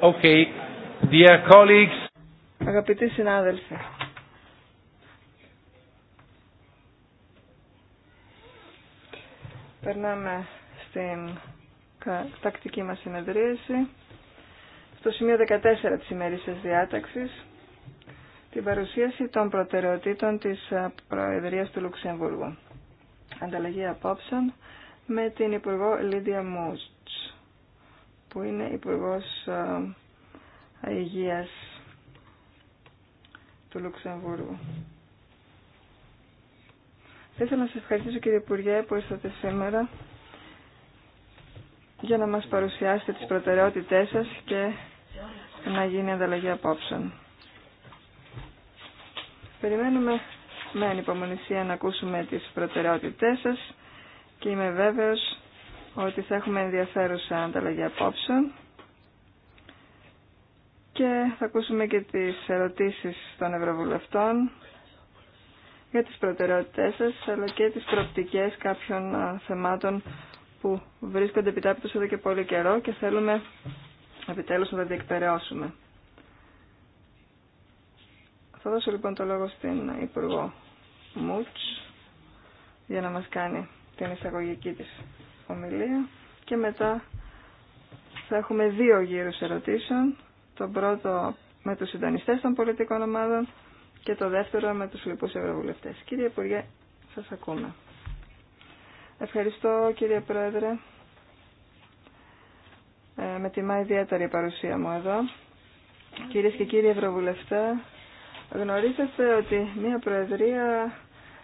Okay. Dear colleagues. Αγαπητοί συνάδελφοι. Περνάμε στην τακτική μας συνεδρίαση. Στο σημείο 14 της ημερήσιας διάταξης, την παρουσίαση των προτεραιοτήτων της ε, Προεδρίας του Λουξεμβούργου. Ανταλλαγή απόψεων με την Υπουργό Λίδια Μούζ που είναι υπουργό ε, Υγεία του Λουξεμβούργου. Θα ήθελα να σας ευχαριστήσω κύριε Υπουργέ που ήρθατε σήμερα για να μας παρουσιάσετε τις προτεραιότητές σας και να γίνει ανταλλαγή απόψεων. Περιμένουμε με ανυπομονησία να ακούσουμε τις προτεραιότητές σας και είμαι βέβαιος ότι θα έχουμε ενδιαφέρουσα ανταλλαγή απόψεων και θα ακούσουμε και τις ερωτήσεις των Ευρωβουλευτών για τις προτεραιότητές σας αλλά και τις προοπτικές κάποιων θεμάτων που βρίσκονται επιτάπητος εδώ και πολύ καιρό και θέλουμε επιτέλους να τα διεκπαιρεώσουμε. Θα δώσω λοιπόν το λόγο στην Υπουργό Μούτς για να μας κάνει την εισαγωγική της ομιλία και μετά θα έχουμε δύο γύρους ερωτήσεων. Το πρώτο με τους συντονιστές των πολιτικών ομάδων και το δεύτερο με τους λοιπούς ευρωβουλευτές. Κύριε Υπουργέ, σας ακούμε. Ευχαριστώ κύριε Πρόεδρε. Ε, με τιμά ιδιαίτερη η παρουσία μου εδώ. Κυρίες και κύριοι ευρωβουλευτές, γνωρίζετε ότι μια Προεδρία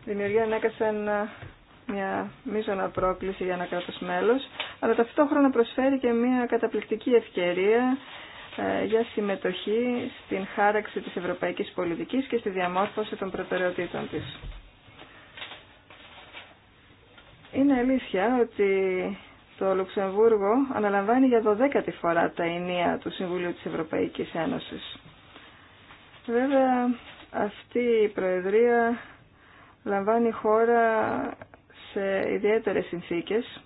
δημιουργεί ανέκαθεν μια μείζωνα πρόκληση για ένα κράτος μέλος, αλλά ταυτόχρονα προσφέρει και μια καταπληκτική ευκαιρία ε, για συμμετοχή στην χάραξη της ευρωπαϊκής πολιτικής και στη διαμόρφωση των προτεραιοτήτων της. Είναι αλήθεια ότι το Λουξεμβούργο αναλαμβάνει για 12η φορά τα ενία του Συμβουλίου της Ευρωπαϊκής Ένωσης. Βέβαια, αυτή η Προεδρία λαμβάνει η προεδρια λαμβανει χωρα σε ιδιαίτερες συνθήκες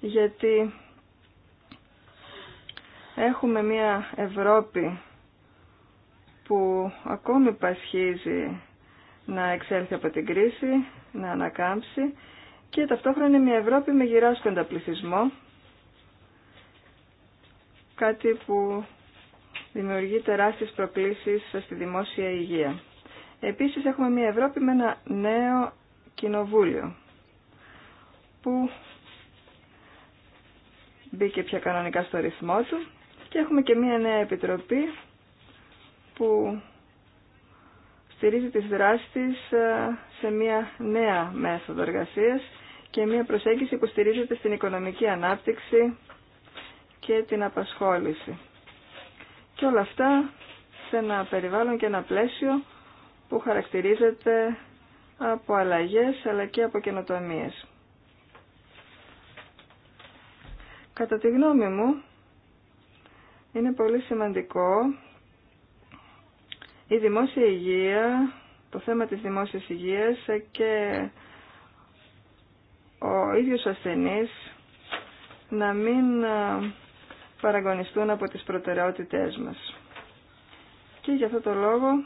γιατί έχουμε μια Ευρώπη που ακόμη πασχίζει να εξέλθει από την κρίση, να ανακάμψει και ταυτόχρονα μια Ευρώπη με γυράσκοντα πληθυσμό κάτι που δημιουργεί τεράστιες προκλήσεις στη δημόσια υγεία. Επίσης έχουμε μια Ευρώπη με ένα νέο Κοινοβούλιο που μπήκε πια κανονικά στο ρυθμό του και έχουμε και μία νέα επιτροπή που στηρίζει τις δράσεις της ε, σε μία νέα μέθοδο εργασίας και μία προσέγγιση που στηρίζεται στην οικονομική ανάπτυξη και την απασχόληση. Και όλα αυτά σε ένα περιβάλλον και ένα πλαίσιο που χαρακτηρίζεται από αλλαγές αλλά και από καινοτομίες. Κατά τη γνώμη μου, είναι πολύ σημαντικό η δημόσια υγεία, το θέμα της δημόσιας υγείας και ο ίδιος ο ασθενής να μην ε, παραγωνιστούν από τις προτεραιότητές μας. Και για αυτό το λόγο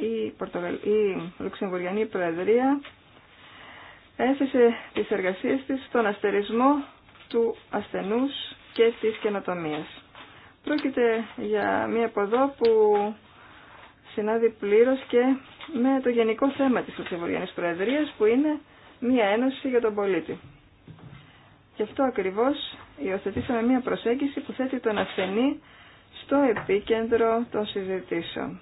η, Πορτογαλ... η Λουξεμβουριανή Προεδρία έθεσε τις εργασίες της στον αστερισμό του ασθενούς και της καινοτομίας. Πρόκειται για μία ποδό που συνάδει πλήρως και με το γενικό θέμα της Λουξεμβουριανής Προεδρίας που είναι μία ένωση για τον πολίτη. Γι' αυτό ακριβώς υιοθετήσαμε μία προσέγγιση που θέτει τον ασθενή στο επίκεντρο των συζητήσεων.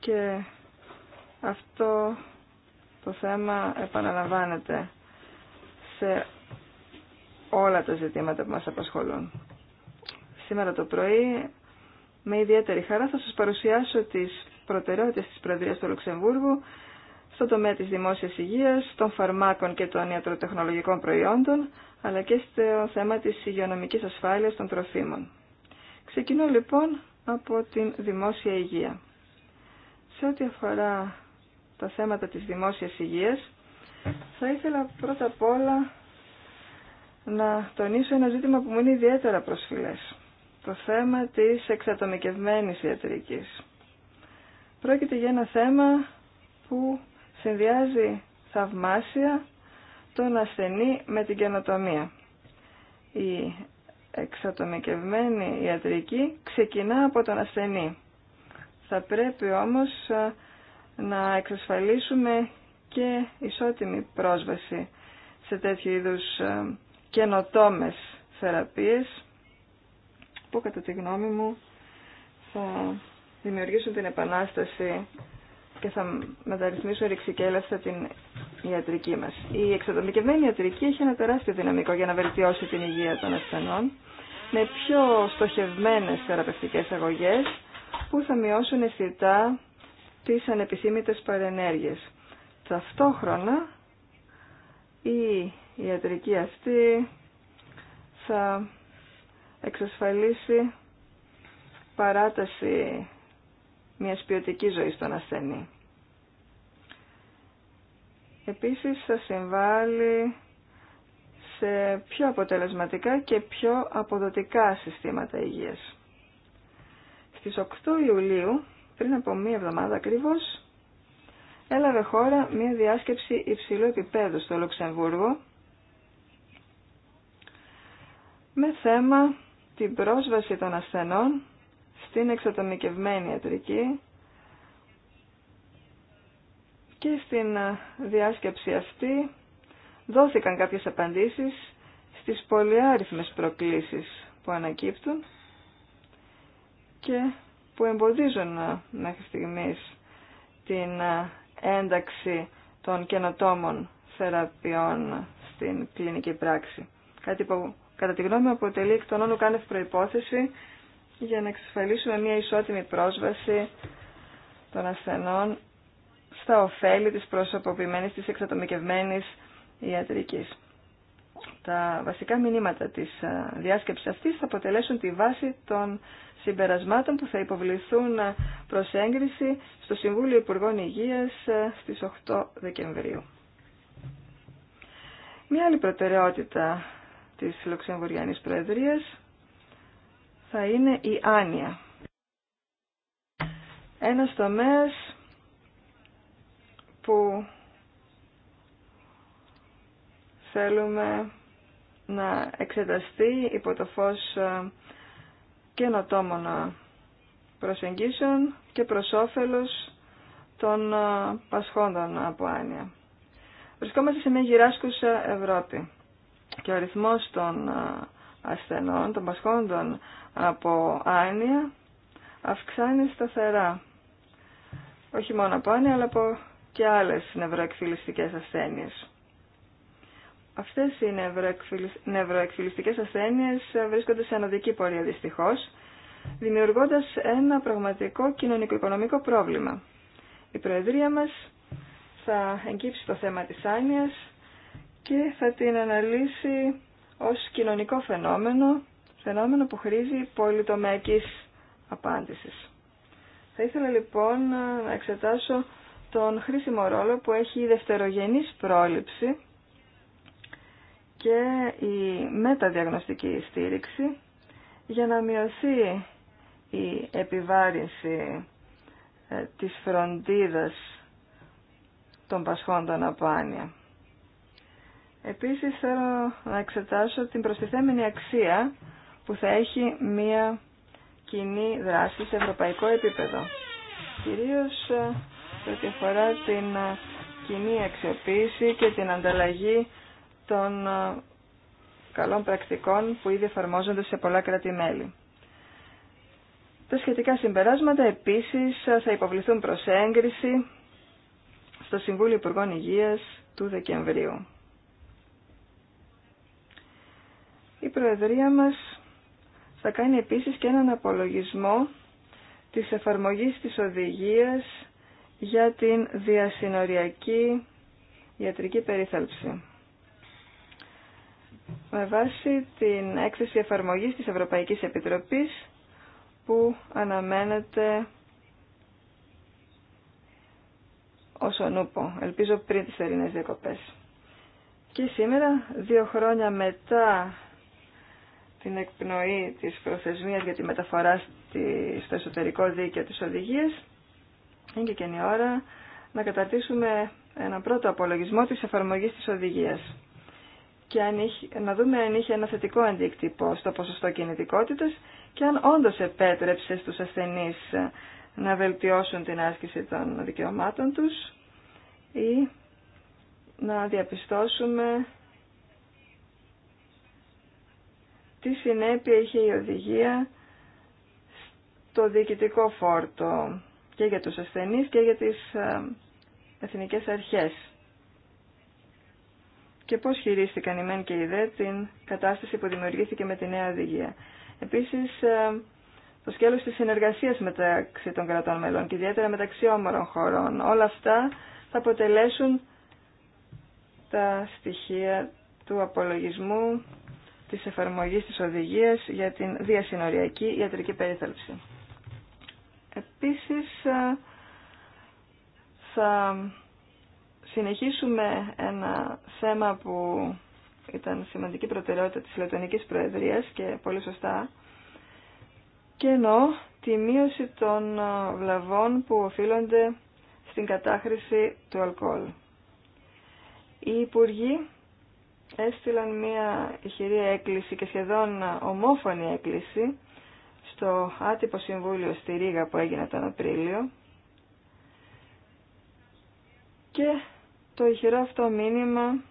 και αυτό το θέμα επαναλαμβάνεται σε όλα τα ζητήματα που μας απασχολούν. Σήμερα το πρωί με ιδιαίτερη χαρά θα σας παρουσιάσω τις προτεραιότητες της Προεδρίας του Λουξεμβούργου στο τομέα της δημόσιας υγείας, των φαρμάκων και των ιατροτεχνολογικών προϊόντων, αλλά και στο θέμα της υγειονομικής ασφάλειας των τροφίμων. Ξεκινώ λοιπόν από την δημόσια υγεία. Σε ό,τι αφορά τα θέματα της δημόσιας υγείας, θα ήθελα πρώτα απ' όλα να τονίσω ένα ζήτημα που μου είναι ιδιαίτερα προσφυλές. Το θέμα της εξατομικευμένης ιατρικής. Πρόκειται για ένα θέμα που συνδυάζει θαυμάσια τον ασθενή με την καινοτομία. Η εξατομικευμένη ιατρική ξεκινά από τον ασθενή θα πρέπει όμως ε, να εξασφαλίσουμε και ισότιμη πρόσβαση σε τέτοιου είδους ε, καινοτόμες θεραπείες που κατά τη γνώμη μου θα δημιουργήσουν την επανάσταση και θα μεταρρυθμίσουν ρηξικέλαστα την ιατρική μας. Η εξατομικευμένη ιατρική έχει ένα τεράστιο δυναμικό για να βελτιώσει την υγεία των ασθενών με πιο στοχευμένες θεραπευτικές αγωγές που θα μειώσουν αισθητά τις ανεπιθύμητες παρενέργειες. Ταυτόχρονα η ιατρική αυτή θα εξασφαλίσει παράταση μιας ποιοτική ζωής στον ασθενή. Επίσης θα συμβάλλει σε πιο αποτελεσματικά και πιο αποδοτικά συστήματα υγείας. Στις 8 Ιουλίου, πριν από μία εβδομάδα ακριβώς, έλαβε χώρα μία διάσκεψη υψηλού επίπεδου στο Λουξεμβούργο με θέμα την πρόσβαση των ασθενών στην εξατομικευμένη ιατρική και στην διάσκεψη αυτή δόθηκαν κάποιες απαντήσεις στις πολυάριθμες προκλήσεις που ανακύπτουν και που εμποδίζουν ε, μέχρι στιγμής την ε, ένταξη των καινοτόμων θεραπείων στην κλινική πράξη. Κάτι που κατά τη γνώμη μου αποτελεί εκ των όνων κάνευ προϋπόθεση για να εξασφαλίσουμε μια ισότιμη πρόσβαση των ασθενών στα ωφέλη της προσωποποιημένης, της εξατομικευμένης ιατρικής. Τα βασικά μηνύματα της ε, διάσκεψης αυτής θα αποτελέσουν τη βάση των συμπερασμάτων που θα υποβληθούν προς έγκριση στο Συμβούλιο Υπουργών Υγείας ε, στις 8 Δεκεμβρίου. Μια άλλη προτεραιότητα της Λουξεμβουριανής Προεδρίας θα είναι η άνοια. Ένα τομέας που θέλουμε να εξεταστεί υπό το φως ε, καινοτόμων ε, προσεγγίσεων και προς όφελος των ε, πασχόντων ε, από άνοια. Βρισκόμαστε σε μια γυράσκουσα Ευρώπη και ο αριθμός των ασθενών, των πασχόντων από άνοια αυξάνει σταθερά. Όχι μόνο από άνοια αλλά από και άλλες νευροεκφυλιστικές ασθένειες. Αυτές οι νευροεκφυλιστικές ασθένειες βρίσκονται σε αναδική πορεια πορεία δυστυχώς, δημιουργώντας ένα πραγματικό κοινωνικο-οικονομικό πρόβλημα. Η Προεδρία μας θα εγκύψει το θέμα της άνοιας και θα την αναλύσει ως κοινωνικό φαινόμενο, φαινόμενο που χρήζει πολυτομεακής απάντησης. Θα ήθελα λοιπόν να εξετάσω τον χρήσιμο ρόλο που έχει η δευτερογενής πρόληψη και η μεταδιαγνωστική στήριξη για να μειωθεί η επιβάρυνση ε, της φροντίδας των πασχόντων από Επίσης θέλω να εξετάσω την προστιθέμενη αξία που θα έχει μία κοινή δράση σε ευρωπαϊκό επίπεδο. Κυρίως ε, σε ό,τι αφορά την ε, κοινή αξιοποίηση και την ανταλλαγή των ε, καλών πρακτικών που ήδη εφαρμόζονται σε πολλά κράτη-μέλη. Τα σχετικά συμπεράσματα επίσης ε, θα υποβληθούν προς έγκριση στο Συμβούλιο Υπουργών Υγείας του Δεκεμβρίου. Η Προεδρία μας θα κάνει επίσης και έναν απολογισμό της εφαρμογής της οδηγίας για την διασυνοριακή ιατρική περίθαλψη με βάση την έκθεση εφαρμογής της Ευρωπαϊκής Επιτροπής που αναμένεται ο νούπο, ελπίζω πριν τις θερινές διακοπές. Και σήμερα, δύο χρόνια μετά την εκπνοή της προθεσμίας για τη μεταφορά στο εσωτερικό δίκαιο της οδηγίας, είναι και καινή ώρα να καταρτήσουμε ένα πρώτο απολογισμό της εφαρμογής της οδηγίας και αν είχε, να δούμε αν είχε ένα θετικό αντίκτυπο στο ποσοστό κινητικότητας και αν όντως επέτρεψε στους ασθενείς να βελτιώσουν την άσκηση των δικαιωμάτων τους ή να διαπιστώσουμε τι συνέπεια είχε η οδηγία στο διοικητικό φόρτο και για τους ασθενείς και για τις ε, εθνικές αρχές και πώς χειρίστηκαν οι ΜΕΝ και οι ΔΕ την κατάσταση που δημιουργήθηκε με τη νέα οδηγία. Επίσης, ε, το σκέλος της συνεργασίας μεταξύ των κρατών μελών και ιδιαίτερα μεταξύ όμορων χωρών. Όλα αυτά θα αποτελέσουν τα στοιχεία του απολογισμού της εφαρμογής της οδηγίας για την διασυνοριακή ιατρική περίθαλψη. Επίσης, ε, θα συνεχίσουμε ένα θέμα που ήταν σημαντική προτεραιότητα της Λετωνικής Προεδρίας και πολύ σωστά και εννοώ τη μείωση των ε, βλαβών που οφείλονται στην κατάχρηση του αλκοόλ. Οι Υπουργοί έστειλαν μια ηχηρή έκκληση και σχεδόν ομόφωνη έκκληση στο άτυπο συμβούλιο στη Ρήγα που έγινε τον Απρίλιο και το ηχηρό αυτό μήνυμα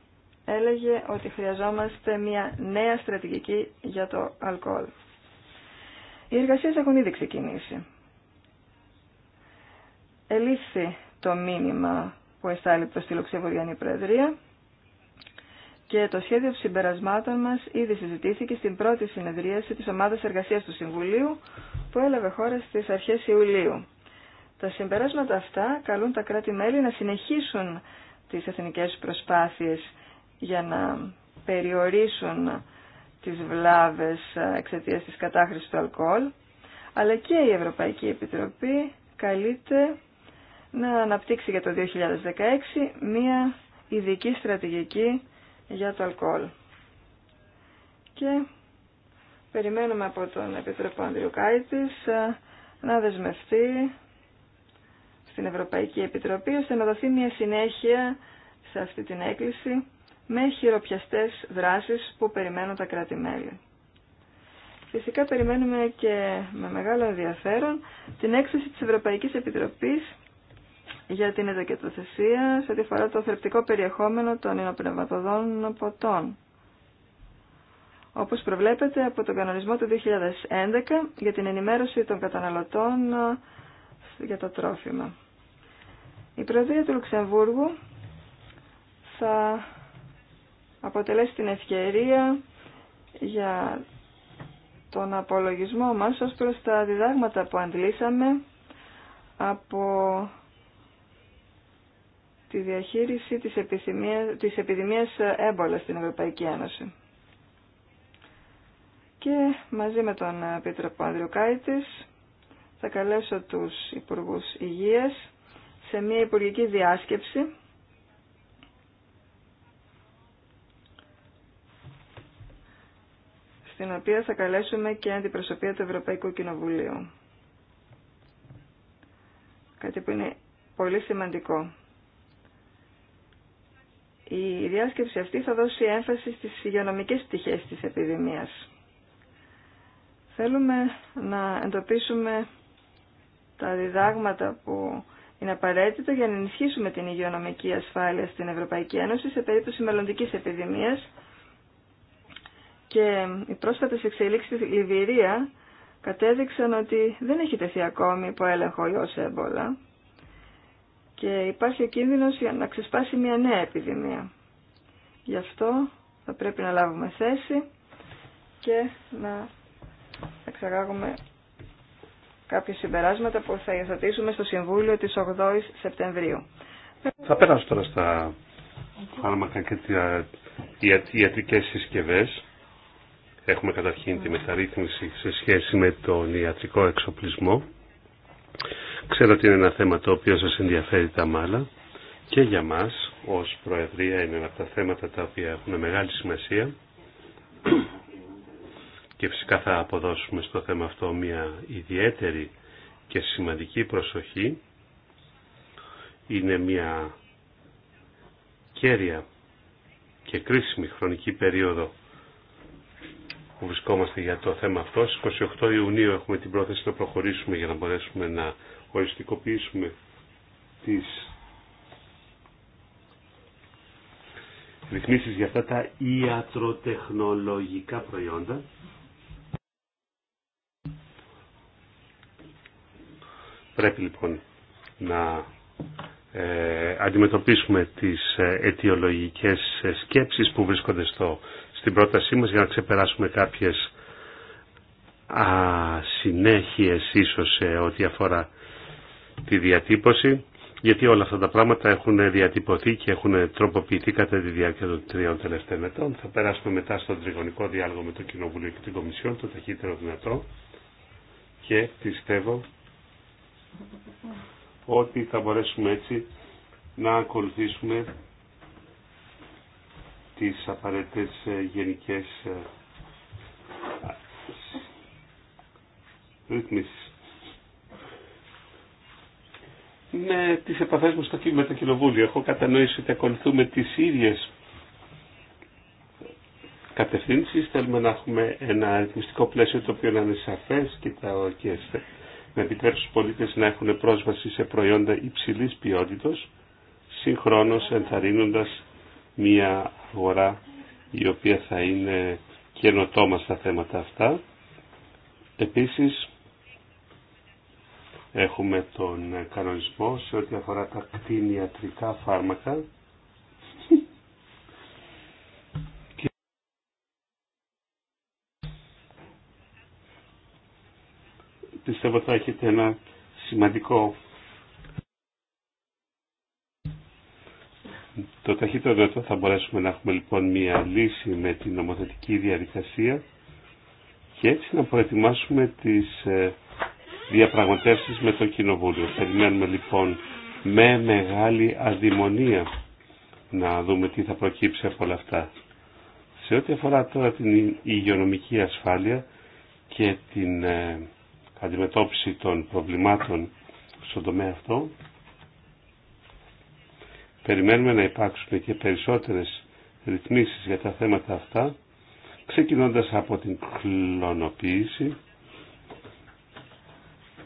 έλεγε ότι χρειαζόμαστε μια νέα στρατηγική για το αλκοόλ. Οι εργασίες έχουν ήδη ξεκινήσει. Ελήφθη το μήνυμα που εστάλει στη Λοξεβουριανή Προεδρία και το σχέδιο των συμπερασμάτων μας ήδη συζητήθηκε στην πρώτη συνεδρίαση της Ομάδας Εργασίας του Συμβουλίου που έλαβε χώρα στις αρχές Ιουλίου. Τα συμπεράσματα αυτά καλούν τα κράτη-μέλη να συνεχίσουν τις εθνικές προσπάθειες για να περιορίσουν τις βλάβες εξαιτίας της κατάχρησης του αλκοόλ, αλλά και η Ευρωπαϊκή Επιτροπή καλείται να αναπτύξει για το 2016 μία ειδική στρατηγική για το αλκοόλ. Και περιμένουμε από τον Επιτρόπο Ανδριουκάητης να δεσμευτεί στην Ευρωπαϊκή Επιτροπή ώστε να δοθεί μια συνέχεια σε αυτή την έκκληση με χειροπιαστές δράσεις που περιμένουν τα κράτη-μέλη. Φυσικά περιμένουμε και με μεγάλο ενδιαφέρον την έκθεση της Ευρωπαϊκής Επιτροπής για την ειδοκαιτοθεσία σε ό,τι το θρεπτικό περιεχόμενο των ενοπνευματοδών ποτών. Όπως προβλέπεται από τον κανονισμό του 2011 για την ενημέρωση των καταναλωτών ε, για τα τρόφιμα. Η Προεδρία του Λουξεμβούργου θα αποτελέσει την ευκαιρία για τον απολογισμό μας ως προς τα διδάγματα που αντλήσαμε από τη διαχείριση της, επιθυμίας, της επιδημίας έμπολα στην Ευρωπαϊκή Ένωση. Και μαζί με τον Πίτρο Ανδριουκάητης θα καλέσω τους Υπουργούς Υγείας σε μια υπουργική διάσκεψη στην οποία θα καλέσουμε και αντιπροσωπεία του Ευρωπαϊκού Κοινοβουλίου. Κάτι που είναι πολύ σημαντικό. Η διάσκεψη αυτή θα δώσει έμφαση στις υγειονομικές πτυχές της επιδημίας. Θέλουμε να εντοπίσουμε τα διδάγματα που είναι απαραίτητο για να ενισχύσουμε την υγειονομική ασφάλεια στην Ευρωπαϊκή Ένωση σε περίπτωση μελλοντική επιδημία. Και οι πρόσφατε εξελίξει στη Λιβυρία κατέδειξαν ότι δεν έχει τεθεί ακόμη υπό έλεγχο ιό έμπολα και υπάρχει ο κίνδυνος για να ξεσπάσει μια νέα επιδημία. Γι' αυτό θα πρέπει να λάβουμε θέση και να εξαγάγουμε κάποια συμπεράσματα που θα υιοθετήσουμε στο Συμβούλιο της 8ης Σεπτεμβρίου. Θα περάσω τώρα στα φάρμακα και τις ιατρικές συσκευές. Έχουμε καταρχήν τη μεταρρύθμιση σε σχέση με τον ιατρικό εξοπλισμό. Ξέρω ότι είναι ένα θέμα το οποίο σας ενδιαφέρει τα μάλα και για μας ως Προεδρία είναι ένα από τα θέματα τα οποία έχουν μεγάλη σημασία και φυσικά θα αποδώσουμε στο θέμα αυτό μια ιδιαίτερη και σημαντική προσοχή. Είναι μια κέρια και κρίσιμη χρονική περίοδο που βρισκόμαστε για το θέμα αυτό. Στις 28 Ιουνίου έχουμε την πρόθεση να προχωρήσουμε για να μπορέσουμε να οριστικοποιήσουμε τις ρυθμίσεις για αυτά τα ιατροτεχνολογικά προϊόντα Πρέπει λοιπόν να ε, αντιμετωπίσουμε τις ε, αιτιολογικές ε, σκέψεις που βρίσκονται στο, στην πρότασή μας για να ξεπεράσουμε κάποιες συνέχειες ίσως σε ό,τι αφορά τη διατύπωση γιατί όλα αυτά τα πράγματα έχουν διατυπωθεί και έχουν τροποποιηθεί κατά τη διάρκεια των τριών τελευταίων ετών. Θα περάσουμε μετά στον τριγωνικό διάλογο με το Κοινοβούλιο και την Κομισιόν, το ταχύτερο δυνατό και πιστεύω ότι θα μπορέσουμε έτσι να ακολουθήσουμε τις απαραίτητες ε, γενικές ε, ρυθμίσεις. Με τις επαφές μου στο με το Κοινοβούλιο έχω κατανοήσει ότι ακολουθούμε τις ίδιες κατευθύνσεις. Θέλουμε να έχουμε ένα ρυθμιστικό πλαίσιο το οποίο να είναι σαφές και, τα, και να επιτρέψει στους πολίτες να έχουν πρόσβαση σε προϊόντα υψηλής ποιότητας, συγχρόνως ενθαρρύνοντας μια αγορά η οποία θα είναι καινοτόμα στα θέματα αυτά. Επίσης, έχουμε τον κανονισμό σε ό,τι αφορά τα κτηνιατρικά φάρμακα, πιστεύω θα έχετε ένα σημαντικό το ταχύτερο θα μπορέσουμε να έχουμε λοιπόν μία λύση με την νομοθετική διαδικασία και έτσι να προετοιμάσουμε τις ε, διαπραγματεύσεις με το Κοινοβούλιο. Περιμένουμε λοιπόν με μεγάλη αδημονία να δούμε τι θα προκύψει από όλα αυτά. Σε ό,τι αφορά τώρα την υγειονομική ασφάλεια και την ε, αντιμετώπιση των προβλημάτων στον τομέα αυτό. Περιμένουμε να υπάρξουν και περισσότερες ρυθμίσεις για τα θέματα αυτά, ξεκινώντας από την κλωνοποίηση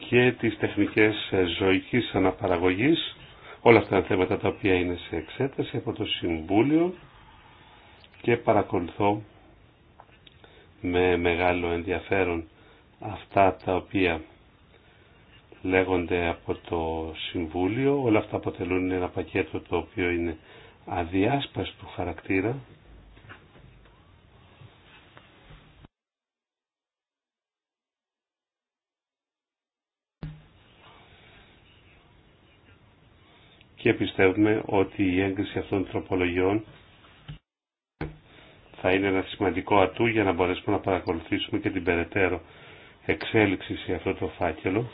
και τις τεχνικές ζωικής αναπαραγωγής. Όλα αυτά τα θέματα τα οποία είναι σε εξέταση από το Συμβούλιο και παρακολουθώ με μεγάλο ενδιαφέρον αυτά τα οποία λέγονται από το Συμβούλιο. Όλα αυτά αποτελούν ένα πακέτο το οποίο είναι αδιάσπαστου χαρακτήρα. Και πιστεύουμε ότι η έγκριση αυτών των τροπολογιών θα είναι ένα σημαντικό ατού για να μπορέσουμε να παρακολουθήσουμε και την περαιτέρω εξέλιξη σε αυτό το φάκελο.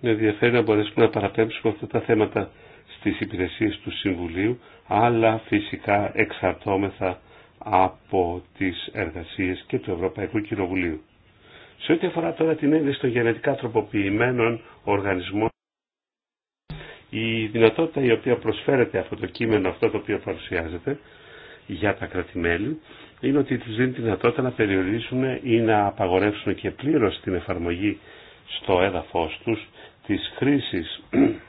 Με ενδιαφέρει να μπορέσουμε να παραπέμψουμε αυτά τα θέματα στις υπηρεσίες του Συμβουλίου, αλλά φυσικά εξαρτώμεθα από τις εργασίες και του Ευρωπαϊκού Κοινοβουλίου. Σε ό,τι αφορά τώρα την ένδυση των γενετικά τροποποιημένων οργανισμών, η δυνατότητα η οποία προσφέρεται αυτό το κείμενο, αυτό το οποίο παρουσιάζεται για τα κρατημέλη, είναι ότι τους δίνει τη δυνατότητα να περιορίσουν ή να απαγορεύσουν και πλήρως την εφαρμογή στο έδαφος τους της χρήσης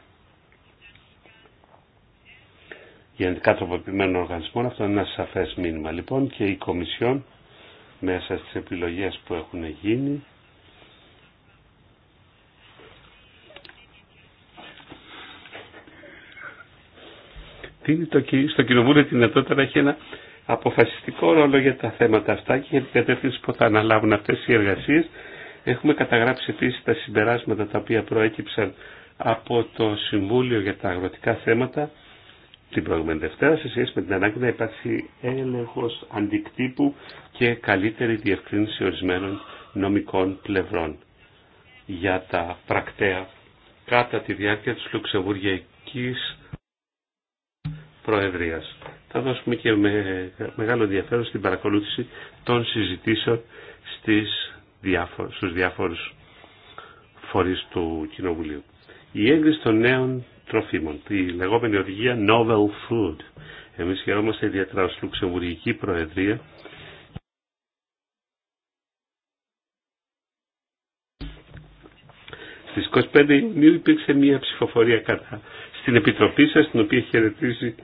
γενικά τροποποιημένων οργανισμών. Αυτό είναι ένα σαφές μήνυμα. Λοιπόν και η Κομισιόν μέσα στις επιλογές που έχουν γίνει δίνει στο Κοινοβούλιο τη δυνατότητα να έχει ένα αποφασιστικό ρόλο για τα θέματα αυτά και για την κατεύθυνση που θα αναλάβουν αυτές οι εργασίε. Έχουμε καταγράψει επίσης τα συμπεράσματα τα οποία προέκυψαν από το Συμβούλιο για τα Αγροτικά Θέματα την προηγούμενη Δευτέρα σε σχέση με την ανάγκη να υπάρξει έλεγχος αντικτύπου και καλύτερη διευκρίνηση ορισμένων νομικών πλευρών για τα πρακτέα κατά τη διάρκεια της Λουξεμβουργιακής Προεδρίας θα δώσουμε και με μεγάλο ενδιαφέρον στην παρακολούθηση των συζητήσεων στις διάφο στους διάφορους φορείς του Κοινοβουλίου. Η έγκριση των νέων τροφίμων, τη λεγόμενη οδηγία Novel Food. Εμείς χαιρόμαστε ιδιαίτερα ως Λουξεμβουργική Προεδρία Στις 25 Ιουνίου υπήρξε μια ψηφοφορία κατά στην Επιτροπή σας, την οποία χαιρετίζει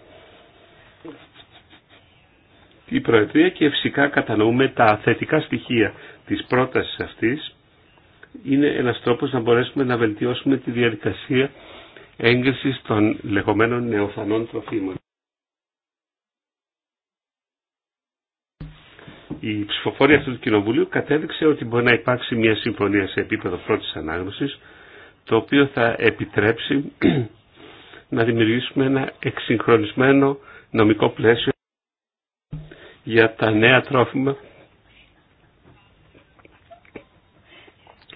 η Προεδρία και φυσικά κατανοούμε τα θετικά στοιχεία της πρότασης αυτής. Είναι ένας τρόπος να μπορέσουμε να βελτιώσουμε τη διαδικασία έγκρισης των λεγόμενων νεοφανών τροφίμων. Η ψηφοφορία αυτού του Κοινοβουλίου κατέδειξε ότι μπορεί να υπάρξει μια συμφωνία σε επίπεδο πρώτης ανάγνωσης, το οποίο θα επιτρέψει να δημιουργήσουμε ένα εξυγχρονισμένο νομικό πλαίσιο για τα νέα τρόφιμα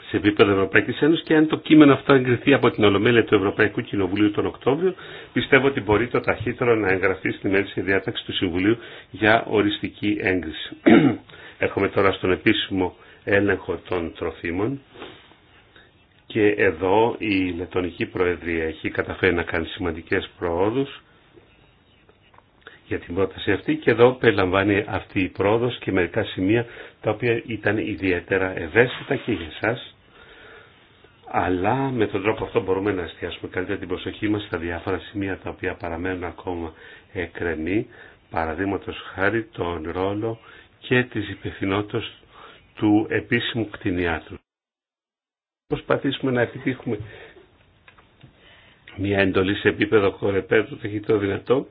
σε επίπεδο Ευρωπαϊκή Ένωση και αν το κείμενο αυτό εγκριθεί από την Ολομέλεια του Ευρωπαϊκού Κοινοβουλίου τον Οκτώβριο, πιστεύω ότι μπορεί το ταχύτερο να εγγραφεί στην ημέρηση διάταξη του Συμβουλίου για οριστική έγκριση. Έρχομαι τώρα στον επίσημο έλεγχο των τροφίμων και εδώ η Λετωνική Προεδρία έχει καταφέρει να κάνει σημαντικές προόδους για την πρόταση αυτή και εδώ περιλαμβάνει αυτή η πρόοδος και μερικά σημεία τα οποία ήταν ιδιαίτερα ευαίσθητα και για εσάς αλλά με τον τρόπο αυτό μπορούμε να εστιάσουμε καλύτερα την προσοχή μας στα διάφορα σημεία τα οποία παραμένουν ακόμα εκκρεμή παραδείγματο χάρη τον ρόλο και της υπευθυνότητα του επίσημου κτηνιάτρου. Προσπαθήσουμε να επιτύχουμε μια εντολή σε επίπεδο κορεπέρ το δυνατό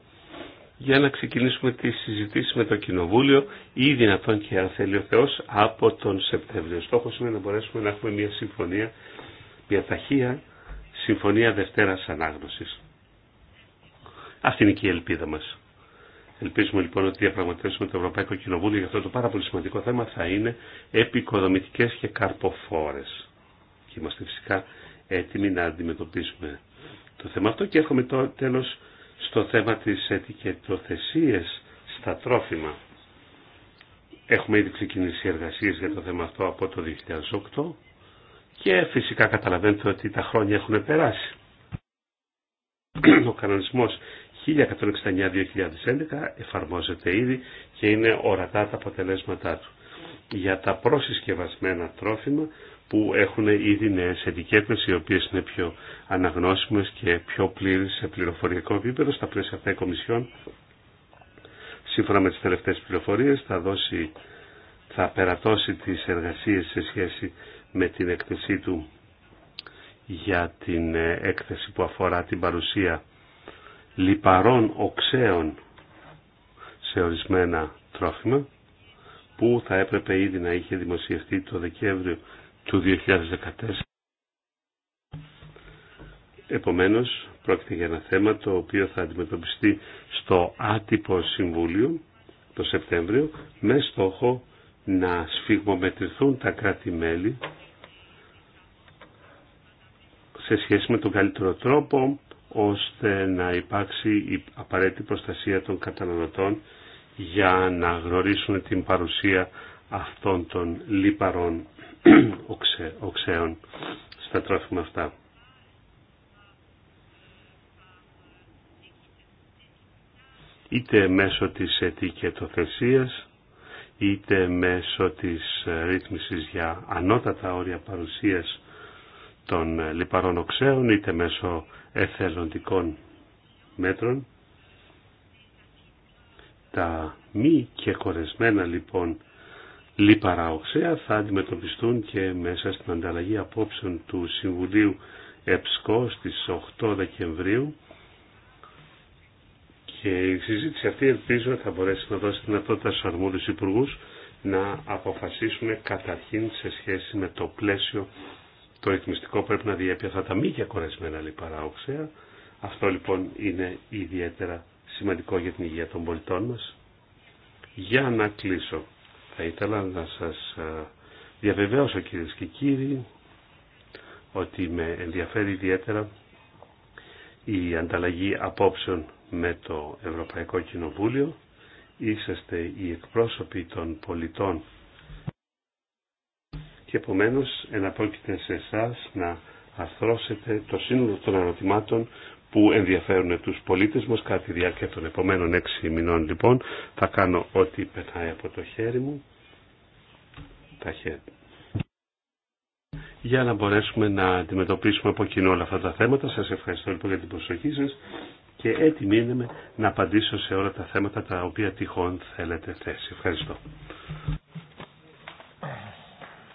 για να ξεκινήσουμε τη συζητήση με το Κοινοβούλιο ή δυνατόν και αν θέλει ο Θεός από τον Σεπτέμβριο. Στόχο είναι να μπορέσουμε να έχουμε μια συμφωνία, μια ταχεία συμφωνία Δευτέρας Ανάγνωσης. Αυτή είναι και η ελπίδα μας. Ελπίζουμε λοιπόν ότι διαπραγματεύσουμε το Ευρωπαϊκό Κοινοβούλιο για αυτό το πάρα πολύ σημαντικό θέμα θα είναι επικοδομητικές και καρποφόρες. Και είμαστε φυσικά έτοιμοι να αντιμετωπίσουμε το θέμα αυτό και έχουμε το τέλος στο θέμα της ετικετοθεσίας στα τρόφιμα. Έχουμε ήδη ξεκινήσει εργασίες για το θέμα αυτό από το 2008 και φυσικά καταλαβαίνετε ότι τα χρόνια έχουν περάσει. Ο κανονισμός 1169-2011 εφαρμόζεται ήδη και είναι ορατά τα αποτελέσματά του. Για τα προσυσκευασμένα τρόφιμα που έχουν ήδη νέες ετικέτες οι οποίες είναι πιο αναγνώσιμες και πιο πλήρες σε πληροφοριακό επίπεδο στα πλαίσια αυτά η Κομισιόν σύμφωνα με τις τελευταίες πληροφορίες θα, δώσει, θα περατώσει τις εργασίες σε σχέση με την έκθεσή του για την ε, έκθεση που αφορά την παρουσία λιπαρών οξέων σε ορισμένα τρόφιμα που θα έπρεπε ήδη να είχε δημοσιευτεί το Δεκέμβριο του 2014. Επομένως, πρόκειται για ένα θέμα το οποίο θα αντιμετωπιστεί στο άτυπο Συμβούλιο το Σεπτέμβριο με στόχο να σφιγμομετρηθούν τα κράτη-μέλη σε σχέση με τον καλύτερο τρόπο ώστε να υπάρξει η απαραίτητη προστασία των καταναλωτών για να γνωρίσουν την παρουσία αυτών των λιπαρών οξέ, οξέων στα τρόφιμα αυτά. Είτε μέσω της ετικετοθεσίας, είτε μέσω της ε, ρύθμισης για ανώτατα όρια παρουσίας των ε, λιπαρών οξέων, είτε μέσω εθελοντικών μέτρων. Τα μη και κορεσμένα λοιπόν λίπαρα οξέα θα αντιμετωπιστούν και μέσα στην ανταλλαγή απόψεων του Συμβουλίου ΕΠΣΚΟ στις 8 Δεκεμβρίου και η συζήτηση αυτή ελπίζω θα μπορέσει να δώσει δυνατότητα στους αρμόδιους υπουργούς να αποφασίσουν καταρχήν σε σχέση με το πλαίσιο το ρυθμιστικό πρέπει να διέπει αυτά τα μη διακορεσμένα λιπαρά οξέα. Αυτό λοιπόν είναι ιδιαίτερα σημαντικό για την υγεία των πολιτών μας. Για να κλείσω. Θα ήθελα να σας ε, διαβεβαίωσω κυρίε και κύριοι ότι με ενδιαφέρει ιδιαίτερα η ανταλλαγή απόψεων με το Ευρωπαϊκό Κοινοβούλιο. Είσαστε οι εκπρόσωποι των πολιτών και επομένως εναπόκειται σε εσά να αρθρώσετε το σύνολο των ερωτημάτων που ενδιαφέρουν τους πολίτες μας κατά διάρκεια των επόμενων έξι μηνών λοιπόν θα κάνω ό,τι πεθάει από το χέρι μου τα χέρια για να μπορέσουμε να αντιμετωπίσουμε από κοινό όλα αυτά τα θέματα. Σας ευχαριστώ λοιπόν για την προσοχή σας και έτοιμοι είμαι να απαντήσω σε όλα τα θέματα τα οποία τυχόν θέλετε θέση. Ευχαριστώ.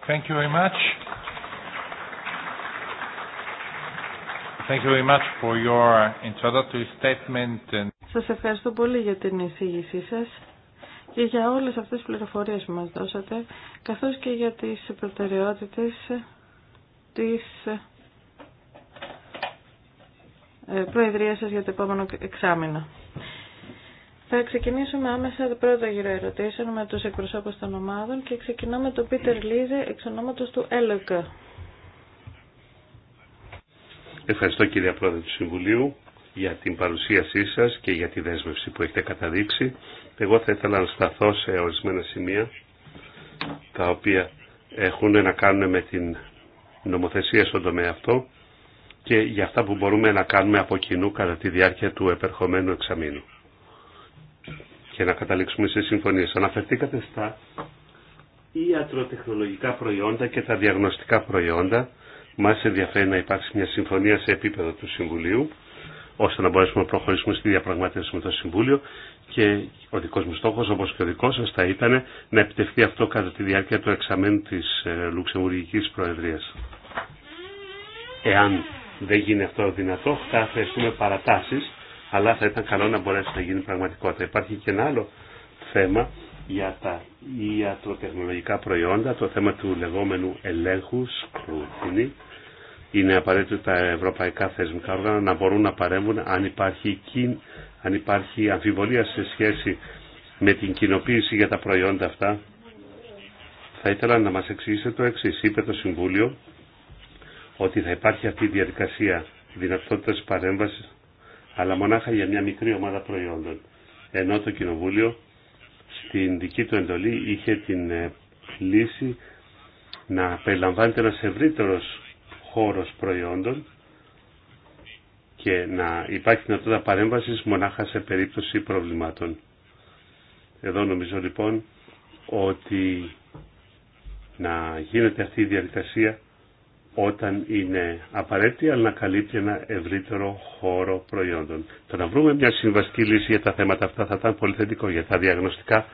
Thank you very much. Thank you very much for your introductory statement Σας ευχαριστώ πολύ για την εισήγησή σας και για όλες αυτές τις πληροφορίες που μας δώσατε, καθώς και για τις προτεραιότητες της ε, Προεδρίας σας για το επόμενο εξάμεινο. Θα ξεκινήσουμε άμεσα το πρώτο γύρο ερωτήσεων με τους εκπροσώπους των ομάδων και ξεκινάμε τον Πίτερ Λίζε εξ ονόματος του ΕΛΟΚΑ. Ευχαριστώ κύριε Πρόεδρε του Συμβουλίου για την παρουσίασή σας και για τη δέσμευση που έχετε καταδείξει. Εγώ θα ήθελα να σταθώ σε ορισμένα σημεία τα οποία έχουν να κάνουν με την νομοθεσία στον τομέα αυτό και για αυτά που μπορούμε να κάνουμε από κοινού κατά τη διάρκεια του επερχομένου εξαμήνου και να καταλήξουμε σε συμφωνίες. Αναφερθήκατε στα ιατροτεχνολογικά προϊόντα και τα διαγνωστικά προϊόντα Μα ενδιαφέρει να υπάρξει μια συμφωνία σε επίπεδο του Συμβουλίου, ώστε να μπορέσουμε να προχωρήσουμε στη διαπραγμάτευση με το Συμβούλιο και ο δικό μου στόχο, όπω και ο δικό σα, θα ήταν να επιτευχθεί αυτό κατά τη διάρκεια του εξαμένου τη ε, Λουξεμβουργική προεδρία. Εάν δεν γίνει αυτό δυνατό, θα χρειαστούμε παρατάσει, αλλά θα ήταν καλό να μπορέσει να γίνει πραγματικότητα. Υπάρχει και ένα άλλο θέμα για τα ιατροτεχνολογικά προϊόντα, το θέμα του λεγόμενου ελέγχου, σκρούτινη, είναι απαραίτητο τα ευρωπαϊκά θεσμικά όργανα να μπορούν να παρέμβουν αν υπάρχει, αν υπάρχει αμφιβολία σε σχέση με την κοινοποίηση για τα προϊόντα αυτά. Θα ήθελα να μας εξηγήσετε το εξή. Είπε το Συμβούλιο ότι θα υπάρχει αυτή η διαδικασία δυνατότητα παρέμβασης αλλά μονάχα για μια μικρή ομάδα προϊόντων. Ενώ το Κοινοβούλιο στην δική του εντολή είχε την ε, λύση να περιλαμβάνεται ένας ευρύτερος χώρος προϊόντων και να υπάρχει δυνατότητα παρέμβασης μονάχα σε περίπτωση προβλημάτων. Εδώ νομίζω λοιπόν ότι να γίνεται αυτή η διαδικασία όταν είναι απαραίτητη, αλλά να καλύπτει ένα ευρύτερο χώρο προϊόντων. Το να βρούμε μια συμβαστική λύση για τα θέματα αυτά θα ήταν πολύ θετικό. Για τα διαγνωστικά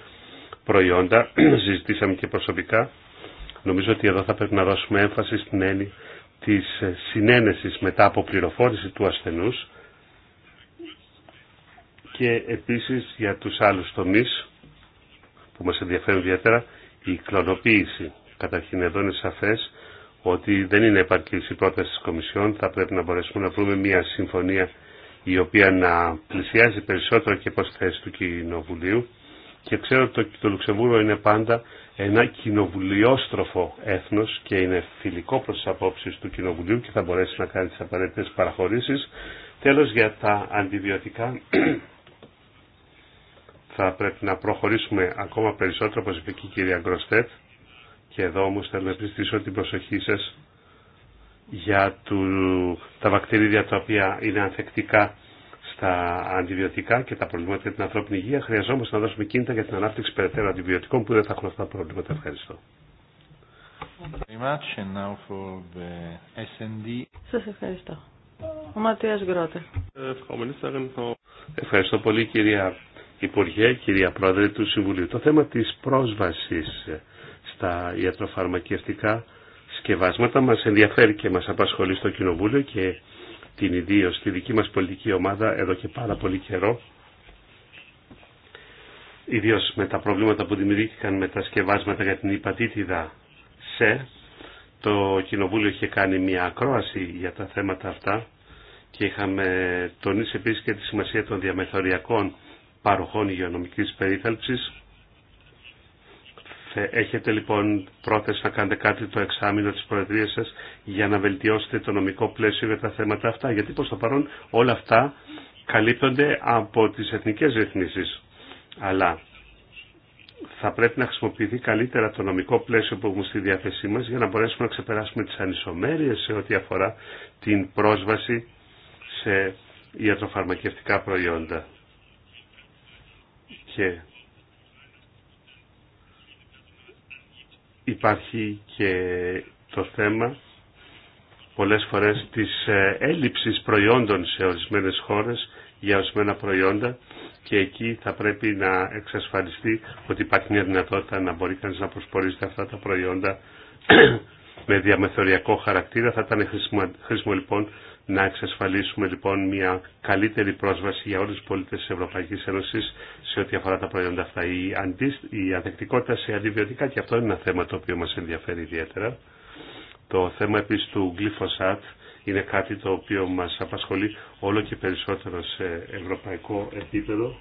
προϊόντα, συζητήσαμε και προσωπικά, νομίζω ότι εδώ θα πρέπει να δώσουμε έμφαση στην έννοια της συνένεσης μετά από πληροφόρηση του ασθενούς και επίσης για τους άλλους τομείς που μας ενδιαφέρουν ιδιαίτερα η κλωνοποίηση. Καταρχήν εδώ είναι σαφές ότι δεν είναι επαρκής η πρόταση της Κομισιόν, θα πρέπει να μπορέσουμε να βρούμε μια συμφωνία η οποία να πλησιάζει περισσότερο και προς θέση του Κοινοβουλίου και ξέρω ότι το Λουξεμβούργο είναι πάντα ένα κοινοβουλιόστροφο έθνος και είναι φιλικό προς τις απόψεις του Κοινοβουλίου και θα μπορέσει να κάνει τις απαραίτητες παραχωρήσεις. Τέλος για τα αντιβιωτικά θα πρέπει να προχωρήσουμε ακόμα περισσότερο όπως είπε και η κυρία Γκροστέτ και εδώ όμω θέλω να επιστήσω την προσοχή σας για του, τα βακτήρια τα οποία είναι ανθεκτικά στα αντιβιωτικά και τα προβλήματα για την ανθρώπινη υγεία, χρειαζόμαστε να δώσουμε κίνητα για την ανάπτυξη περαιτέρω αντιβιωτικών που δεν θα έχουν αυτά τα προβλήματα. Ευχαριστώ. Σα ευχαριστώ. Ο Ματίας Γκρότε. Ευχαριστώ πολύ κυρία Υπουργέ, κυρία Πρόεδρε του Συμβουλίου. Το θέμα της πρόσβασης στα ιατροφαρμακευτικά σκευάσματα μας ενδιαφέρει και μας απασχολεί στο Κοινοβούλιο και την ιδίω τη δική μας πολιτική ομάδα εδώ και πάρα πολύ καιρό. Ιδίω με τα προβλήματα που δημιουργήθηκαν με τα σκευάσματα για την υπατήτηδα σε, το Κοινοβούλιο είχε κάνει μια ακρόαση για τα θέματα αυτά και είχαμε τονίσει επίσης και τη σημασία των διαμεθοριακών παροχών υγειονομικής περίθαλψης Έχετε λοιπόν πρόθεση να κάνετε κάτι το εξάμεινο της Προεδρίας σας για να βελτιώσετε το νομικό πλαίσιο για τα θέματα αυτά, γιατί προς το παρόν όλα αυτά καλύπτονται από τις εθνικές ρυθμίσεις. Αλλά θα πρέπει να χρησιμοποιηθεί καλύτερα το νομικό πλαίσιο που έχουμε στη διάθεσή μας για να μπορέσουμε να ξεπεράσουμε τις ανισομέρειες σε ό,τι αφορά την πρόσβαση σε ιατροφαρμακευτικά προϊόντα. Και υπάρχει και το θέμα πολλές φορές της ε, έλλειψης προϊόντων σε ορισμένες χώρες για ορισμένα προϊόντα και εκεί θα πρέπει να εξασφαλιστεί ότι υπάρχει μια δυνατότητα να μπορεί κανείς να προσπορίζεται αυτά τα προϊόντα με διαμεθοριακό χαρακτήρα. Θα ήταν χρήσιμο, χρήσιμο λοιπόν να εξασφαλίσουμε λοιπόν μια καλύτερη πρόσβαση για όλους τους πολίτες της Ευρωπαϊκής Ένωσης σε ό,τι αφορά τα προϊόντα αυτά. Η, αντί, η σε αντιβιωτικά και αυτό είναι ένα θέμα το οποίο μας ενδιαφέρει ιδιαίτερα. Το θέμα επίσης του γλυφοσάτ είναι κάτι το οποίο μας απασχολεί όλο και περισσότερο σε ευρωπαϊκό επίπεδο.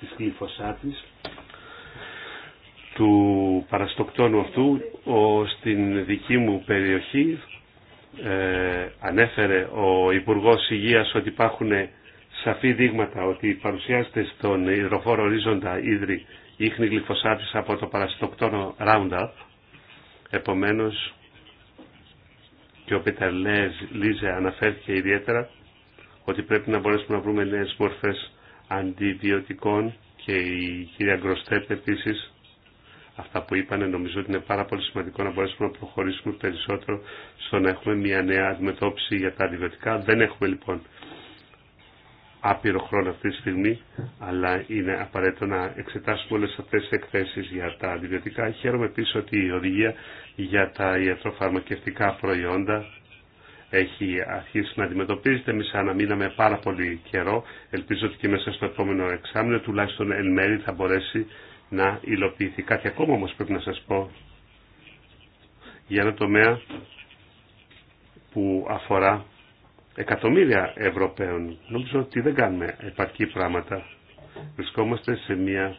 Της γλυφοσάτης του παραστοκτόνου αυτού ο, στην δική μου περιοχή ε, ανέφερε ο Υπουργός Υγείας ότι υπάρχουν σαφή δείγματα ότι παρουσιάζεται στον υδροφόρο ορίζοντα ίδρυ ίχνη γλυφοσάτης από το παραστοκτόνο Roundup. Επομένως και ο Πίτερ Λίζε αναφέρθηκε ιδιαίτερα ότι πρέπει να μπορέσουμε να βρούμε νέες μορφές αντιβιωτικών και η κυρία Γκροστέπ επίσης αυτά που είπανε Νομίζω ότι είναι πάρα πολύ σημαντικό να μπορέσουμε να προχωρήσουμε περισσότερο στο να έχουμε μια νέα αντιμετώπιση για τα αντιβιωτικά. Δεν έχουμε λοιπόν άπειρο χρόνο αυτή τη στιγμή, αλλά είναι απαραίτητο να εξετάσουμε όλες αυτές τις εκθέσεις για τα αντιβιωτικά. Χαίρομαι επίσης ότι η οδηγία για τα ιατροφαρμακευτικά προϊόντα έχει αρχίσει να αντιμετωπίζεται. Εμεί αναμείναμε πάρα πολύ καιρό. Ελπίζω ότι και μέσα στο επόμενο εξάμεινο τουλάχιστον εν μέρη θα μπορέσει να υλοποιηθεί. Κάτι ακόμα όμως πρέπει να σας πω για ένα τομέα που αφορά εκατομμύρια Ευρωπαίων. Νομίζω ότι δεν κάνουμε επαρκή πράγματα. Βρισκόμαστε σε μια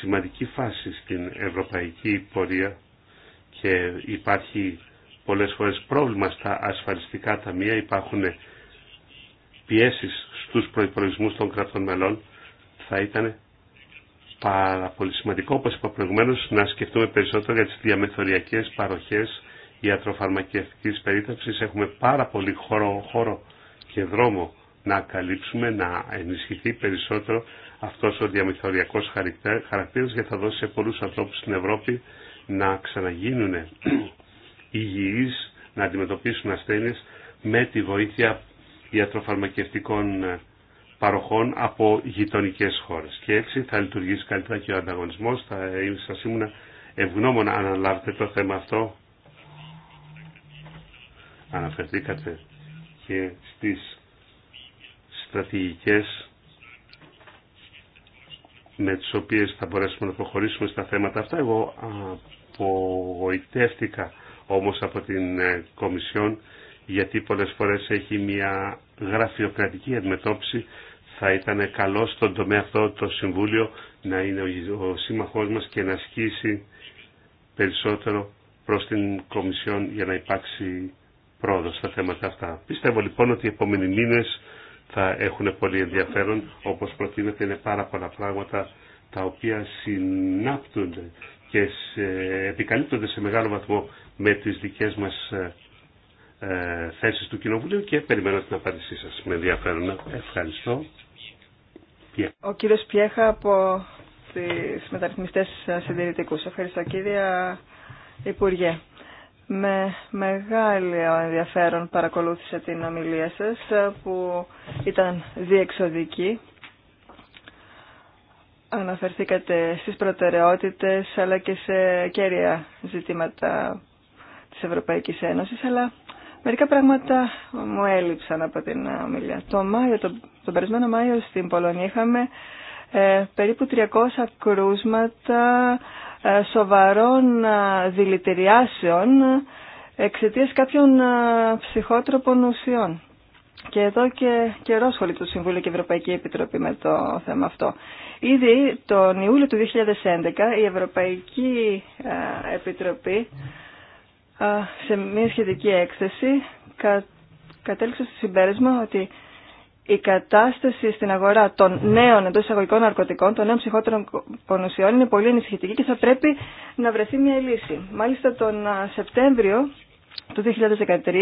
σημαντική φάση στην ευρωπαϊκή πορεία και υπάρχει πολλές φορές πρόβλημα στα ασφαλιστικά ταμεία, υπάρχουν πιέσεις στους προϋπολογισμούς των κρατών μελών. Θα ήταν πάρα πολύ σημαντικό, όπως είπα προηγουμένως, να σκεφτούμε περισσότερο για τις διαμεθοριακές παροχές ιατροφαρμακευτικής περίταξης. Έχουμε πάρα πολύ χώρο, και δρόμο να καλύψουμε, να ενισχυθεί περισσότερο αυτός ο διαμεθοριακός χαρακτήρας γιατί θα δώσει σε πολλούς ανθρώπους στην Ευρώπη να ξαναγίνουν υγιείς, να αντιμετωπίσουν ασθένειες με τη βοήθεια ιατροφαρμακευτικών ε, παροχών από γειτονικέ χώρε. Και έτσι θα λειτουργήσει καλύτερα και ο ανταγωνισμό. Θα σα ήμουν ευγνώμων αν αναλάβετε το θέμα αυτό. Αναφερθήκατε και στις στρατηγικέ με τις οποίες θα μπορέσουμε να προχωρήσουμε στα θέματα αυτά. Εγώ απογοητεύτηκα όμως από την ε, Κομισιόν γιατί πολλές φορές έχει μια γραφειοκρατική αντιμετώπιση θα ήταν καλό στον τομέα αυτό το Συμβούλιο να είναι ο σύμμαχός μας και να ασκήσει περισσότερο προς την Κομισιόν για να υπάρξει πρόοδο στα θέματα αυτά. Πιστεύω λοιπόν ότι οι επόμενοι μήνες θα έχουν πολύ ενδιαφέρον. Όπως προτείνεται είναι πάρα πολλά πράγματα τα οποία συνάπτουν και επικαλύπτονται σε μεγάλο βαθμό με τις δικές μας ε, ε, θέσεις του Κοινοβουλίου και περιμένω την απάντησή σας. Με ενδιαφέρον. Ευχαριστώ. Ο κύριος Πιέχα από τις μεταρρυθμιστές συντηρητικούς. Ευχαριστώ κύριε Υπουργέ. Με μεγάλο ενδιαφέρον παρακολούθησα την ομιλία σας που ήταν διεξοδική. Αναφερθήκατε στις προτεραιότητες αλλά και σε κέρια ζητήματα της Ευρωπαϊκής Ένωσης αλλά Μερικά πράγματα μου έλειψαν από την ε, ομιλία. Το Μάιο, τον, τον Μάιο στην Πολωνία είχαμε ε, περίπου 300 κρούσματα ε, σοβαρών ε, δηλητηριάσεων ε, εξαιτίας κάποιων ε, ψυχότροπων ουσιών. Και εδώ και καιρό σχολεί το Συμβούλιο και η Ευρωπαϊκή Επιτροπή με το θέμα αυτό. Ήδη τον Ιούλιο του 2011 η Ευρωπαϊκή Επιτροπή σε μια σχετική έκθεση κα, κατέληξε στο συμπέρασμα ότι η κατάσταση στην αγορά των νέων εντό εισαγωγικών ναρκωτικών, των νέων ψυχότερων πονοσιών είναι πολύ ανησυχητική και θα πρέπει να βρεθεί μια λύση. Μάλιστα τον Σεπτέμβριο του 2013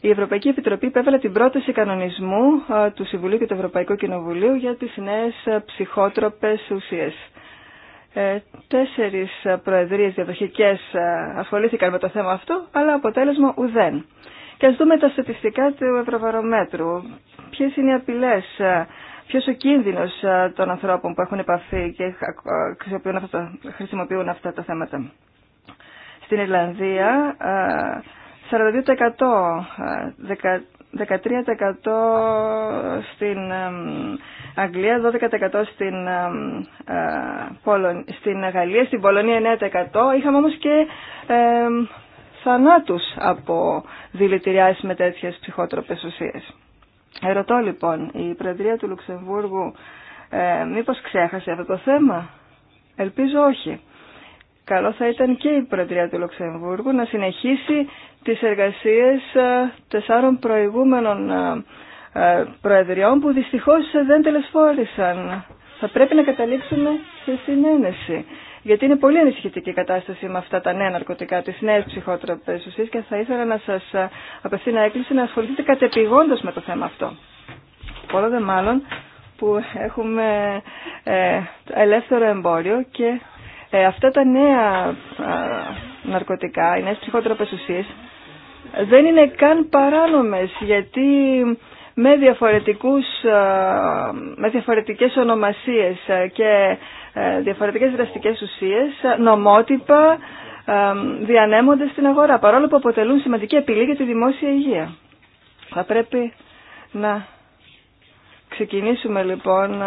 η Ευρωπαϊκή Επιτροπή υπέβαλε την πρόταση κανονισμού του Συμβουλίου και του Ευρωπαϊκού Κοινοβουλίου για τις νέες ψυχότροπες ουσίες. Ε, τέσσερις προεδρίες διαδοχικές ε, ασχολήθηκαν με το θέμα αυτό, αλλά αποτέλεσμα ουδέν. Και ας δούμε τα στατιστικά του Ευρωβαρομέτρου. Ποιες είναι οι απειλές, ε, ποιος ο κίνδυνος των ανθρώπων που έχουν επαφή και χρησιμοποιούν αυτά τα θέματα. Στην Ιρλανδία, 42% 13% στην Αγγλία, 12% στην, ε, στην Γαλλία, στην Πολωνία 9%. Είχαμε όμως και ε, θανάτους από δηλητηριάσεις με τέτοιες ψυχότροπες ουσίες. Ερωτώ λοιπόν, η Προεδρία του Λουξεμβούργου ε, μήπως ξέχασε αυτό το θέμα. Ελπίζω όχι καλό θα ήταν και η Προεδρία του Λουξεμβούργου να συνεχίσει τις εργασίες ε, τεσσάρων προηγούμενων ε, ε, προεδριών που δυστυχώς δεν τελεσφόρησαν. Θα πρέπει να καταλήξουμε σε συνένεση. Γιατί είναι πολύ ανησυχητική η κατάσταση με αυτά τα νέα ναρκωτικά, τις νέες ψυχότροπες ουσίες και θα ήθελα να σας απευθύνω έκκληση να ασχοληθείτε κατεπηγόντως με το θέμα αυτό. Πολλά δε μάλλον που έχουμε ελεύθερο εμπόριο και ε, αυτά τα νέα ναρκωτικά, οι νέες ψυχότροπες ουσίες, δεν είναι καν παράνομες, γιατί με, διαφορετικούς, με διαφορετικές ονομασίες και ε, διαφορετικές δραστικές ουσίες, νομότυπα διανέμονται στην αγορά, παρόλο που αποτελούν σημαντική απειλή για τη δημόσια υγεία. Θα πρέπει να ξεκινήσουμε λοιπόν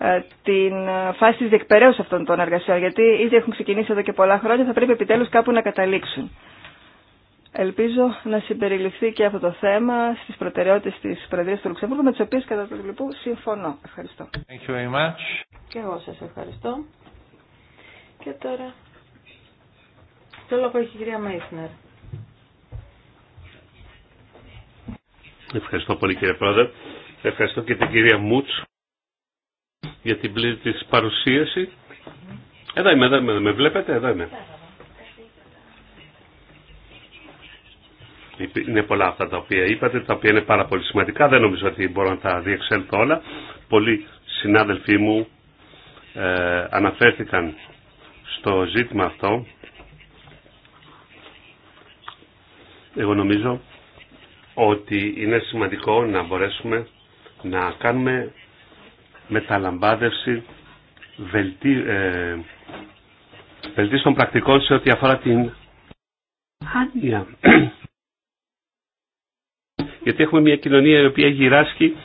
ε, την φάση της διεκπαιρέωσης αυτών των εργασιών, γιατί ήδη έχουν ξεκινήσει εδώ και πολλά χρόνια, θα πρέπει επιτέλους κάπου να καταλήξουν. Ελπίζω να συμπεριληφθεί και αυτό το θέμα στις προτεραιότητες της Προεδρίας του Λουξεμβούργου, με τις οποίες κατά το λοιπού συμφωνώ. Ευχαριστώ. Thank you very much. Και εγώ σας ευχαριστώ. Και τώρα, το λόγο έχει η κυρία Μέισνερ. Ευχαριστώ πολύ κύριε Πρόεδρε. Ευχαριστώ και την κυρία Μούτς για την πλήρη της παρουσίαση. Εδώ είμαι, εδώ είμαι, με βλέπετε, εδώ είμαι. Είναι πολλά αυτά τα οποία είπατε, τα οποία είναι πάρα πολύ σημαντικά. Δεν νομίζω ότι μπορώ να τα διεξέλθω όλα. Πολλοί συνάδελφοί μου ε, αναφέρθηκαν στο ζήτημα αυτό. Εγώ νομίζω ότι είναι σημαντικό να μπορέσουμε να κάνουμε μεταλαμπάδευση βελτί, ε, βελτίστων πρακτικών σε ό,τι αφορά την άνοια. Γιατί έχουμε μια κοινωνία η οποία γυράσκει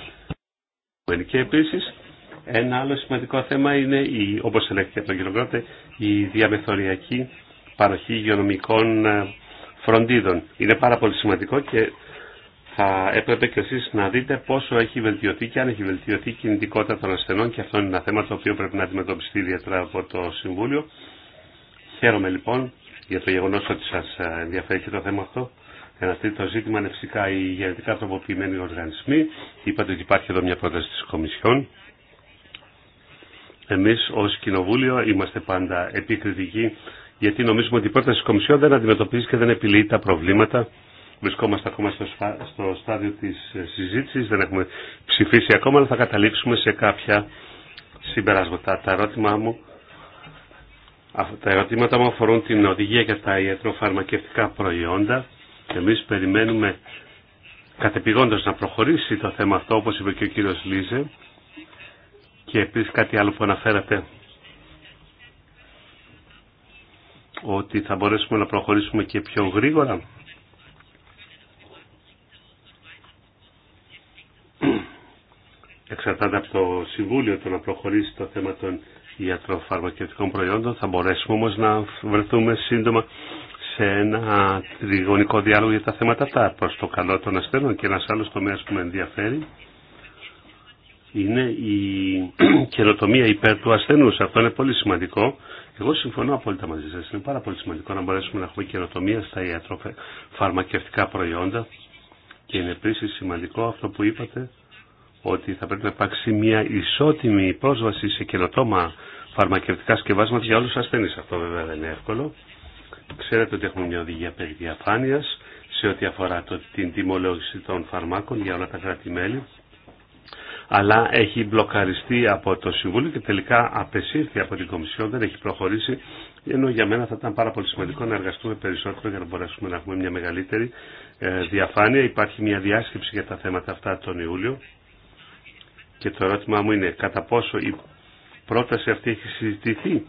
και επίσης ένα άλλο σημαντικό θέμα είναι, η, όπως ελέγχθηκε από τον κύριο η διαμεθοριακή παροχή υγειονομικών ε, φροντίδων. Είναι πάρα πολύ σημαντικό και θα έπρεπε και εσείς να δείτε πόσο έχει βελτιωθεί και αν έχει βελτιωθεί η κινητικότητα των ασθενών και αυτό είναι ένα θέμα το οποίο πρέπει να αντιμετωπιστεί ιδιαίτερα από το Συμβούλιο. Χαίρομαι λοιπόν για το γεγονός ότι σας ε, ενδιαφέρει και το θέμα αυτό. Ένα τρίτο ζήτημα είναι φυσικά οι γενετικά τροποποιημένοι οργανισμοί. Είπατε ότι υπάρχει εδώ μια πρόταση της Κομισιόν. Εμείς ως Κοινοβούλιο είμαστε πάντα επικριτικοί γιατί νομίζουμε ότι η πρόταση της Κομισιόν δεν αντιμετωπίζει και δεν επιλύει τα προβλήματα Βρισκόμαστε ακόμα στο, στο στάδιο της ε, συζήτησης, δεν έχουμε ψηφίσει ακόμα, αλλά θα καταλήξουμε σε κάποια συμπεράσματα. Τα, μου, τα ερωτήματα μου αφορούν την οδηγία για τα ιατροφαρμακευτικά προϊόντα. Εμείς περιμένουμε κατεπηγόντως να προχωρήσει το θέμα αυτό, όπως είπε και ο κύριος Λίζε. Και επίσης κάτι άλλο που αναφέρατε, ότι θα μπορέσουμε να προχωρήσουμε και πιο γρήγορα εξαρτάται από το Συμβούλιο το να προχωρήσει το θέμα των ιατροφαρμακευτικών προϊόντων. Θα μπορέσουμε όμως να βρεθούμε σύντομα σε ένα τριγωνικό διάλογο για τα θέματα αυτά προς το καλό των ασθενών και ένας άλλος τομέας που με ενδιαφέρει είναι η καινοτομία υπέρ του ασθενούς. Αυτό είναι πολύ σημαντικό. Εγώ συμφωνώ απόλυτα μαζί σας. Είναι πάρα πολύ σημαντικό να μπορέσουμε να έχουμε καινοτομία στα ιατροφαρμακευτικά προϊόντα και είναι επίση σημαντικό αυτό που είπατε ότι θα πρέπει να υπάρξει μια ισότιμη πρόσβαση σε καινοτόμα φαρμακευτικά σκευάσματα για όλους τους ασθενείς. Αυτό βέβαια δεν είναι εύκολο. Ξέρετε ότι έχουμε μια οδηγία περί διαφάνειας σε ό,τι αφορά την τιμολόγηση των φαρμάκων για όλα τα κράτη-μέλη. Αλλά έχει μπλοκαριστεί από το Συμβούλιο και τελικά απεσύρθη από την Κομισιόν, δεν έχει προχωρήσει. Ενώ για μένα θα ήταν πάρα πολύ σημαντικό να εργαστούμε περισσότερο για να μπορέσουμε να έχουμε μια μεγαλύτερη ε, διαφάνεια. Υπάρχει μια διάσκεψη για τα θέματα αυτά τον Ιούλιο και το ερώτημά μου είναι κατά πόσο η πρόταση αυτή έχει συζητηθεί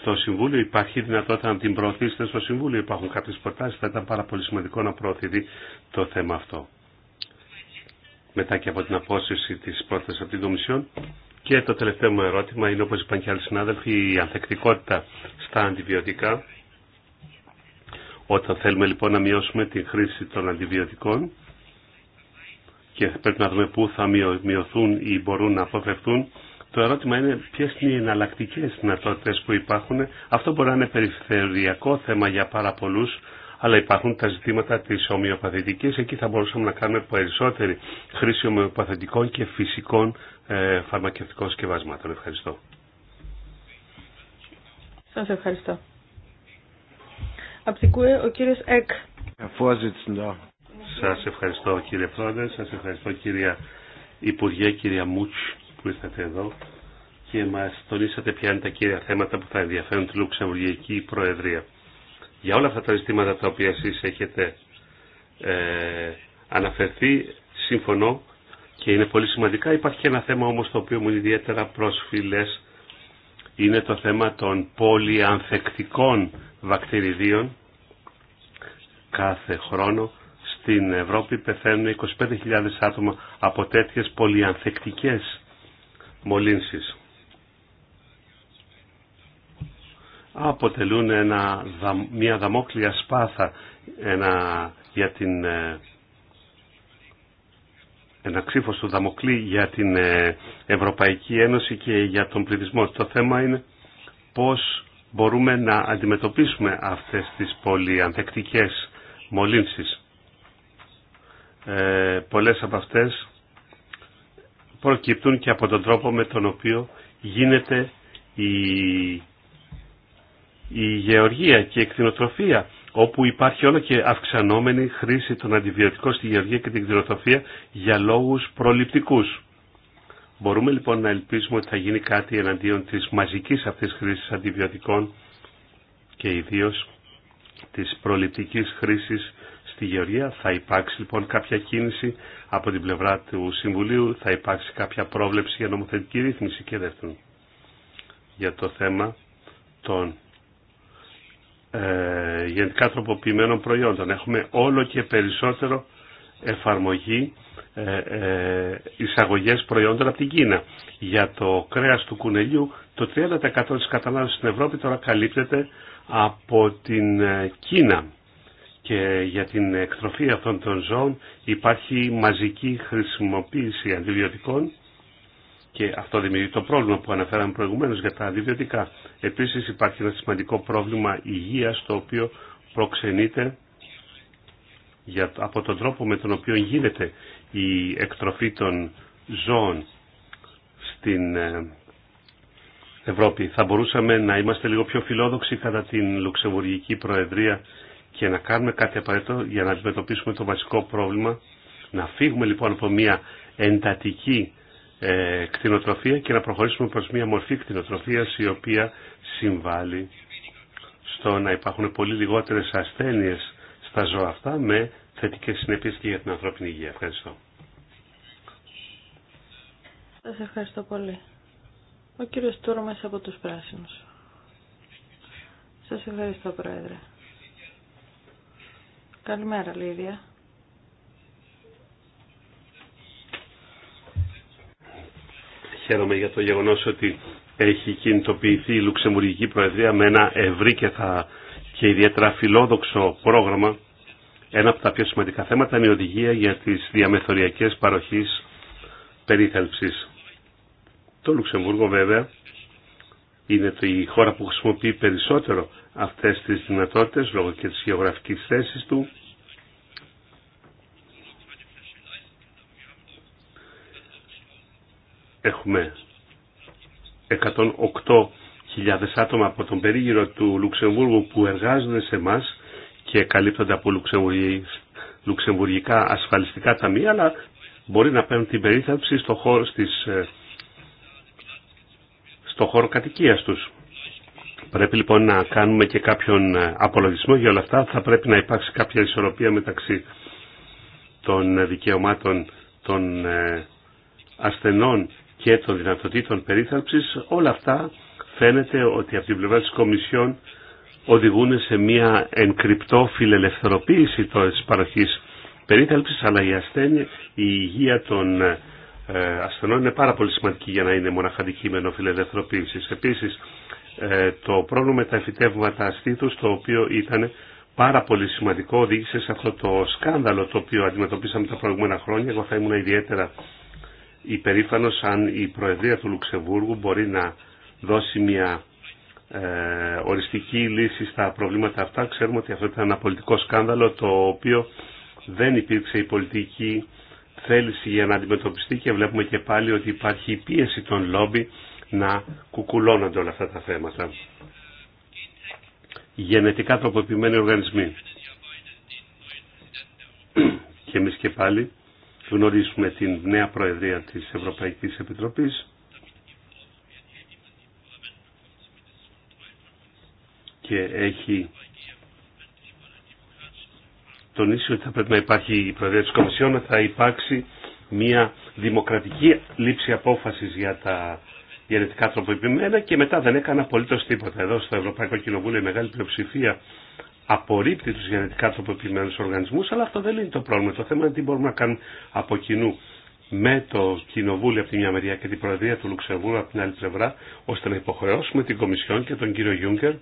στο Συμβούλιο. Υπάρχει δυνατότητα να την προωθήσετε στο Συμβούλιο. Υπάρχουν κάποιες προτάσεις. Θα ήταν πάρα πολύ σημαντικό να προωθηθεί το θέμα αυτό. Μετά και από την απόσυρση της πρότασης από την Κομισιόν. Και το τελευταίο μου ερώτημα είναι, όπως είπαν και άλλοι συνάδελφοι, η ανθεκτικότητα στα αντιβιωτικά. Όταν θέλουμε λοιπόν να μειώσουμε την χρήση των αντιβιωτικών, και πρέπει να δούμε πού θα μειωθούν ή μπορούν να αποφευθούν. Το ερώτημα είναι ποιε είναι οι εναλλακτικέ δυνατότητε που υπάρχουν. Αυτό μπορεί να είναι περιφερειακό θέμα για πάρα πολλού, αλλά υπάρχουν τα ζητήματα τη ομοιοπαθητική. Εκεί θα μπορούσαμε να κάνουμε περισσότερη χρήση ομοιοπαθητικών και φυσικών ε, φαρμακευτικών συσκευασμάτων. Ευχαριστώ. Σα ευχαριστώ. Απ' την ο κύριο Εκ. Σας ευχαριστώ κύριε Πρόεδρε, σας ευχαριστώ κυρία Υπουργέ, κυρία Μούτς που ήρθατε εδώ και μας τονίσατε ποια είναι τα κύρια θέματα που θα ενδιαφέρουν τη Λουξεμβουργική Προεδρία. Για όλα αυτά τα ζητήματα τα οποία εσείς έχετε ε, αναφερθεί, συμφωνώ και είναι πολύ σημαντικά. Υπάρχει και ένα θέμα όμως το οποίο μου είναι ιδιαίτερα πρόσφυλες, είναι το θέμα των πολυανθεκτικών βακτηριδίων κάθε χρόνο στην Ευρώπη πεθαίνουν 25.000 άτομα από τέτοιες πολυανθεκτικές μολύνσεις. Αποτελούν ένα, μια δαμόκλια σπάθα ένα, για την ε, ένα ξύφο του Δαμοκλή για την ε, Ευρωπαϊκή Ένωση και για τον πληθυσμό. Το θέμα είναι πώς μπορούμε να αντιμετωπίσουμε αυτές τις πολυανθεκτικές μολύνσεις ε, πολλές από αυτές προκύπτουν και από τον τρόπο με τον οποίο γίνεται η, η γεωργία και η εκτινοτροφία όπου υπάρχει όλο και αυξανόμενη χρήση των αντιβιωτικών στη γεωργία και την εκτινοτροφία για λόγους προληπτικούς. Μπορούμε λοιπόν να ελπίζουμε ότι θα γίνει κάτι εναντίον της μαζικής αυτής χρήσης αντιβιωτικών και ιδίως της προληπτικής χρήσης στη Γεωργία. Θα υπάρξει λοιπόν κάποια κίνηση από την πλευρά του Συμβουλίου, θα υπάρξει κάποια πρόβλεψη για νομοθετική ρύθμιση και δεύτερον για το θέμα των ε, γενικά τροποποιημένων προϊόντων. Έχουμε όλο και περισσότερο εφαρμογή ε, ε, εισαγωγές προϊόντων από την Κίνα. Για το κρέας του κουνελιού το 30% της κατανάλωσης στην Ευρώπη τώρα καλύπτεται από την ε, Κίνα και για την εκτροφή αυτών των ζώων υπάρχει μαζική χρησιμοποίηση αντιβιωτικών και αυτό δημιουργεί το πρόβλημα που αναφέραμε προηγουμένως για τα αντιβιωτικά. Επίσης υπάρχει ένα σημαντικό πρόβλημα υγείας το οποίο προξενείται για, από τον τρόπο με τον οποίο γίνεται η εκτροφή των ζώων στην ε, Ευρώπη. Θα μπορούσαμε να είμαστε λίγο πιο φιλόδοξοι κατά την Λουξεμβουργική Προεδρία και να κάνουμε κάτι απαραίτητο για να αντιμετωπίσουμε το βασικό πρόβλημα. Να φύγουμε λοιπόν από μια εντατική ε, κτηνοτροφία και να προχωρήσουμε προς μια μορφή κτηνοτροφίας η οποία συμβάλλει στο να υπάρχουν πολύ λιγότερες ασθένειες στα ζώα αυτά με θετικές συνέπειες και για την ανθρώπινη υγεία. Ευχαριστώ. Σας ευχαριστώ πολύ. Ο κύριος Τούρμες από τους Πράσινους. Σας ευχαριστώ Πρόεδρε. Καλημέρα, Λίδια. Χαίρομαι για το γεγονός ότι έχει κινητοποιηθεί η Λουξεμβουργική Προεδρία με ένα ευρύ και, θα, και ιδιαίτερα φιλόδοξο πρόγραμμα. Ένα από τα πιο σημαντικά θέματα είναι η οδηγία για τις διαμεθοριακές παροχής περίθαλψης. Το Λουξεμβούργο βέβαια είναι η χώρα που χρησιμοποιεί περισσότερο αυτές τις δυνατότητες λόγω και της γεωγραφικής θέσης του. Έχουμε 108.000 άτομα από τον περίγυρο του Λουξεμβούργου που εργάζονται σε εμά και καλύπτονται από λουξεμβουργικά ασφαλιστικά ταμεία, αλλά μπορεί να παίρνουν την περίθαλψη στο χώρο στις ε, στο χώρο κατοικίας τους. Πρέπει λοιπόν να κάνουμε και κάποιον ε, απολογισμό για όλα αυτά. Θα πρέπει να υπάρξει κάποια ισορροπία μεταξύ των ε, δικαιωμάτων των ε, ασθενών και των δυνατοτήτων περίθαλψης. Όλα αυτά φαίνεται ότι από την πλευρά της Κομισιόν οδηγούν σε μια ενκρυπτό φιλελευθεροποίηση τη παροχή περίθαλψης, αλλά η ασθένεια, η υγεία των ε, ασθενών είναι πάρα πολύ σημαντική για να είναι μοναχα αντικείμενο Επίση, Επίσης, ε, το πρόβλημα με τα εφητεύματα ασθήτους το οποίο ήταν πάρα πολύ σημαντικό, οδήγησε σε αυτό το σκάνδαλο το οποίο αντιμετωπίσαμε τα προηγούμενα χρόνια. Εγώ θα ήμουν ιδιαίτερα υπερήφανος αν η Προεδρία του Λουξεμβούργου μπορεί να δώσει μια ε, οριστική λύση στα προβλήματα αυτά. Ξέρουμε ότι αυτό ήταν ένα πολιτικό σκάνδαλο το οποίο δεν υπήρξε η πολιτική θέληση για να αντιμετωπιστεί και βλέπουμε και πάλι ότι υπάρχει η πίεση των λόμπι να κουκουλώνονται όλα αυτά τα θέματα. Γενετικά τροποποιημένοι οργανισμοί. και εμείς και πάλι γνωρίζουμε την νέα Προεδρία της Ευρωπαϊκής Επιτροπής και έχει τονίσει ότι θα πρέπει να υπάρχει η Προεδρία της Κομισιόν, θα υπάρξει μια δημοκρατική λήψη απόφασης για τα γενετικά τροποποιημένα και μετά δεν έκανε απολύτως τίποτα. Εδώ στο Ευρωπαϊκό Κοινοβούλιο η μεγάλη πλειοψηφία απορρίπτει τους γενετικά τροποποιημένους οργανισμούς, αλλά αυτό δεν είναι το πρόβλημα. Το θέμα είναι τι μπορούμε να κάνουμε από κοινού με το Κοινοβούλιο από τη μια μεριά και την Προεδρία του Λουξεμβούργου από την άλλη πλευρά, ώστε να υποχρεώσουμε την Κομισιόν και τον κύριο Γιούγκερ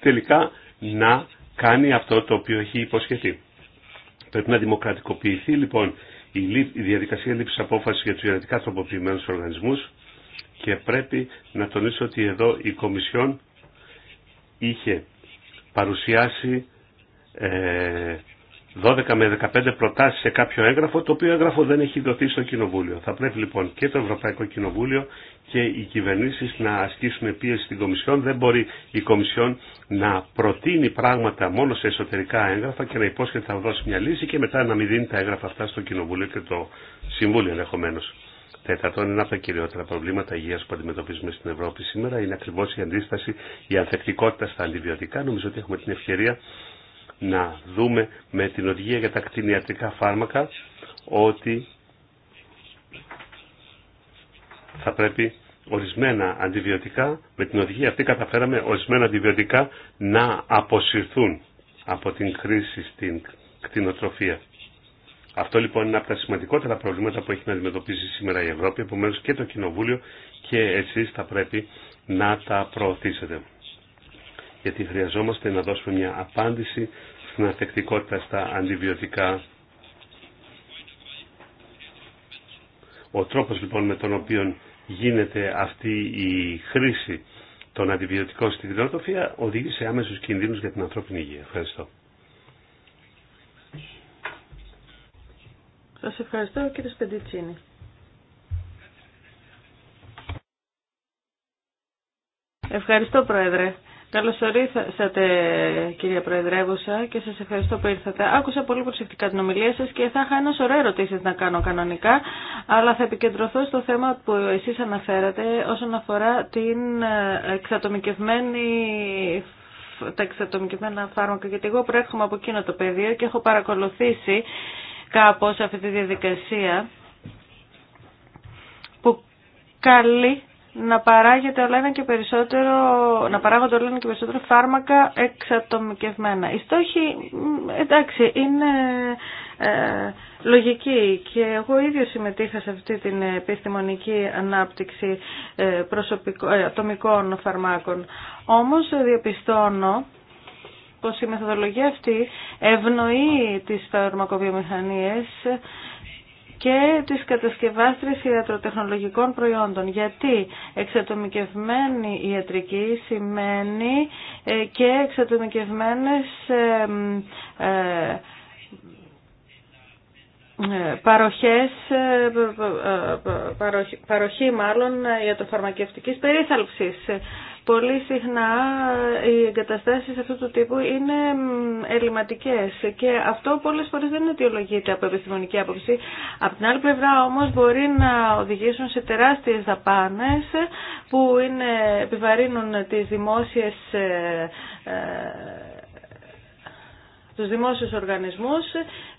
τελικά να κάνει αυτό το οποίο έχει υποσχεθεί. Πρέπει να δημοκρατικοποιηθεί λοιπόν η διαδικασία λήψη απόφαση για του ιερατικά τροποποιημένου οργανισμού και πρέπει να τονίσω ότι εδώ η Κομισιόν είχε παρουσιάσει ε, 12 με 15 προτάσεις σε κάποιο έγγραφο, το οποίο έγγραφο δεν έχει δοθεί στο Κοινοβούλιο. Θα πρέπει λοιπόν και το Ευρωπαϊκό Κοινοβούλιο και οι κυβερνήσεις να ασκήσουν πίεση στην Κομισιόν. Δεν μπορεί η Κομισιόν να προτείνει πράγματα μόνο σε εσωτερικά έγγραφα και να υπόσχεται να δώσει μια λύση και μετά να μην δίνει τα έγγραφα αυτά στο Κοινοβούλιο και το Συμβούλιο ενδεχομένω. Τέταρτον, ένα από τα κυριότερα προβλήματα υγεία που αντιμετωπίζουμε στην Ευρώπη σήμερα είναι ακριβώ η αντίσταση, η ανθεκτικότητα στα αντιβιωτικά. Νομίζω ότι έχουμε την ευκαιρία να δούμε με την οδηγία για τα κτηνιατρικά φάρμακα ότι θα πρέπει ορισμένα αντιβιωτικά, με την οδηγία αυτή καταφέραμε ορισμένα αντιβιωτικά να αποσυρθούν από την κρίση στην κτηνοτροφία. Αυτό λοιπόν είναι από τα σημαντικότερα προβλήματα που έχει να αντιμετωπίσει σήμερα η Ευρώπη, επομένως και το Κοινοβούλιο και εσείς θα πρέπει να τα προωθήσετε. Γιατί χρειαζόμαστε να δώσουμε μια απάντηση στην αφεκτικότητα στα αντιβιωτικά. Ο τρόπος λοιπόν με τον οποίο γίνεται αυτή η χρήση των αντιβιωτικών στην κτηνοτροφία οδηγεί σε άμεσους κινδύνους για την ανθρώπινη υγεία. Ευχαριστώ. Σας ευχαριστώ κύριε Σπεντιτσίνη. Ευχαριστώ Πρόεδρε. Καλώς ορίσατε κυρία Προεδρεύουσα και σας ευχαριστώ που ήρθατε. Άκουσα πολύ προσεκτικά την ομιλία σας και θα είχα ένα σωρό ερωτήσει να κάνω κανονικά, αλλά θα επικεντρωθώ στο θέμα που εσείς αναφέρατε όσον αφορά την ε, εξατομικευμένη τα εξατομικευμένα φάρμακα, γιατί εγώ προέρχομαι από εκείνο το πεδίο και έχω παρακολουθήσει κάπως αυτή τη διαδικασία που καλεί να παράγεται όλο ένα και περισσότερο, να παράγονται όλο ένα και περισσότερο φάρμακα εξατομικευμένα. Η στόχη εντάξει, είναι ε, λογική και εγώ ίδιο συμμετείχα σε αυτή την επιστημονική ανάπτυξη ε, ε, ατομικών φαρμάκων. Όμως διαπιστώνω πως η μεθοδολογία αυτή ευνοεί τις φαρμακοβιομηχανίες και τις κατασκευάστρες ιατροτεχνολογικών προϊόντων. Γιατί εξατομικευμένη ιατρική σημαίνει ε, και εξατομικευμένες παροχές, παροχή, για το φαρμακευτικής περίθαλψης. Πολύ συχνά οι εγκαταστάσεις αυτού του τύπου είναι ελληματικές και αυτό πολλές φορές δεν αιτιολογείται από επιστημονική άποψη. Από την άλλη πλευρά όμως μπορεί να οδηγήσουν σε τεράστιες δαπάνες που είναι, επιβαρύνουν τις δημόσιες ε, ε, τους δημόσιους οργανισμούς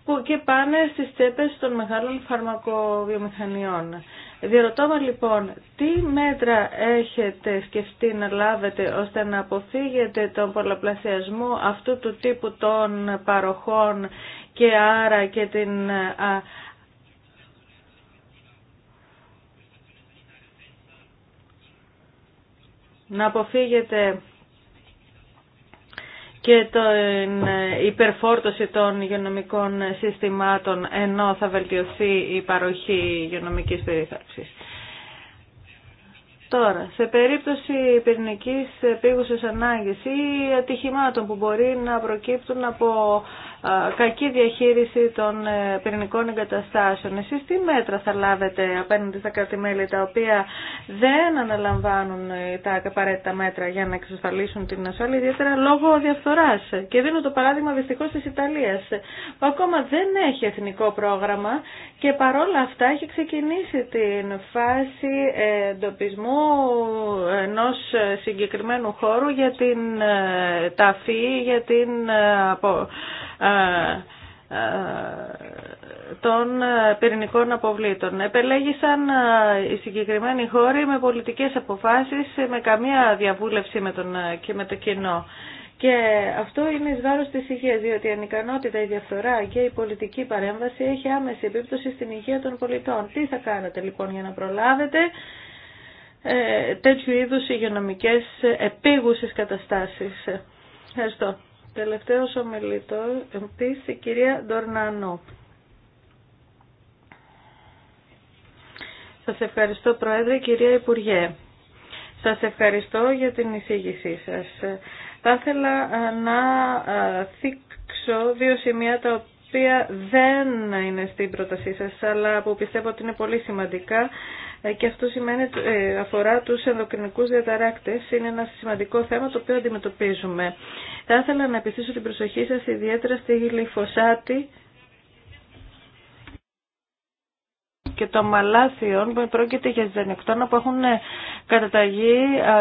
που και πάνε στις τσέπες των μεγάλων φαρμακοβιομηχανιών. Διερωτώ λοιπόν, τι μέτρα έχετε σκεφτεί να λάβετε ώστε να αποφύγετε τον πολλαπλασιασμό αυτού του τύπου των παροχών και άρα και την να αποφύγετε και την ε, υπερφόρτωση των υγειονομικών συστημάτων ενώ θα βελτιωθεί η παροχή υγειονομικής περίθαλψης. Τώρα, σε περίπτωση πυρηνικής επίγουσης ανάγκης ή ατυχημάτων που μπορεί να προκύπτουν από κακή διαχείριση των ε, πυρηνικών εγκαταστάσεων. Εσεί τι μέτρα θα λάβετε απέναντι στα κρατημέλη τα οποία δεν αναλαμβάνουν ε, τα απαραίτητα μέτρα για να εξασφαλίσουν την ασφάλεια, ιδιαίτερα λόγω διαφθορά Και δίνω το παράδειγμα δυστυχώ τη Ιταλία που ακόμα δεν έχει εθνικό πρόγραμμα και παρόλα αυτά έχει ξεκινήσει την φάση ε, εντοπισμού ενό συγκεκριμένου χώρου για την ταφή, για την ε, ε, των ε, πυρηνικών αποβλήτων. Επελέγησαν οι συγκεκριμένοι χώροι με πολιτικές αποφάσεις, με καμία διαβούλευση με τον, και με το κοινό. Και αυτό είναι εις βάρος της υγείας, διότι η ανικανότητα, η διαφθορά και η πολιτική παρέμβαση έχει άμεση επίπτωση στην υγεία των πολιτών. Τι θα κάνετε λοιπόν για να προλάβετε τέτοιου είδους υγειονομικές επίγουσες καταστάσεις. Ευχαριστώ. Τελευταίος της, η κυρία Ντορνανό. Σας ευχαριστώ Πρόεδρε, κυρία Υπουργέ. Σας ευχαριστώ για την εισήγησή σας. Θα ήθελα ε, να ε, θίξω δύο σημεία τα οποία οποία δεν είναι στην πρότασή σας, αλλά που πιστεύω ότι είναι πολύ σημαντικά ε, και αυτό σημαίνει, ε, αφορά τους ενδοκρινικούς διαταράκτες. Είναι ένα σημαντικό θέμα το οποίο αντιμετωπίζουμε. Θα ήθελα να επιστήσω την προσοχή σας ιδιαίτερα στη γλυφοσάτη και το μαλάθιον που πρόκειται για ζενεκτόνα που έχουν ε, καταταγεί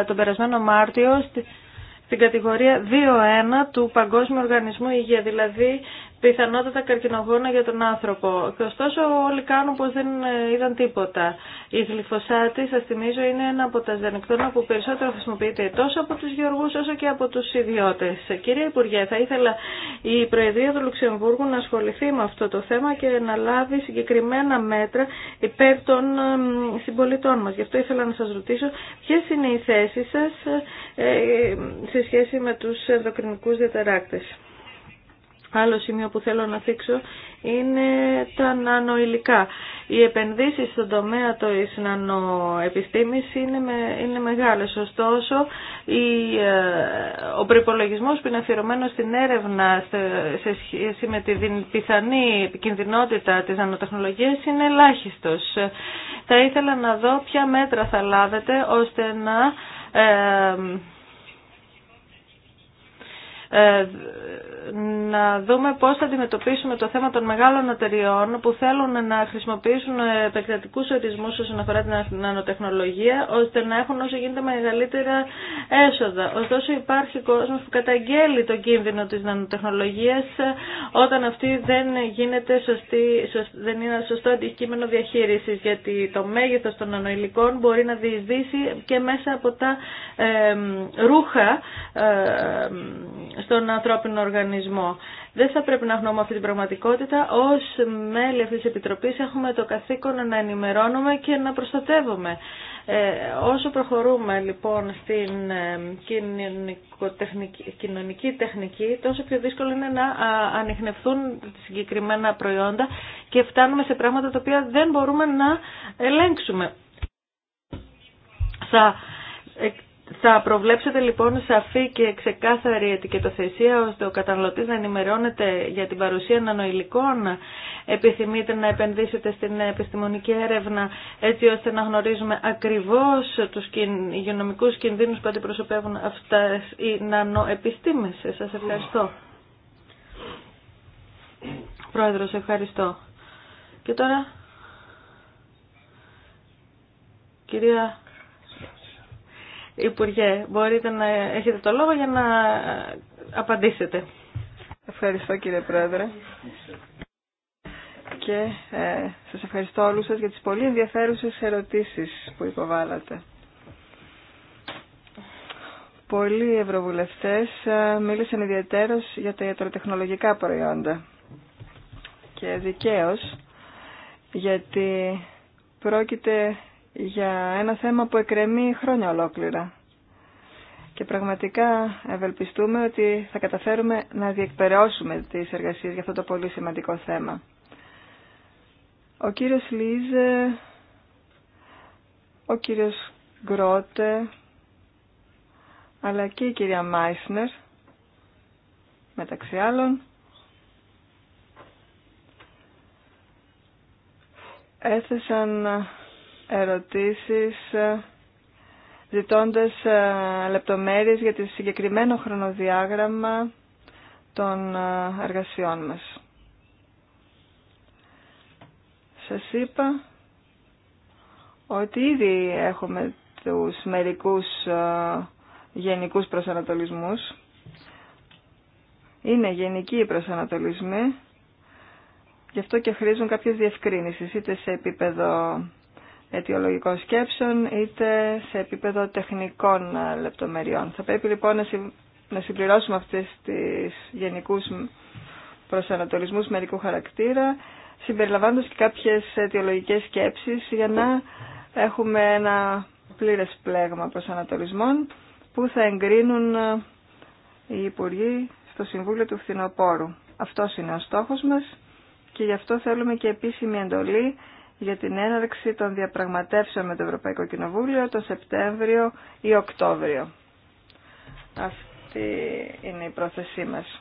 τον περασμένο Μάρτιο στην κατηγορία 2 2-1 του Παγκόσμιου Οργανισμού Υγεία. Δηλαδή, πιθανότατα καρκινογόνα για τον άνθρωπο. Και ωστόσο όλοι κάνουν πως δεν ε, είδαν τίποτα. Η γλυφοσάτη, σας θυμίζω, είναι ένα από τα ζενεκτόνα που περισσότερο χρησιμοποιείται τόσο από τους γεωργούς όσο και από τους ιδιώτες. Κύριε Υπουργέ, θα ήθελα η Προεδρία του Λουξεμβούργου να ασχοληθεί με αυτό το θέμα και να λάβει συγκεκριμένα μέτρα υπέρ των ε, συμπολιτών μας. Γι' αυτό ήθελα να σας ρωτήσω ποιε είναι οι θέσεις σας ε, σε σχέση με τους ενδοκρινικούς διαταράκτες άλλο σημείο που θέλω να θίξω είναι τα νανοηλικά. Οι επενδύσεις στον τομέα της νανοεπιστήμης είναι, με, είναι μεγάλες. Ωστόσο, η, ε, ο προπολογισμό που είναι αφιερωμένο στην έρευνα σε σχέση με την πιθανή επικινδυνότητα της νανοτεχνολογίας είναι ελάχιστος. Θα ήθελα να δω ποια μέτρα θα λάβετε ώστε να... Ε, ε, να δούμε πώς θα αντιμετωπίσουμε το θέμα των μεγάλων εταιριών που θέλουν να χρησιμοποιήσουν επεκτατικούς ορισμούς όσον αφορά την νανοτεχνολογία ώστε να έχουν όσο γίνεται μεγαλύτερα έσοδα. Ωστόσο υπάρχει κόσμο που καταγγέλει τον κίνδυνο της νανοτεχνολογίας ε, όταν αυτή δεν, γίνεται σωστή, δεν είναι σωστό αντικείμενο διαχείρισης γιατί το μέγεθος των νανοηλικών μπορεί να διεισδύσει και μέσα από τα ε, ρούχα ε, στον ανθρώπινο οργανισμό δεν θα πρέπει να γνώμη αυτή την πραγματικότητα. ω μέλη αυτή τη επιτροπή, έχουμε το καθήκον να ενημερώνουμε και να προστατεύουμε. Ε, όσο προχωρούμε λοιπόν στην ε, κοινωνική τεχνική, τόσο πιο δύσκολο είναι να ανοιχνευτούν συγκεκριμένα προϊόντα και φτάνουμε σε πράγματα τα οποία δεν μπορούμε να ελέγξουμε. Θα θα προβλέψετε λοιπόν σαφή και ξεκάθαρη ετικετοθεσία ώστε ο καταναλωτής να ενημερώνεται για την παρουσία νανοηλικών. Επιθυμείτε να επενδύσετε στην επιστημονική έρευνα έτσι ώστε να γνωρίζουμε ακριβώς τους υγειονομικούς κινδύνους που αντιπροσωπεύουν αυτά οι νανοεπιστήμες. Σας ευχαριστώ. σε ευχαριστώ. Και τώρα, κυρία Υπουργέ, μπορείτε να έχετε το λόγο για να απαντήσετε. Ευχαριστώ κύριε Πρόεδρε. Και ε, σας ευχαριστώ όλους σας για τις πολύ ενδιαφέρουσες ερωτήσεις που υποβάλατε. Πολλοί ευρωβουλευτές ε, μίλησαν ιδιαίτερως για τα ιατροτεχνολογικά προϊόντα. Και δικαίως, γιατί πρόκειται για ένα θέμα που εκρεμεί χρόνια ολόκληρα. Και πραγματικά ευελπιστούμε ότι θα καταφέρουμε να διεκπαιρεώσουμε τις εργασίες για αυτό το πολύ σημαντικό θέμα. Ο κύριος Λίζε, ο κύριος Γκρότε, αλλά και η κυρία Μάισνερ, μεταξύ άλλων, έθεσαν ερωτήσεις ε, ζητώντας ε, λεπτομέρειες για το συγκεκριμένο χρονοδιάγραμμα των ε, εργασιών μας. Σας είπα ότι ήδη έχουμε τους μερικούς γενικούς προσανατολισμούς. Είναι γενικοί οι προσανατολισμοί, γι' αυτό και χρήζουν κάποιες διευκρίνησεις, είτε σε επίπεδο αιτιολογικών σκέψεων, είτε σε επίπεδο τεχνικών ε, λεπτομεριών. Θα πρέπει λοιπόν να συμπληρώσουμε αυτές τις γενικούς προσανατολισμούς μερικού χαρακτήρα, συμπεριλαμβάνοντας και κάποιες αιτιολογικές σκέψεις για να έχουμε ένα πλήρες πλέγμα προσανατολισμών που θα εγκρίνουν ε, οι Υπουργοί στο Συμβούλιο του Φθινοπόρου. Αυτός είναι ο στόχος μας και γι' αυτό θέλουμε και επίσημη εντολή για την έναρξη των διαπραγματεύσεων με το Ευρωπαϊκό Κοινοβούλιο το Σεπτέμβριο ή Οκτώβριο. Αυτή είναι η πρόθεσή μας.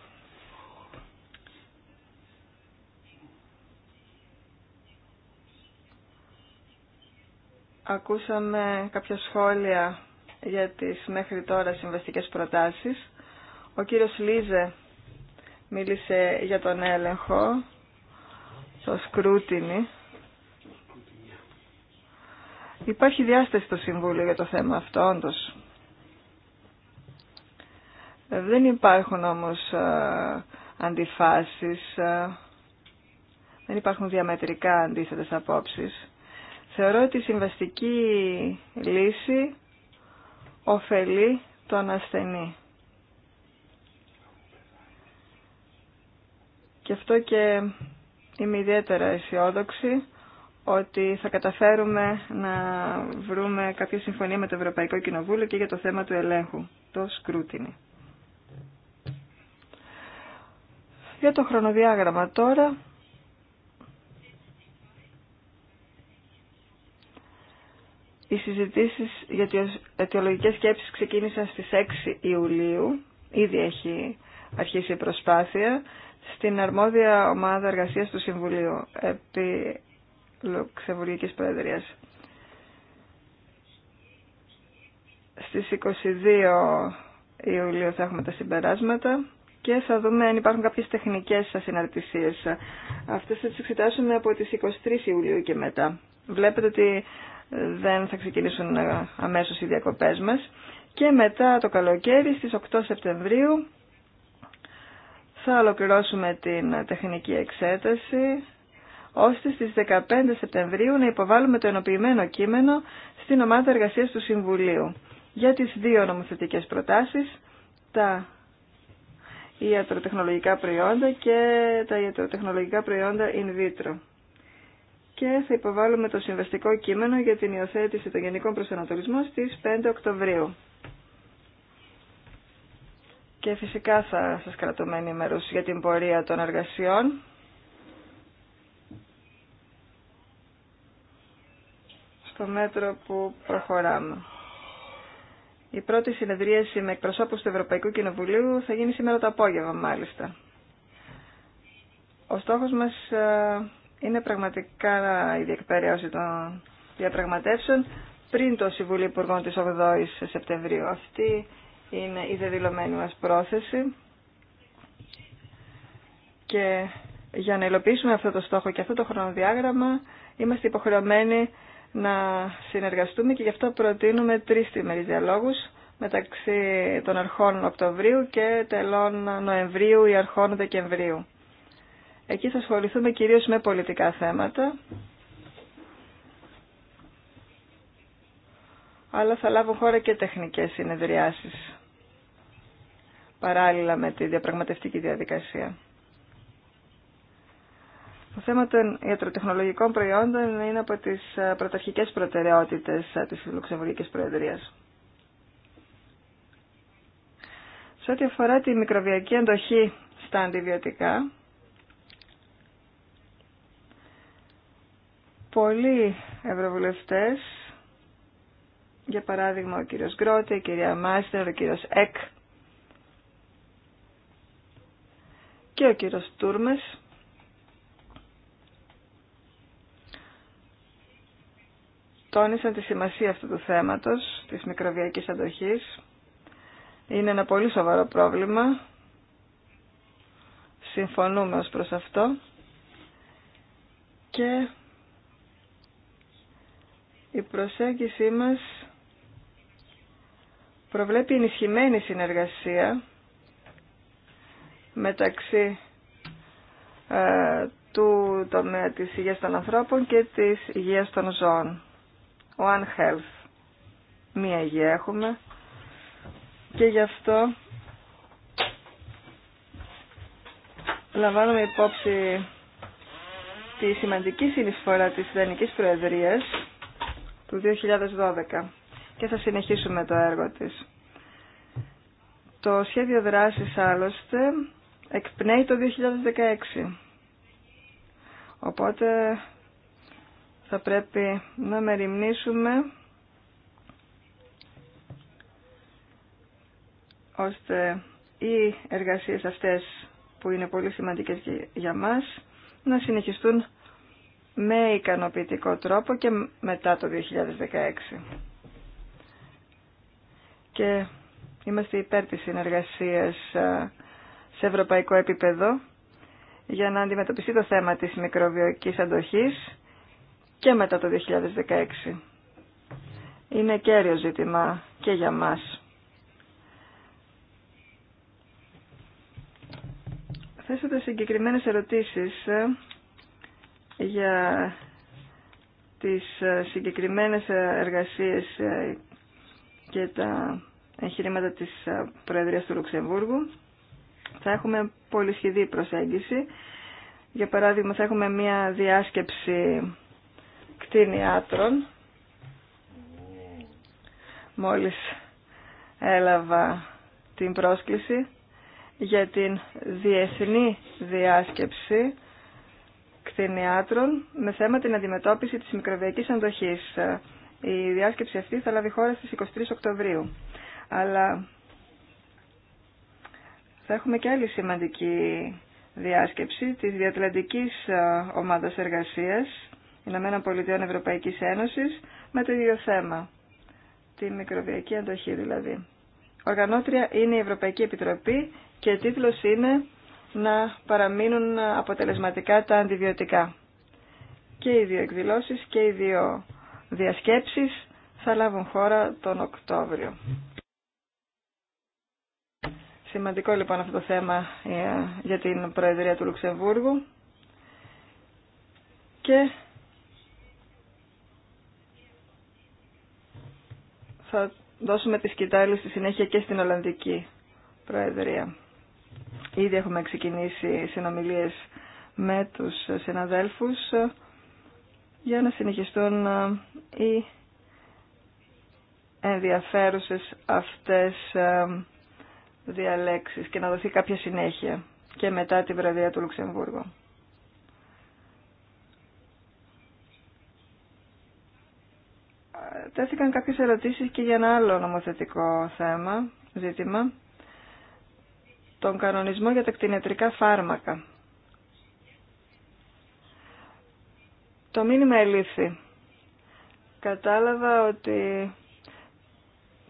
Ακούσαμε κάποια σχόλια για τις μέχρι τώρα συμβαστικές προτάσεις. Ο κύριος Λίζε μίλησε για τον έλεγχο, το σκρούτινι, Υπάρχει διάσταση στο Συμβούλιο για το θέμα αυτό, όντως. Ε, δεν υπάρχουν όμως ε, αντιφάσεις, ε, δεν υπάρχουν διαμετρικά αντίθετες απόψεις. Θεωρώ ότι η συμβαστική λύση ωφελεί τον ασθενή. Και αυτό και είμαι ιδιαίτερα αισιόδοξη ότι θα καταφέρουμε να βρούμε κάποια συμφωνία με το Ευρωπαϊκό Κοινοβούλιο και για το θέμα του ελέγχου, το σκρούτινι. Για το χρονοδιάγραμμα τώρα, οι συζητήσεις για τι αιτιολογικές σκέψεις ξεκίνησαν στις 6 Ιουλίου, ήδη έχει αρχίσει η προσπάθεια, στην αρμόδια ομάδα εργασίας του Συμβουλίου. Επί Λουξεμβουργικής Προεδρίας. Στις 22 Ιουλίου θα έχουμε τα συμπεράσματα και θα δούμε αν υπάρχουν κάποιες τεχνικές ασυναρτησίες. Αυτές θα τι εξετάσουμε από τις 23 Ιουλίου και μετά. Βλέπετε ότι δεν θα ξεκινήσουν αμέσως οι διακοπές μας. Και μετά το καλοκαίρι στις 8 Σεπτεμβρίου θα ολοκληρώσουμε την τεχνική εξέταση ώστε στις 15 Σεπτεμβρίου να υποβάλουμε το ενοποιημένο κείμενο στην ομάδα εργασίας του Συμβουλίου για τις δύο νομοθετικές προτάσεις, τα ιατροτεχνολογικά προϊόντα και τα ιατροτεχνολογικά προϊόντα in vitro. Και θα υποβάλουμε το συμβαστικό κείμενο για την υιοθέτηση των γενικών προσανατολισμών στις 5 Οκτωβρίου. Και φυσικά θα σας κρατούμε ενημερούς για την πορεία των εργασιών στο μέτρο που προχωράμε. Η πρώτη συνεδρίαση με εκπροσώπους του Ευρωπαϊκού Κοινοβουλίου θα γίνει σήμερα το απόγευμα μάλιστα. Ο στόχος μας ε, είναι πραγματικά η διεκπαιρέωση των διαπραγματεύσεων πριν το Συμβούλιο Υπουργών της 8 η Σεπτεμβρίου. Αυτή είναι η δεδηλωμένη μας πρόθεση και για να υλοποιήσουμε αυτό το στόχο και αυτό το χρονοδιάγραμμα είμαστε υποχρεωμένοι να συνεργαστούμε και γι' αυτό προτείνουμε τρεις τιμερείς διαλόγους μεταξύ των αρχών Οκτωβρίου και τελών Νοεμβρίου ή αρχών Δεκεμβρίου. Εκεί θα ασχοληθούμε κυρίως με πολιτικά θέματα, αλλά θα λάβουν χώρα και τεχνικές συνεδριάσεις παράλληλα με τη διαπραγματευτική διαδικασία. Το θέμα των ιατροτεχνολογικών προϊόντων είναι από τις ε, πρωταρχικές προτεραιότητες ε, της Λουξεμβουργικής Προεδρίας. Σε ό,τι αφορά τη μικροβιακή αντοχή στα αντιβιωτικά, πολλοί ευρωβουλευτές, για παράδειγμα ο κύριος Γκρότη, η κυρία Μάστερ, ο κύριος Εκ και ο κύριος Τούρμες, τόνισαν τη σημασία αυτού του θέματος, της μικροβιακής αντοχής. Είναι ένα πολύ σοβαρό πρόβλημα. Συμφωνούμε ως προς αυτό. Και η προσέγγιση μας προβλέπει ενισχυμένη συνεργασία μεταξύ ε, του τομέα της υγείας των ανθρώπων και της υγείας των ζώων. One Health. Μία υγεία έχουμε και γι' αυτό λαμβάνουμε υπόψη τη σημαντική συνεισφορά της Ιδανικής Προεδρίας του 2012 και θα συνεχίσουμε το έργο της. Το σχέδιο δράσης άλλωστε εκπνέει το 2016. Οπότε θα πρέπει να μεριμνήσουμε ώστε οι εργασίες αυτές που είναι πολύ σημαντικές για μας να συνεχιστούν με ικανοποιητικό τρόπο και μετά το 2016. Και είμαστε υπέρ της συνεργασίας ε, σε ευρωπαϊκό επίπεδο για να αντιμετωπιστεί το θέμα της μικροβιοικής αντοχής και μετά το 2016. Είναι κέριο ζήτημα και για μας. Θέσατε συγκεκριμένες ερωτήσεις ε, για τις ε, συγκεκριμένες ε, εργασίες και τα εγχειρήματα της Προεδρίας του Λουξεμβούργου. Θα έχουμε πολυσχηδή προσέγγιση. Για παράδειγμα, θα έχουμε μία διάσκεψη κτηνιάτρων. Μόλις έλαβα την πρόσκληση για την διεθνή διάσκεψη κτηνιάτρων με θέμα την αντιμετώπιση της μικροβιακής αντοχής. Η διάσκεψη αυτή θα λάβει χώρα στις 23 Οκτωβρίου. Αλλά θα έχουμε και άλλη σημαντική διάσκεψη της Διατλαντικής Ομάδας Εργασίας Ηνωμένων Πολιτειών Ευρωπαϊκής Ένωσης με το ίδιο θέμα, τη μικροβιακή αντοχή δηλαδή. Οργανώτρια είναι η Ευρωπαϊκή Επιτροπή και τίτλος είναι να παραμείνουν αποτελεσματικά τα αντιβιωτικά. Και οι δύο εκδηλώσεις και οι δύο διασκέψεις θα λάβουν χώρα τον Οκτώβριο. Σημαντικό λοιπόν αυτό το θέμα ε, για την Προεδρία του Λουξεμβούργου και θα δώσουμε τη σκητάλη στη συνέχεια και στην Ολλανδική Προεδρία. Ήδη έχουμε ξεκινήσει συνομιλίες με τους συναδέλφους ε, για να συνεχιστούν ε, οι ενδιαφέρουσες αυτές ε, διαλέξεις και να δοθεί κάποια συνέχεια και μετά την βραδιά του Λουξεμβούργου. τέθηκαν κάποιες ερωτήσεις και για ένα άλλο νομοθετικό θέμα, ζήτημα, τον κανονισμό για τα κτηνιατρικά φάρμακα. Το μήνυμα ελήφθη. Κατάλαβα ότι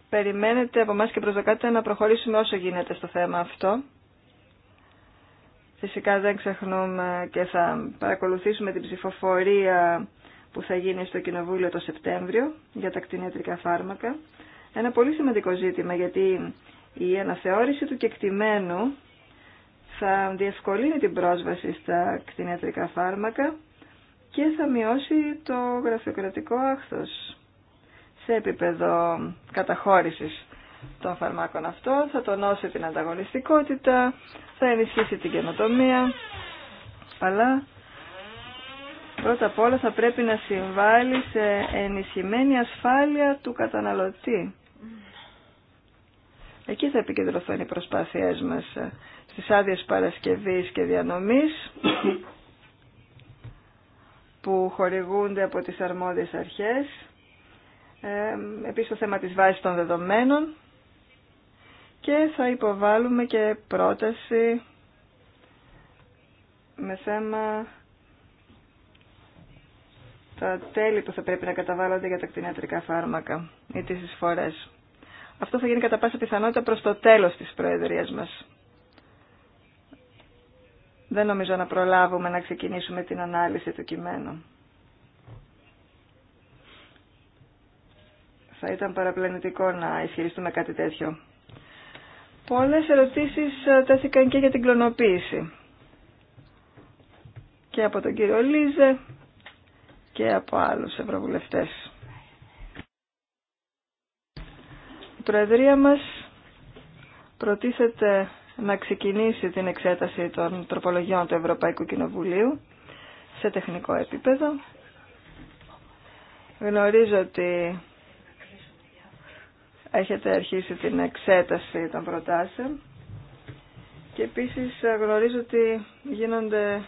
περιμένετε από εμά και προσδοκάτε να προχωρήσουμε όσο γίνεται στο θέμα αυτό. Φυσικά δεν ξεχνούμε και θα παρακολουθήσουμε την ψηφοφορία που θα γίνει στο Κοινοβούλιο το Σεπτέμβριο για τα κτηνιατρικά φάρμακα. Ένα πολύ σημαντικό ζήτημα γιατί η αναθεώρηση του κεκτημένου θα διευκολύνει την πρόσβαση στα κτηνιατρικά φάρμακα και θα μειώσει το γραφειοκρατικό άχθος σε επίπεδο καταχώρησης των φαρμάκων αυτών, θα τονώσει την ανταγωνιστικότητα, θα ενισχύσει την καινοτομία, αλλά πρώτα απ' όλα θα πρέπει να συμβάλλει σε ενισχυμένη ασφάλεια του καταναλωτή. Εκεί θα επικεντρωθούν οι προσπάθειές μας ε, στις άδειε παρασκευής και διανομής που χορηγούνται από τις αρμόδιες αρχές. Ε, επίσης το θέμα της βάσης των δεδομένων και θα υποβάλουμε και πρόταση με θέμα τα τέλη που θα πρέπει να καταβάλλονται για τα κτηνιατρικά φάρμακα ή τις εισφορές. Αυτό θα γίνει κατά πάσα πιθανότητα προς το τέλος της Προεδρίας μας. Δεν νομίζω να προλάβουμε να ξεκινήσουμε την ανάλυση του κειμένου. Θα ήταν παραπλανητικό να ισχυριστούμε κάτι τέτοιο. Πολλές ερωτήσεις ε, τέθηκαν και για την κλωνοποίηση. Και από τον κύριο Λίζε και από άλλους ευρωβουλευτές. Η Προεδρία μας προτίθεται να ξεκινήσει την εξέταση των τροπολογιών του Ευρωπαϊκού Κοινοβουλίου σε τεχνικό επίπεδο. Γνωρίζω ότι έχετε αρχίσει την εξέταση των προτάσεων και επίσης γνωρίζω ότι γίνονται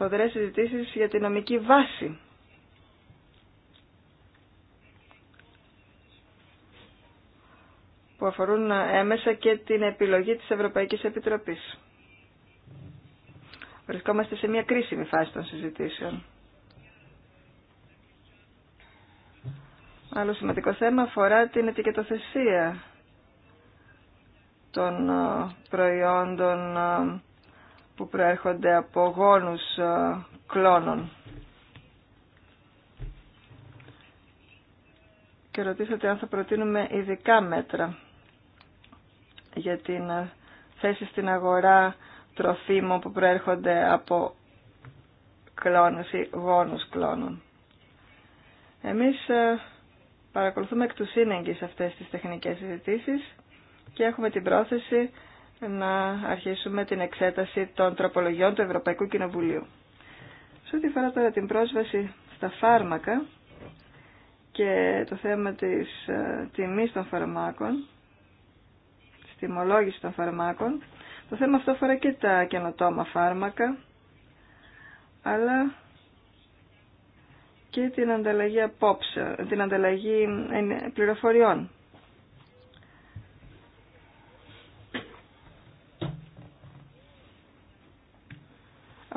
σφοδρές συζητήσει για τη νομική βάση. που αφορούν έμεσα και την επιλογή της Ευρωπαϊκής Επιτροπής. Βρισκόμαστε σε μια κρίσιμη φάση των συζητήσεων. Άλλο σημαντικό θέμα αφορά την ετικετοθεσία των ε, προϊόντων ε, που προέρχονται από γόνους ε, κλόνων. Και ρωτήσατε αν θα προτείνουμε ειδικά μέτρα για την ε, θέση στην αγορά τροφίμων που προέρχονται από κλόνους ή γόνους κλόνων. Εμείς ε, παρακολουθούμε εκ του σύνεγγυς αυτές τις τεχνικές συζητήσεις και έχουμε την πρόθεση να αρχίσουμε την εξέταση των τροπολογιών του Ευρωπαϊκού Κοινοβουλίου. Σε ό,τι αφορά τώρα την πρόσβαση στα φάρμακα και το θέμα της ε, τιμής των φαρμάκων, της τιμολόγησης των φαρμάκων, το θέμα αυτό αφορά και τα καινοτόμα φάρμακα, αλλά και την ανταλλαγή απόψε, την ανταλλαγή ε, πληροφοριών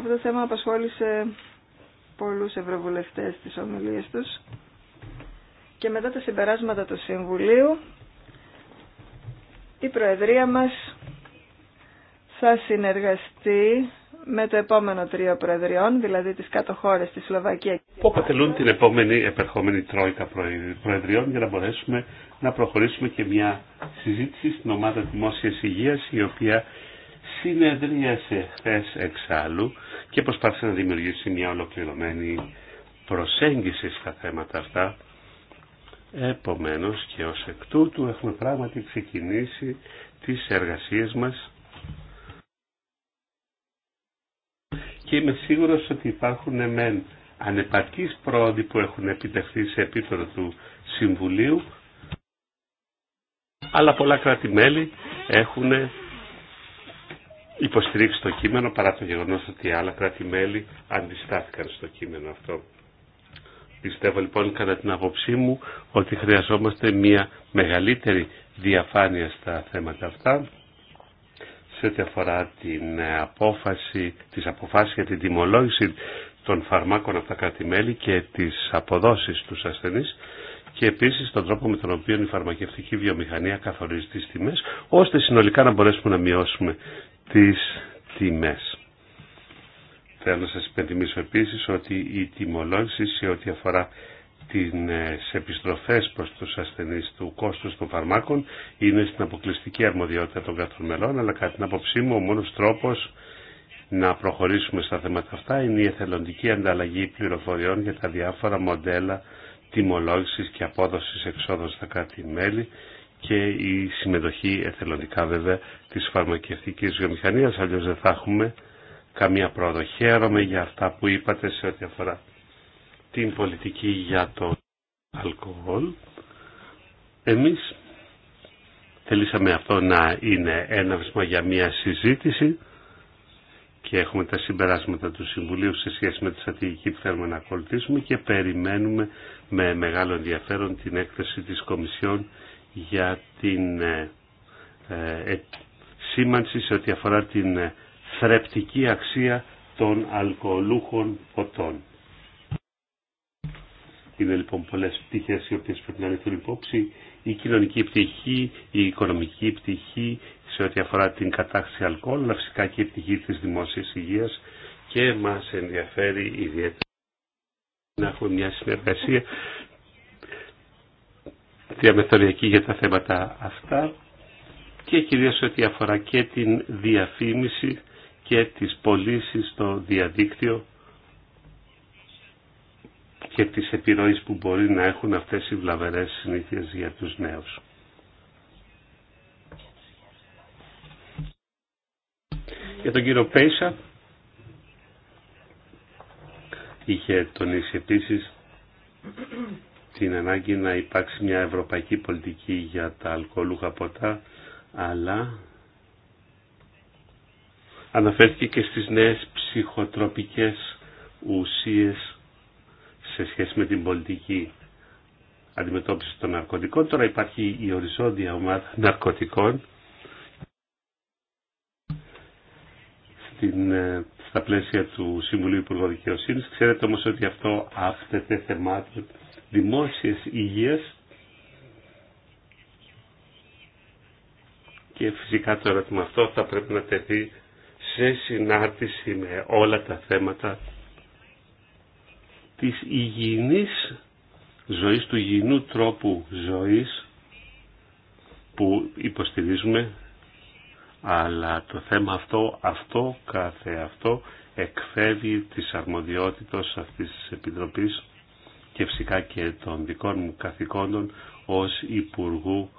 Αυτό το θέμα απασχόλησε πολλούς ευρωβουλευτές της ομιλίες τους και μετά τα συμπεράσματα του Συμβουλίου η Προεδρία μας θα συνεργαστεί με το επόμενο τρίο Προεδριών, δηλαδή τις κάτω χώρες, τη Σλοβακία. Που αποτελούν την επόμενη επερχόμενη τρόικα Προεδριών για να μπορέσουμε να προχωρήσουμε και μια συζήτηση στην ομάδα Δημόσιας Υγείας η οποία συνεδρίασε χθε εξάλλου και προσπάθησε να δημιουργήσει μια ολοκληρωμένη προσέγγιση στα θέματα αυτά. Επομένως και ως εκ τούτου έχουμε πράγματι ξεκινήσει τις εργασίες μας και είμαι σίγουρος ότι υπάρχουν μεν ανεπαρκείς πρόοδοι που έχουν επιτευχθεί σε επίπεδο του Συμβουλίου αλλά πολλά κράτη-μέλη έχουν υποστηρίξει το κείμενο παρά το γεγονός ότι άλλα κράτη-μέλη αντιστάθηκαν στο κείμενο αυτό. Πιστεύω λοιπόν κατά την άποψή μου ότι χρειαζόμαστε μια μεγαλύτερη διαφάνεια στα θέματα αυτά σε ό,τι αφορά την απόφαση, τις αποφάσεις για την τιμολόγηση των φαρμάκων από τα κράτη-μέλη και τις αποδόσεις τους ασθενείς και επίσης τον τρόπο με τον οποίο η φαρμακευτική βιομηχανία καθορίζει τις τιμές ώστε συνολικά να μπορέσουμε να μειώσουμε τις τιμές. Θέλω να σας υπενθυμίσω επίσης ότι η τιμολόγηση σε ό,τι αφορά ε, τις επιστροφές προς τους ασθενείς του κόστους των φαρμάκων είναι στην αποκλειστική αρμοδιότητα των κάθε αλλά κατά την άποψή μου ο μόνος τρόπος να προχωρήσουμε στα θέματα αυτά είναι η εθελοντική ανταλλαγή πληροφοριών για τα διάφορα μοντέλα τιμολόγησης και απόδοσης εξόδων στα κάτι μελη και η συμμετοχή εθελοντικά βέβαια της φαρμακευτικής βιομηχανίας, αλλιώς δεν θα έχουμε καμία πρόοδο. Χαίρομαι για αυτά που είπατε σε ό,τι αφορά την πολιτική για το αλκοόλ. Εμείς θελήσαμε αυτό να είναι ένα βήμα για μια συζήτηση και έχουμε τα συμπεράσματα του Συμβουλίου σε σχέση με τη στρατηγική που θέλουμε να ακολουθήσουμε και περιμένουμε με μεγάλο ενδιαφέρον την έκθεση της Κομισιόν για την ε, ε, ε, σήμανση σε ό,τι αφορά την θρεπτική αξία των αλκοολούχων ποτών. Είναι λοιπόν πολλές πτυχές οι οποίες πρέπει να ληφθούν υπόψη. Η κοινωνική πτυχή, η οικονομική πτυχή σε ό,τι αφορά την κατάχρηση αλκοόλ, αλλά φυσικά και η πτυχή της δημόσιας υγείας και μας ενδιαφέρει ιδιαίτερα να έχουμε μια συνεργασία διαμεθοριακή για τα θέματα αυτά και κυρίως ότι αφορά και την διαφήμιση και τις πωλήσει στο διαδίκτυο και τις επιρροές που μπορεί να έχουν αυτές οι βλαβερές συνήθειες για τους νέους. Για τον κύριο Πέισα είχε τονίσει επίσης την ανάγκη να υπάρξει μια ευρωπαϊκή πολιτική για τα αλκοολούχα ποτά, αλλά αναφέρθηκε και στις νέες ψυχοτροπικές ουσίες σε σχέση με την πολιτική αντιμετώπιση των ναρκωτικών. Τώρα υπάρχει η οριζόντια ομάδα ναρκωτικών στην, ε, στα πλαίσια του Συμβουλίου Υπουργών Δικαιοσύνης. Ξέρετε όμως ότι αυτό άφτεται θεμάτων δημόσιας υγείας και φυσικά το ερώτημα αυτό θα πρέπει να τεθεί σε συνάρτηση με όλα τα θέματα της υγιεινής ζωής, του υγιεινού τρόπου ζωής που υποστηρίζουμε αλλά το θέμα αυτό, αυτό κάθε αυτό εκφεύγει της αρμοδιότητας αυτής της Επιτροπής και φυσικά και των δικών μου καθηκόντων ως Υπουργού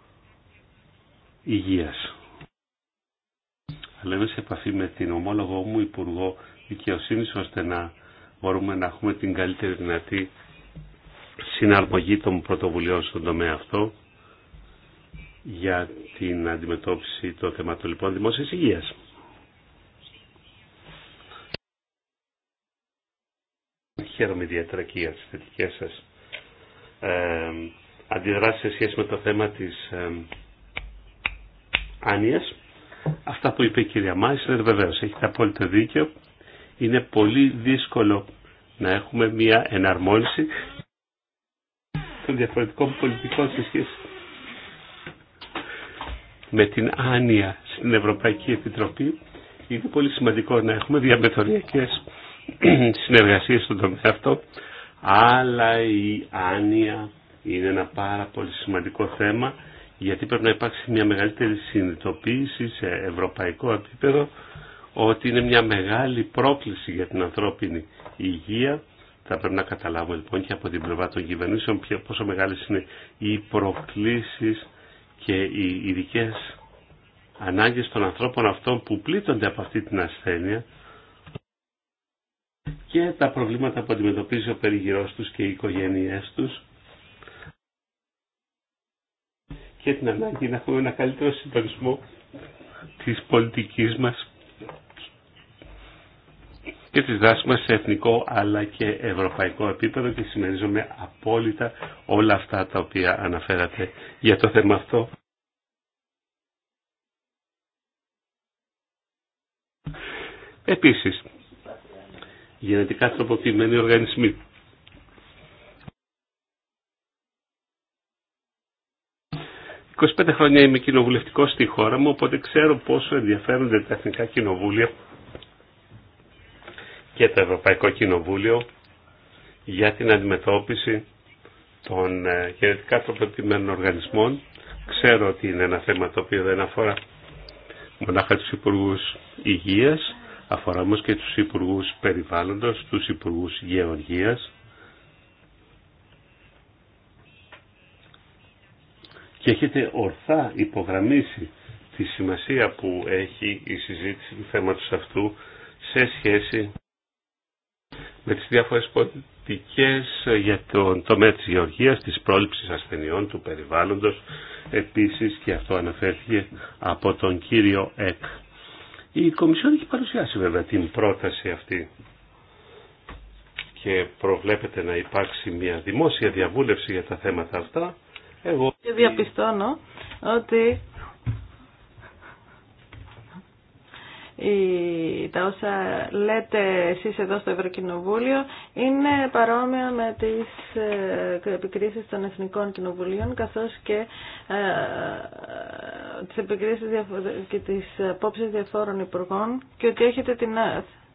Υγείας. Αλλά είμαι σε επαφή με την ομόλογο μου Υπουργό Δικαιοσύνη ώστε να μπορούμε να έχουμε την καλύτερη δυνατή συναρμογή των πρωτοβουλειών στον τομέα αυτό για την αντιμετώπιση των θεμάτων λοιπόν δημόσιας υγείας. χαίρομαι ιδιαίτερα και για τις θετικές σας ε, αντιδράσεις σε σχέση με το θέμα της ε, άνοιας. Αυτά που είπε η κυρία Μάισλερ βεβαίως έχετε απόλυτο δίκιο. Είναι πολύ δύσκολο να έχουμε μια εναρμόνιση των διαφορετικών πολιτικών σε σχέση με την άνοια στην Ευρωπαϊκή Επιτροπή. Είναι πολύ σημαντικό να έχουμε διαμεθοριακές συνεργασία στον τομέα αυτό, αλλά η άνοια είναι ένα πάρα πολύ σημαντικό θέμα γιατί πρέπει να υπάρξει μια μεγαλύτερη συνειδητοποίηση σε ευρωπαϊκό επίπεδο ότι είναι μια μεγάλη πρόκληση για την ανθρώπινη υγεία. Θα πρέπει να καταλάβουμε λοιπόν και από την πλευρά των κυβερνήσεων πόσο μεγάλες είναι οι προκλήσεις και οι ειδικέ ανάγκες των ανθρώπων αυτών που πλήττονται από αυτή την ασθένεια και τα προβλήματα που αντιμετωπίζει ο περιγυρός τους και οι οικογένειές τους και την ανάγκη να έχουμε ένα καλύτερο συντονισμό της πολιτικής μας και της δράσης μας σε εθνικό αλλά και ευρωπαϊκό επίπεδο και συμμερίζομαι απόλυτα όλα αυτά τα οποία αναφέρατε για το θέμα αυτό. Επίσης, γενετικά τροποποιημένοι οργανισμοί. «25 χρόνια είμαι κοινοβουλευτικός στη χώρα μου, οπότε ξέρω πόσο ενδιαφέρονται τα Εθνικά Κοινοβούλια και το Ευρωπαϊκό Κοινοβούλιο για την αντιμετώπιση των ε, γενετικά τροποποιημένων οργανισμών. Ξέρω ότι είναι ένα θέμα το οποίο δεν αφορά μονάχα τους Υπουργούς Υγείας, αφορά όμω και τους Υπουργούς Περιβάλλοντος, τους Υπουργούς Γεωργίας και έχετε ορθά υπογραμμίσει τη σημασία που έχει η συζήτηση του θέματος αυτού σε σχέση με τις διάφορες πολιτικές για τον τομέα της γεωργίας, της πρόληψης ασθενειών, του περιβάλλοντος. Επίσης και αυτό αναφέρθηκε από τον κύριο Εκ. Η Κομισιόν έχει παρουσιάσει βέβαια την πρόταση αυτή και προβλέπεται να υπάρξει μια δημόσια διαβούλευση για τα θέματα αυτά. Εγώ... Και διαπιστώνω ότι τα όσα λέτε εσείς εδώ στο Ευρωκοινοβούλιο είναι παρόμοια με τις ε, επικρίσεις των Εθνικών Κοινοβουλίων καθώς και ε, ε, τις επικρίσεις και τις απόψεις διαφόρων υπουργών και ότι έχετε την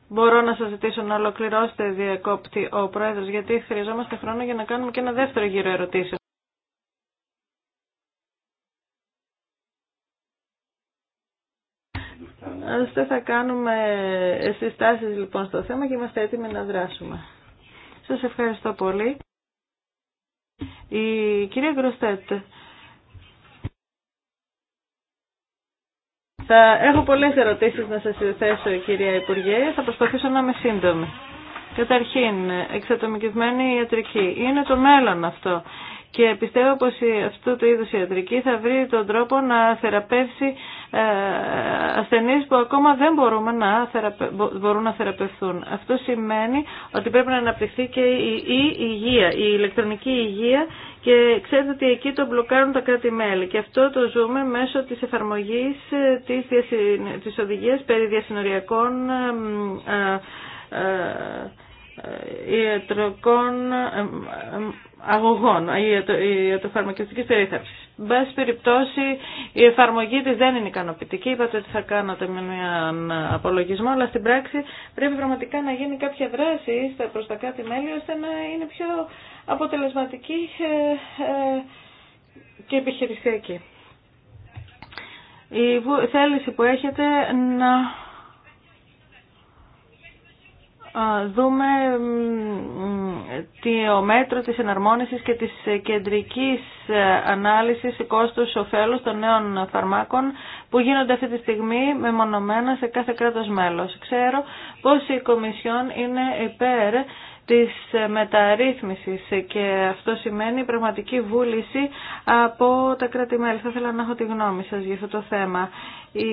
Μπορώ να σας ζητήσω να ολοκληρώσετε διακόπτη ο Πρόεδρος γιατί χρειαζόμαστε χρόνο για να κάνουμε και ένα δεύτερο γύρο ερωτήσεων. Άλλωστε θα κάνουμε συστάσεις λοιπόν στο θέμα και είμαστε έτοιμοι να δράσουμε. Σας ευχαριστώ πολύ. Η κυρία Γκροστέτ. Θα έχω πολλές ερωτήσεις να σας θέσω κυρία Υπουργέ. Θα προσπαθήσω να είμαι σύντομη. Καταρχήν, εξατομικευμένη ιατρική. Είναι το μέλλον αυτό. Και πιστεύω πως αυτού του είδους ιατρική θα βρει τον τρόπο να θεραπεύσει ε, ασθενείς που ακόμα δεν να μπορούν να θεραπευθούν. Αυτό σημαίνει ότι πρέπει να αναπτυχθεί και η υγεία, η ηλεκτρονική υγεία και ξέρετε ότι εκεί το μπλοκάρουν τα κράτη-μέλη και αυτό το ζούμε μέσω της εφαρμογής ε, της, διασυ... της οδηγίας περί διασυνοριακών ε, ιατρικών αγωγών, ιατροφαρμακευτική περιθαψη Εν πάση περιπτώσει, η εφαρμογή τη δεν είναι ικανοποιητική. Είπατε ότι θα κάνατε με έναν απολογισμό, αλλά στην πράξη πρέπει πραγματικά να γίνει κάποια δράση προ τα κάτι μέλη, ώστε να είναι πιο αποτελεσματική ε, ε, και επιχειρησιακή. Η θέληση που έχετε να δούμε το μέτρο της εναρμόνισης και της κεντρικής ε, ανάλυσης κόστους ωφέλους των νέων φαρμάκων που γίνονται αυτή τη στιγμή μεμονωμένα σε κάθε κράτος μέλος. Ξέρω πως η Κομισιόν είναι υπέρ της μεταρρύθμισης και αυτό σημαίνει πραγματική βούληση από τα κράτη-μέλη. Θα ήθελα να έχω τη γνώμη σας για αυτό το θέμα. Η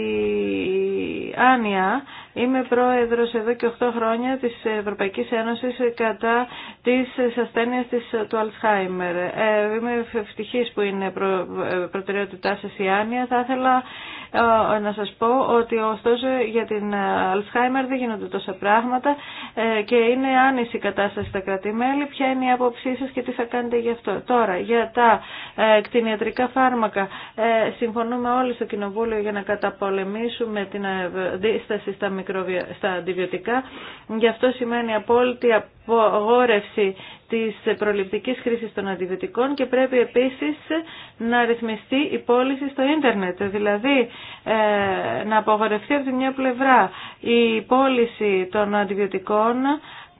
Άνια, είμαι πρόεδρος εδώ και 8 χρόνια της Ευρωπαϊκής Ένωσης κατά της ασθένειας της, του Αλτσχάιμερ. Ε, είμαι ευτυχής που είναι προ, ε, προτεραιότητά σας η Άνια. Θα ήθελα ε, ε, να σας πω ότι ωστόσο για την Αλσχάιμερ δεν γίνονται τόσα πράγματα ε, και είναι άνηση η κατάσταση στα κρατημέλη. Ποια είναι η άποψή σας και τι θα κάνετε γι' αυτό. Τώρα, για τα κτηνιατρικά φάρμακα. Συμφωνούμε όλοι στο Κοινοβούλιο για να καταπολεμήσουμε την αντίσταση στα, μικροβια... στα αντιβιωτικά. Γι' αυτό σημαίνει απόλυτη αγόρευση της προληπτικής χρήσης των αντιβιωτικών και πρέπει επίσης να ρυθμιστεί η πώληση στο ίντερνετ. Δηλαδή ε, να απογορευτεί από τη μια πλευρά η πώληση των αντιβιωτικών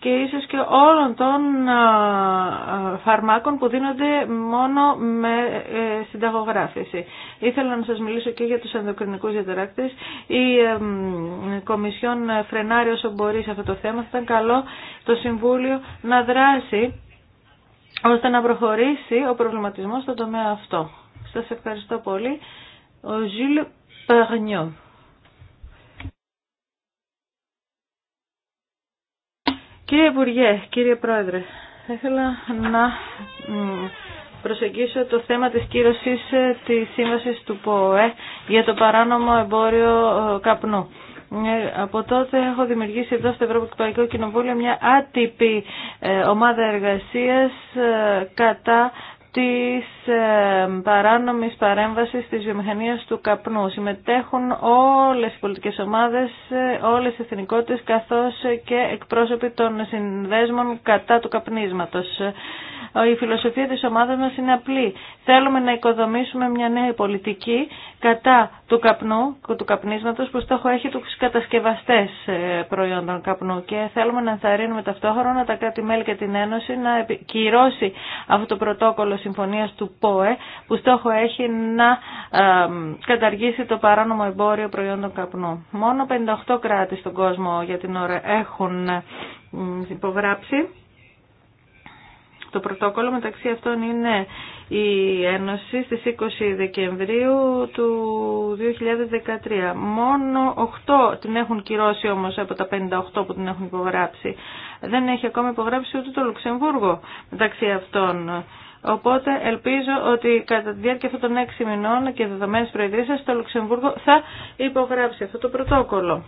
και ίσως και όλων των φαρμάκων που δίνονται μόνο με ε, συνταγογράφηση. Ήθελα να σας μιλήσω και για τους ενδοκρινικούς διαταράκτες. Η Κομισιόν φρενάρει όσο μπορεί σε αυτό το θέμα. Θα ήταν καλό το Συμβούλιο να δράσει ώστε να προχωρήσει ο προβληματισμός στον τομέα αυτό. Σας ευχαριστώ πολύ. Ο Ζιλ Παγνιό. Κύριε Υπουργέ, κύριε Πρόεδρε, θα ήθελα να προσεγγίσω το θέμα της κύρωσης ε, της σύμβασης του ΠΟΕ για το παράνομο εμπόριο ε, καπνού. Ε, από τότε έχω δημιουργήσει εδώ στο Ευρωπαϊκό Κοινοβούλιο μια άτυπη ομάδα εργασίας κατά της παράνομης παρέμβασης της βιομηχανίας του καπνού. Συμμετέχουν όλες οι πολιτικές ομάδες, ε, όλες οι εθνικότητες καθώς και εκπρόσωποι των συνδέσμων κατά του καπνίσματος. Η φιλοσοφία της ομάδας μας είναι απλή. Θέλουμε να οικοδομήσουμε μια νέα πολιτική κατά του καπνού, του καπνίσματος που στόχο έχει τους κατασκευαστές ε, προϊόντων καπνού και θέλουμε να ενθαρρύνουμε ταυτόχρονα τα κράτη-μέλη και την Ένωση να κυρώσει αυτό το πρωτόκολλο συμφωνίας του ΠΟΕ που στόχο έχει να καταργήσει το παράνομο εμπόριο προϊόντων καπνού. Μόνο 58 κράτη στον κόσμο για την ώρα έχουν υπογράψει το πρωτόκολλο. Μεταξύ αυτών είναι η Ένωση στις 20 Δεκεμβρίου του 2013. Μόνο 8 την έχουν κυρώσει όμως από τα 58 που την έχουν υπογράψει. Δεν έχει ακόμα υπογράψει ούτε το Λουξεμβούργο μεταξύ αυτών. Οπότε ελπίζω ότι κατά τη διάρκεια αυτών των έξι μηνών και δεδομένες προεδρία το Λουξεμβούργο θα υπογράψει αυτό το πρωτόκολλο.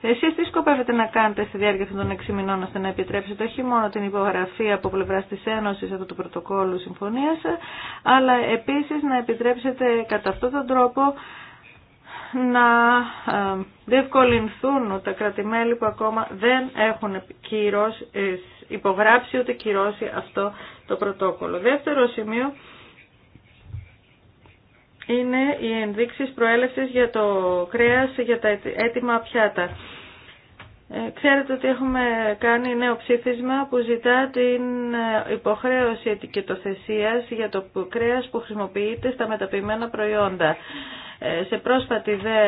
Εσείς τι σκοπεύετε να κάνετε στη διάρκεια αυτών των έξι μηνών ώστε να επιτρέψετε όχι μόνο την υπογραφή από πλευράς της Ένωσης αυτού του πρωτοκόλλου συμφωνίας, αλλά επίσης να επιτρέψετε κατά αυτόν τον τρόπο να ε, διευκολυνθούν τα κράτη-μέλη που ακόμα δεν έχουν κυρώσει ε, υπογράψει ούτε κυρώσει αυτό το πρωτόκολλο. Δεύτερο σημείο είναι οι ενδείξεις προέλευσης για το κρέας για τα έτοιμα πιάτα. Ε, ξέρετε ότι έχουμε κάνει νέο ψήφισμα που ζητά την ε, υποχρέωση ετικετοθεσίας για το κρέας που χρησιμοποιείται στα μεταποιημένα προϊόντα. Ε, σε πρόσφατη δε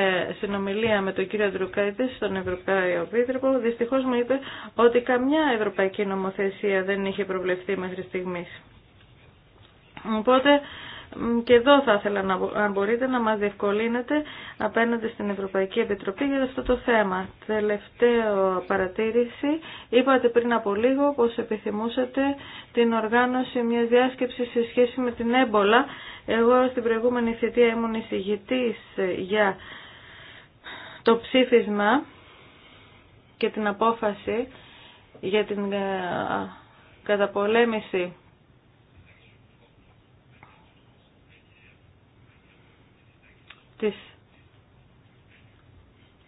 συνομιλία με τον κύριο Ντρουκάιδη τον Ευρωπαϊκό Πίτροπο, δυστυχώ μου είπε ότι καμιά ευρωπαϊκή νομοθεσία δεν είχε προβλεφθεί μέχρι στιγμή. Οπότε και εδώ θα ήθελα, να, αν μπορείτε, να μας διευκολύνετε απέναντι στην Ευρωπαϊκή Επιτροπή για αυτό το θέμα. τελευταία παρατήρηση. Είπατε πριν από λίγο πως επιθυμούσατε την οργάνωση μιας διάσκεψης σε σχέση με την έμπολα. Εγώ στην προηγούμενη θητεία ήμουν εισηγητής για το ψήφισμα και την απόφαση για την ε, καταπολέμηση της,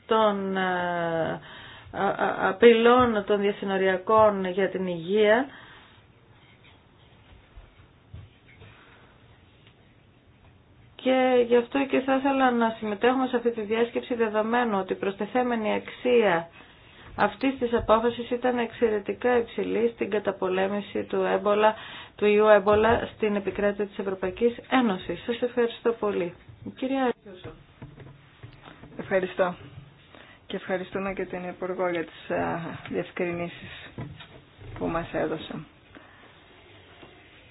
των ε, απειλών των διασυνοριακών για την υγεία και γι' αυτό και θα ήθελα να συμμετέχουμε σε αυτή τη διάσκεψη δεδομένου ότι η προστεθέμενη αξία αυτή τη απόφαση ήταν εξαιρετικά υψηλή στην καταπολέμηση του έμπολα, του ιού έμπολα στην επικράτεια της Ευρωπαϊκής Ένωσης. Σας ευχαριστώ πολύ. Κυρία Ευχαριστώ. Και ευχαριστούμε και την Υπουργό για τις ε, διευκρινήσεις που μας έδωσε.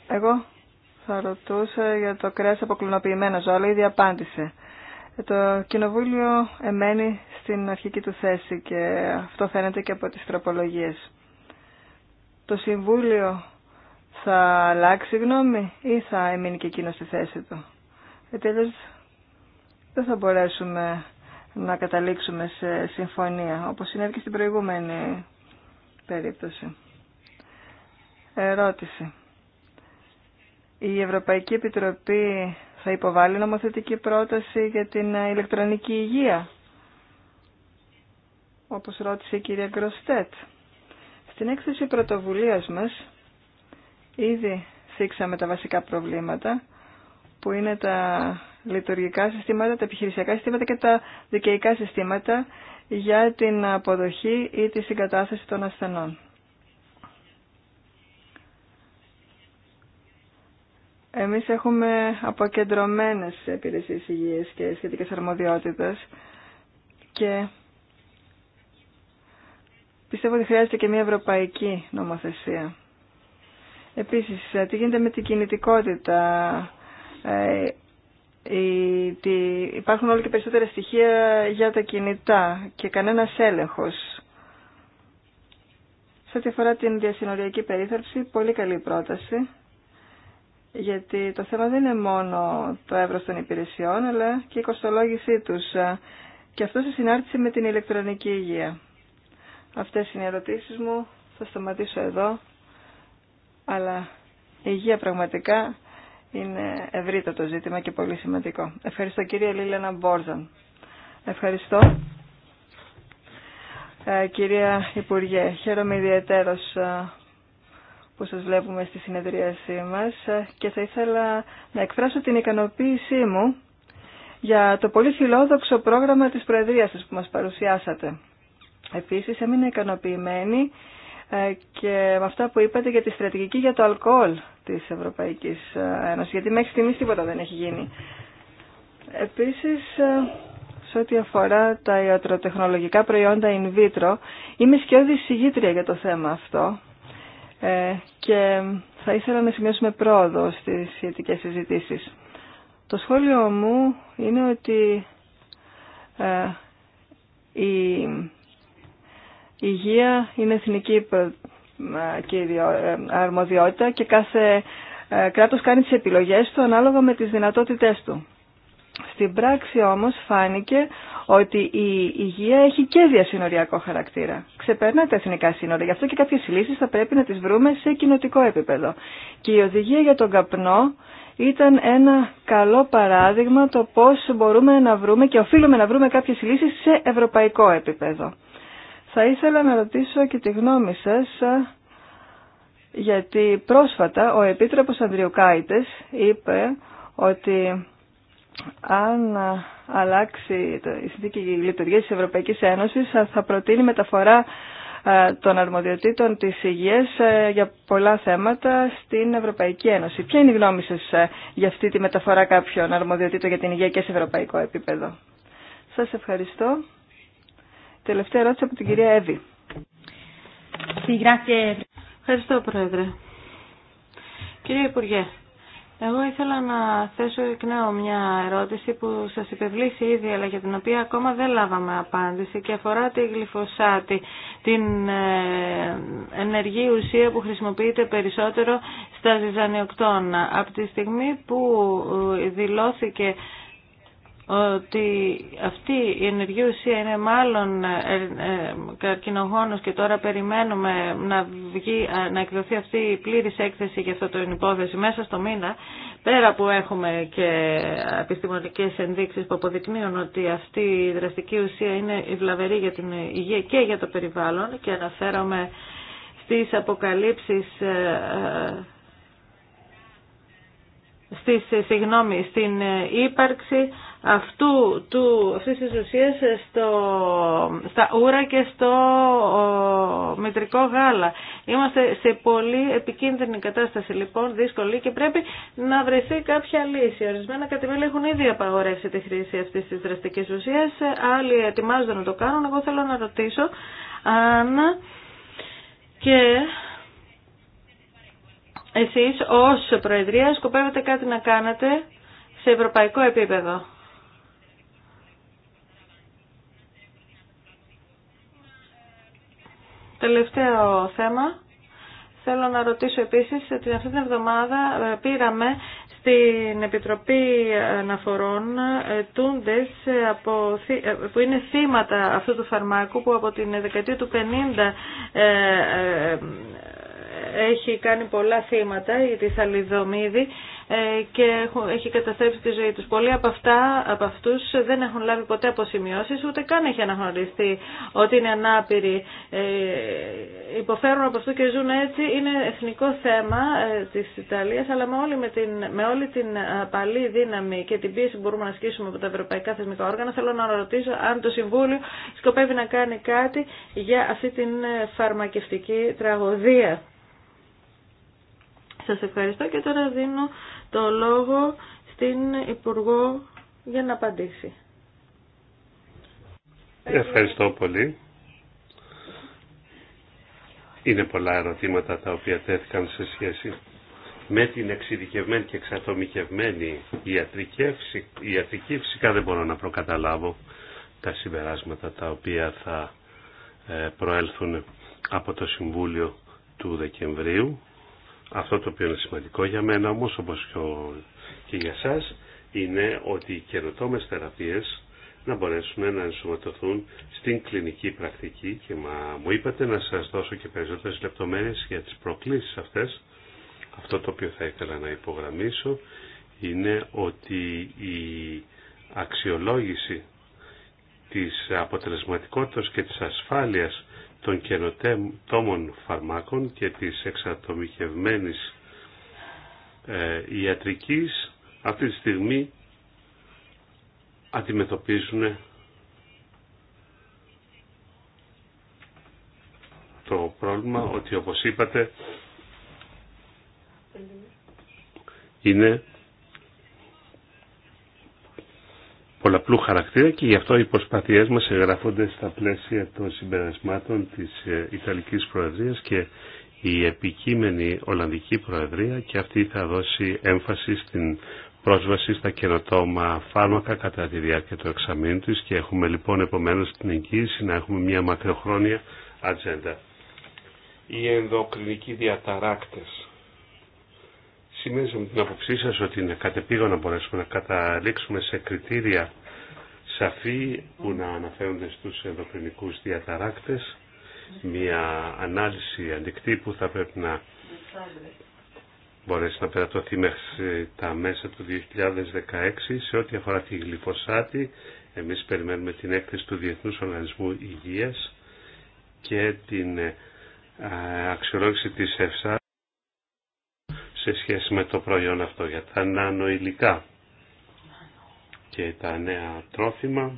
Εγώ θα ρωτούσα για το κρέας αποκλεινοποιημένα ζώα, αλλά ήδη απάντησε. Ε, το Κοινοβούλιο εμένει στην αρχική του θέση και αυτό φαίνεται και από τις τροπολογίες. Το Συμβούλιο θα αλλάξει γνώμη ή θα εμείνει και εκείνο στη θέση του. Γιατί ε, δεν θα μπορέσουμε να καταλήξουμε σε συμφωνία, όπως συνέβη και στην προηγούμενη περίπτωση. Ερώτηση. Η Ευρωπαϊκή Επιτροπή θα υποβάλει νομοθετική πρόταση για την ηλεκτρονική υγεία, όπως ρώτησε η κυρία Γκροστέτ. Στην έκθεση πρωτοβουλίας μας ήδη θίξαμε τα βασικά προβλήματα, που είναι τα λειτουργικά συστήματα, τα επιχειρησιακά συστήματα και τα δικαιικά συστήματα για την αποδοχή ή τη συγκατάθεση των ασθενών. Εμείς έχουμε αποκεντρωμένες υπηρεσίες υγείας και σχετικές αρμοδιότητες και πιστεύω ότι χρειάζεται και μια ευρωπαϊκή νομοθεσία. Επίσης, τι γίνεται με την κινητικότητα ε, υπάρχουν όλο και περισσότερα στοιχεία για τα κινητά και κανένα έλεγχος. Σε ό,τι αφορά την διασυνοριακή περίθαλψη, πολύ καλή πρόταση, γιατί το θέμα δεν είναι μόνο το εύρος των υπηρεσιών, αλλά και η κοστολόγησή τους και αυτό σε συνάρτηση με την ηλεκτρονική υγεία. Αυτές είναι οι ερωτήσεις μου, θα σταματήσω εδώ, αλλά η υγεία πραγματικά είναι ευρύτατο ζήτημα και πολύ σημαντικό. Ευχαριστώ κυρία Λίλενα Μπόρζαν. Ευχαριστώ. Ε, κυρία Υπουργέ, χαίρομαι ιδιαίτερος ε, που σας βλέπουμε στη συνεδρίασή μας ε, και θα ήθελα να εκφράσω την ικανοποίησή μου για το πολύ φιλόδοξο πρόγραμμα της Προεδρίας σας που μας παρουσιάσατε. Επίσης, έμεινα ικανοποιημένη ε, και με αυτά που είπατε για τη στρατηγική για το αλκοόλ της Ευρωπαϊκής ε, Ένωσης, γιατί μέχρι στιγμής τίποτα δεν έχει γίνει. Επίσης, ε, σε ό,τι αφορά τα ιατροτεχνολογικά προϊόντα in vitro, είμαι σκιώδη συγγήτρια για το θέμα αυτό και θα ήθελα να σημειώσουμε πρόοδο στις σχετικές συζητήσεις. Το σχόλιο μου είναι ότι η η υγεία είναι εθνική ε, και ε, αρμοδιότητα και κάθε ε, κράτος κάνει τις επιλογές του ανάλογα με τις δυνατότητές του. Στην πράξη όμως φάνηκε ότι η υγεία έχει και διασυνοριακό χαρακτήρα. Ξεπερνά τα εθνικά σύνορα. Γι' αυτό και κάποιες λύσεις θα πρέπει να τις βρούμε σε κοινοτικό επίπεδο. Και η οδηγία για τον καπνό ήταν ένα καλό παράδειγμα το πώς μπορούμε να βρούμε και οφείλουμε να βρούμε κάποιες λύσεις σε ευρωπαϊκό επίπεδο. Θα ήθελα να ρωτήσω και τη γνώμη σας, γιατί πρόσφατα ο Επίτροπος Ανδριοκάητες είπε ότι αν αλλάξει η συνθήκη λειτουργία της Ευρωπαϊκής Ένωσης θα προτείνει μεταφορά των αρμοδιοτήτων της υγείας για πολλά θέματα στην Ευρωπαϊκή Ένωση. Ποια είναι η γνώμη σας για αυτή τη μεταφορά κάποιων αρμοδιοτήτων για την υγεία και σε ευρωπαϊκό επίπεδο. Σας ευχαριστώ. Τελευταία ερώτηση από την κυρία Εύη. Ευχαριστώ, Πρόεδρε. Κύριε Υπουργέ, εγώ ήθελα να θέσω εκ νέου μια ερώτηση που σας υπευλήσει ήδη, αλλά για την οποία ακόμα δεν λάβαμε απάντηση και αφορά τη γλυφοσάτη, την ε, ενεργή ουσία που χρησιμοποιείται περισσότερο στα ζυζανιοκτώνα. Από τη στιγμή που ε, δηλώθηκε ότι αυτή η ενεργή ουσία είναι μάλλον ε, ε, καρκινογόνος και τώρα περιμένουμε να, ε, να εκδοθεί αυτή η πλήρης έκθεση για αυτό το υπόθεση μέσα στο μήνα, πέρα που έχουμε και επιστημονικές ενδείξεις που αποδεικνύουν ότι αυτή η δραστική ουσία είναι βλαβερή για την υγεία και για το περιβάλλον και αναφέρομαι στις αποκαλύψεις συγγνώμη, στην ύπαρξη αυτού, του, αυτής στα ούρα και στο ο, μητρικό γάλα. Είμαστε σε πολύ επικίνδυνη κατάσταση λοιπόν, δύσκολη και πρέπει να βρεθεί κάποια λύση. Ορισμένα κατημέρια έχουν ήδη απαγορεύσει τη χρήση αυτής της δραστικής ουσίας, άλλοι ετοιμάζονται να το κάνουν. Εγώ θέλω να ρωτήσω αν και εσείς ως Προεδρία σκοπεύετε κάτι να κάνετε σε ευρωπαϊκό επίπεδο. Τελευταίο θέμα. Θέλω να ρωτήσω επίσης ότι αυτή την εβδομάδα ε, πήραμε στην Επιτροπή Αναφορών ε, τούντες ε, από, που είναι θύματα αυτού του φαρμάκου που από την δεκαετία του 50 έχει κάνει πολλά θύματα για τη θαλιδομίδη και έχει καταστρέψει τη ζωή τους. Πολλοί από, αυτά, από αυτούς δεν έχουν λάβει ποτέ αποσημειώσεις, ούτε καν έχει αναγνωριστεί ότι είναι ανάπηροι ε, υποφέρουν από αυτό και ζουν έτσι είναι εθνικό θέμα ε, της Ιταλίας αλλά με όλη, με, την, με όλη την ε, απαλή δύναμη και την πίεση που μπορούμε να ασκήσουμε από τα ευρωπαϊκά θεσμικά όργανα θέλω να ρωτήσω αν το Συμβούλιο σκοπεύει να κάνει κάτι για αυτή την φαρμακευτική τραγωδία. Σας ευχαριστώ και τώρα δίνω το λόγο στην Υπουργό για να απαντήσει. Ευχαριστώ πολύ. Είναι πολλά ερωτήματα τα οποία τέθηκαν σε σχέση με την εξειδικευμένη και εξατομικευμένη ιατρική, ιατρική φυσικά δεν μπορώ να προκαταλάβω τα συμπεράσματα τα οποία θα ε, προέλθουν από το Συμβούλιο του Δεκεμβρίου. Αυτό το οποίο είναι σημαντικό για μένα όμως όπως και για σας είναι ότι οι καινοτόμες θεραπείες να μπορέσουν να ενσωματωθούν στην κλινική πρακτική και μα, μου είπατε να σας δώσω και περισσότερες λεπτομέρειες για τις προκλήσεις αυτές. Αυτό το οποίο θα ήθελα να υπογραμμίσω είναι ότι η αξιολόγηση της αποτελεσματικότητας και της ασφάλειας των καινοτόμων φαρμάκων και της εξατομικευμένης ε, ιατρικής αυτή τη στιγμή αντιμετωπίζουν το πρόβλημα ότι όπως είπατε είναι πολλαπλού χαρακτήρα και γι' αυτό οι προσπαθειές μας εγγράφονται στα πλαίσια των συμπερασμάτων της ε, Ιταλικής Προεδρίας και η επικείμενη Ολλανδική Προεδρία και αυτή θα δώσει έμφαση στην πρόσβαση στα καινοτόμα φάρμακα κατά τη διάρκεια του εξαμήνου της και έχουμε λοιπόν επομένως την εγγύηση να έχουμε μια μακροχρόνια ατζέντα. Οι ενδοκρινικοί διαταράκτες. Σημαίνει με την αποψή σας ότι είναι κατεπίγον να μπορέσουμε να καταλήξουμε σε κριτήρια σαφή που να αναφέρονται στους ενδοκρινικούς διαταράκτες. Μια ανάλυση αντικτύπου θα πρέπει να μπορέσει να περατωθεί μέχρι τα μέσα του 2016 σε ό,τι αφορά τη γλυφοσάτη. Εμείς περιμένουμε την έκθεση του Διεθνούς Οργανισμού Υγείας και την ε, αξιολόγηση της ΕΦΣΑ σε σχέση με το προϊόν αυτό για τα νανοηλικά και τα νέα τρόφιμα.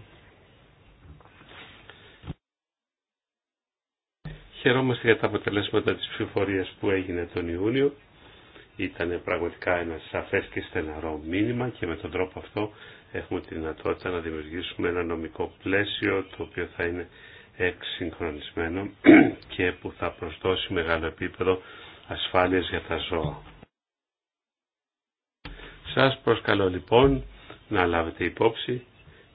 Χαιρόμαστε για τα αποτελέσματα της ψηφοφορίας που έγινε τον Ιούνιο ήταν πραγματικά ένα σαφές και στεναρό μήνυμα και με τον τρόπο αυτό έχουμε τη δυνατότητα να δημιουργήσουμε ένα νομικό πλαίσιο το οποίο θα είναι εξυγχρονισμένο και που θα προσδώσει μεγάλο επίπεδο ασφάλειας για τα ζώα. Σας προσκαλώ λοιπόν να λάβετε υπόψη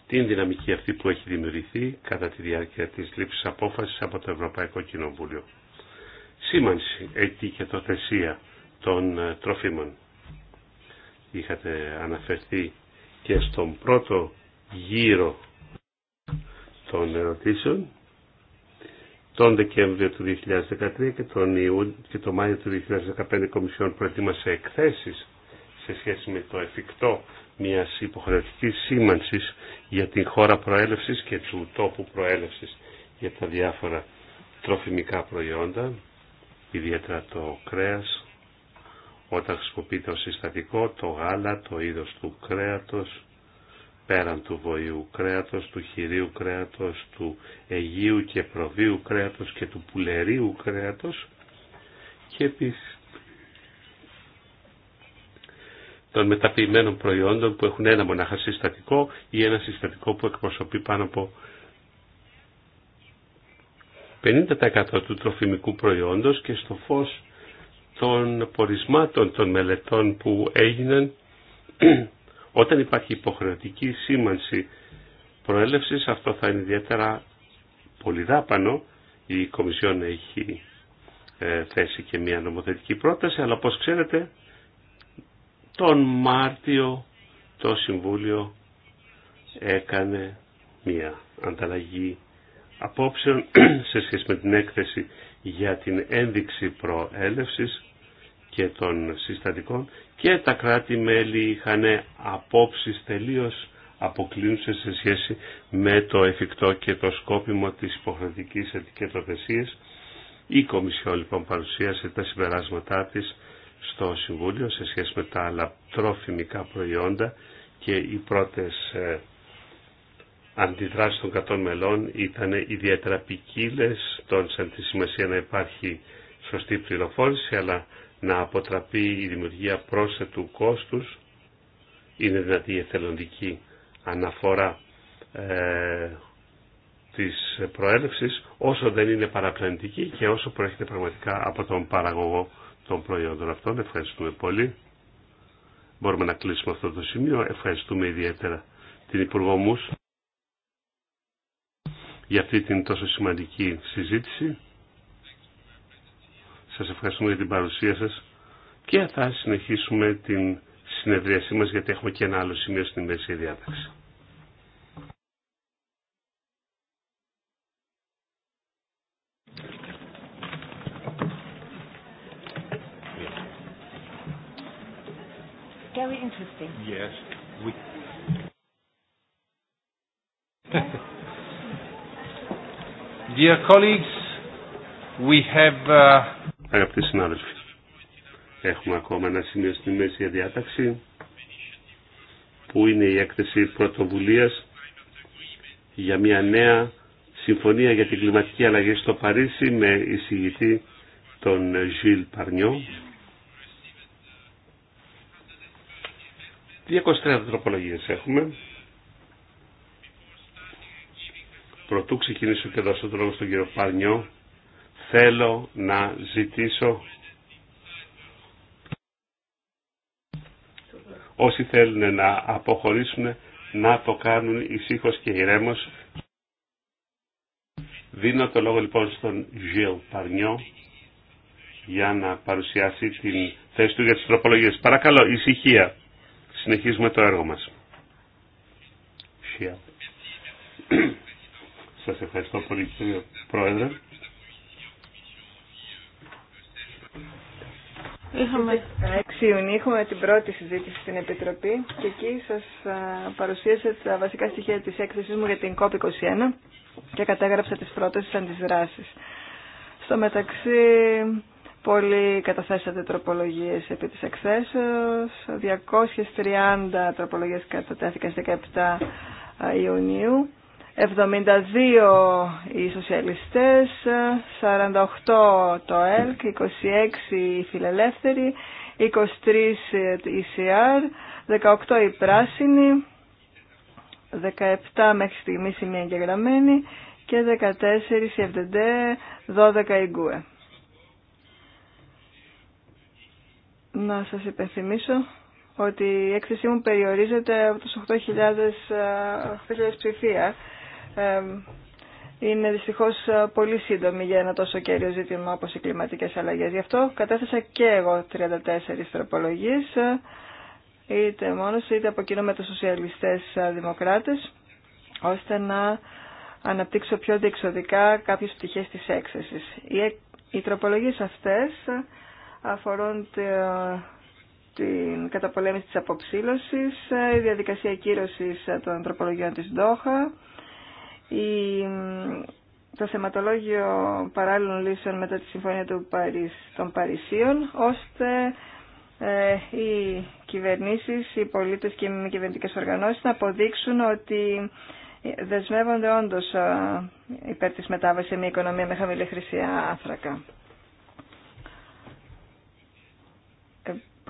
την δυναμική αυτή που έχει δημιουργηθεί κατά τη διάρκεια της λήψης απόφασης από το Ευρωπαϊκό Κοινοβούλιο. Σήμανση, αιτή και τοθεσία των ε, τροφίμων. Είχατε αναφερθεί και στον πρώτο γύρο των ερωτήσεων τον Δεκέμβριο του 2013 και τον ίού και το Μάιο του 2015 η Κομισιόν προετοίμασε εκθέσεις σε σχέση με το εφικτό μιας υποχρεωτικής σήμανσης για την χώρα προέλευσης και του τόπου προέλευσης για τα διάφορα τροφιμικά προϊόντα, ιδιαίτερα το κρέας, όταν χρησιμοποιείται ως συστατικό το γάλα, το είδος του κρέατος, πέραν του βοηού κρέατος, του χειρίου κρέατος, του αιγίου και προβίου κρέατος και του πουλερίου κρέατος και επίσης των μεταποιημένων προϊόντων που έχουν ένα μονάχα συστατικό ή ένα συστατικό που εκπροσωπεί πάνω από 50% του τροφιμικού προϊόντος και στο φως των πορισμάτων των μελετών που έγιναν όταν υπάρχει υποχρεωτική σήμανση προέλευσης αυτό θα είναι ιδιαίτερα πολυδάπανο η Κομισιόν έχει ε, θέσει και μια νομοθετική πρόταση αλλά όπως ξέρετε τον Μάρτιο το Συμβούλιο έκανε μια ανταλλαγή απόψεων σε σχέση με την έκθεση για την ένδειξη προέλευσης και των συστατικών και τα κράτη-μέλη είχαν απόψει τελείως αποκλίνουσε σε σχέση με το εφικτό και το σκόπιμο της υποχρεωτικής ετικετοθεσίας. Η Κομισιόν λοιπόν παρουσίασε τα συμπεράσματά της στο Συμβούλιο σε σχέση με τα άλλα προϊόντα και οι πρώτες ε, αντιδράσεις των κατών μελών ήταν ιδιαίτερα ποικίλε τόνισαν τη σημασία να υπάρχει σωστή πληροφόρηση αλλά να αποτραπεί η δημιουργία πρόσθετου κόστους. Είναι δυνατή η εθελοντική αναφορά ε, της προέλευσης όσο δεν είναι παραπλανητική και όσο προέρχεται πραγματικά από τον παραγωγό των προϊόντων αυτών. Ευχαριστούμε πολύ. Μπορούμε να κλείσουμε αυτό το σημείο. Ευχαριστούμε ιδιαίτερα την Υπουργό Μους για αυτή την τόσο σημαντική συζήτηση. Σας ευχαριστούμε για την παρουσία σας και θα συνεχίσουμε την συνεδρίασή μας γιατί έχουμε και ένα άλλο σημείο στην ημερήσια διάταξη. Very interesting. Yes. Dear colleagues, we have uh, Αγαπητοί συνάδελφοι, έχουμε ακόμα ένα σημείο στη μέση διάταξη που είναι η έκθεση πρωτοβουλίας για μια νέα συμφωνία για την κλιματική αλλαγή στο Παρίσι με εισηγητή τον Γιλ Παρνιό. 230 τροπολογίες έχουμε. Πρωτού ξεκινήσω και δώσω το λόγο στον κύριο Παρνιό θέλω να ζητήσω όσοι θέλουν να αποχωρήσουν να το κάνουν ησύχως και ηρέμως. Δίνω το λόγο λοιπόν στον Γιλ Παρνιό για να παρουσιάσει την θέση του για τις τροπολογίες. Παρακαλώ, ησυχία. Συνεχίζουμε το έργο μας. Σας ευχαριστώ πολύ κύριε Πρόεδρε. Είχαμε... 6 Ιουνίου την πρώτη συζήτηση στην Επιτροπή και εκεί σας παρουσίασα τα βασικά στοιχεία της έκθεση μου για την COP21 και κατέγραψα τις πρώτες αντιδράσεις. Στο μεταξύ Πολλοί καταθέσατε τροπολογίε επί της εκθέσεω. 230 τροπολογίε κατατέθηκαν στι 17 Ιουνίου 72 οι σοσιαλιστές, 48 το ΕΛΚ, 26 οι φιλελεύθεροι, 23 η ΣΥΑΡ, 18 οι πράσινοι, 17 μέχρι στιγμή η εγγεγραμμένη και 14 η 12 η ΓΚΟΕ. Να σας υπενθυμίσω ότι η έκθεσή μου περιορίζεται από τους 8.000 8.000 ψηφία είναι δυστυχώ ε, πολύ σύντομη για ένα τόσο κέριο ζήτημα όπω οι κλιματικέ αλλαγέ. Γι' αυτό κατέθεσα και εγώ 34 τροπολογίε, ε, είτε μόνο είτε από κοινό με τους σοσιαλιστές ε, δημοκράτες, ώστε να αναπτύξω πιο διεξοδικά κάποιε πτυχέ τη έκθεσης. Οι τροπολογίε αυτές αφορούν την καταπολέμηση της αποψήλωσης, η διαδικασία κύρωσης των τροπολογιών της Ντόχα, το θεματολόγιο παράλληλων λύσεων μετά τη Συμφωνία του Παρισ, των Παρισίων, ώστε ε, οι κυβερνήσεις, οι πολίτες και οι μη κυβερνητικές οργανώσεις να αποδείξουν ότι δεσμεύονται όντως ε, υπέρ της μετάβασης σε μια οικονομία με χαμηλή χρυσή άθρακα.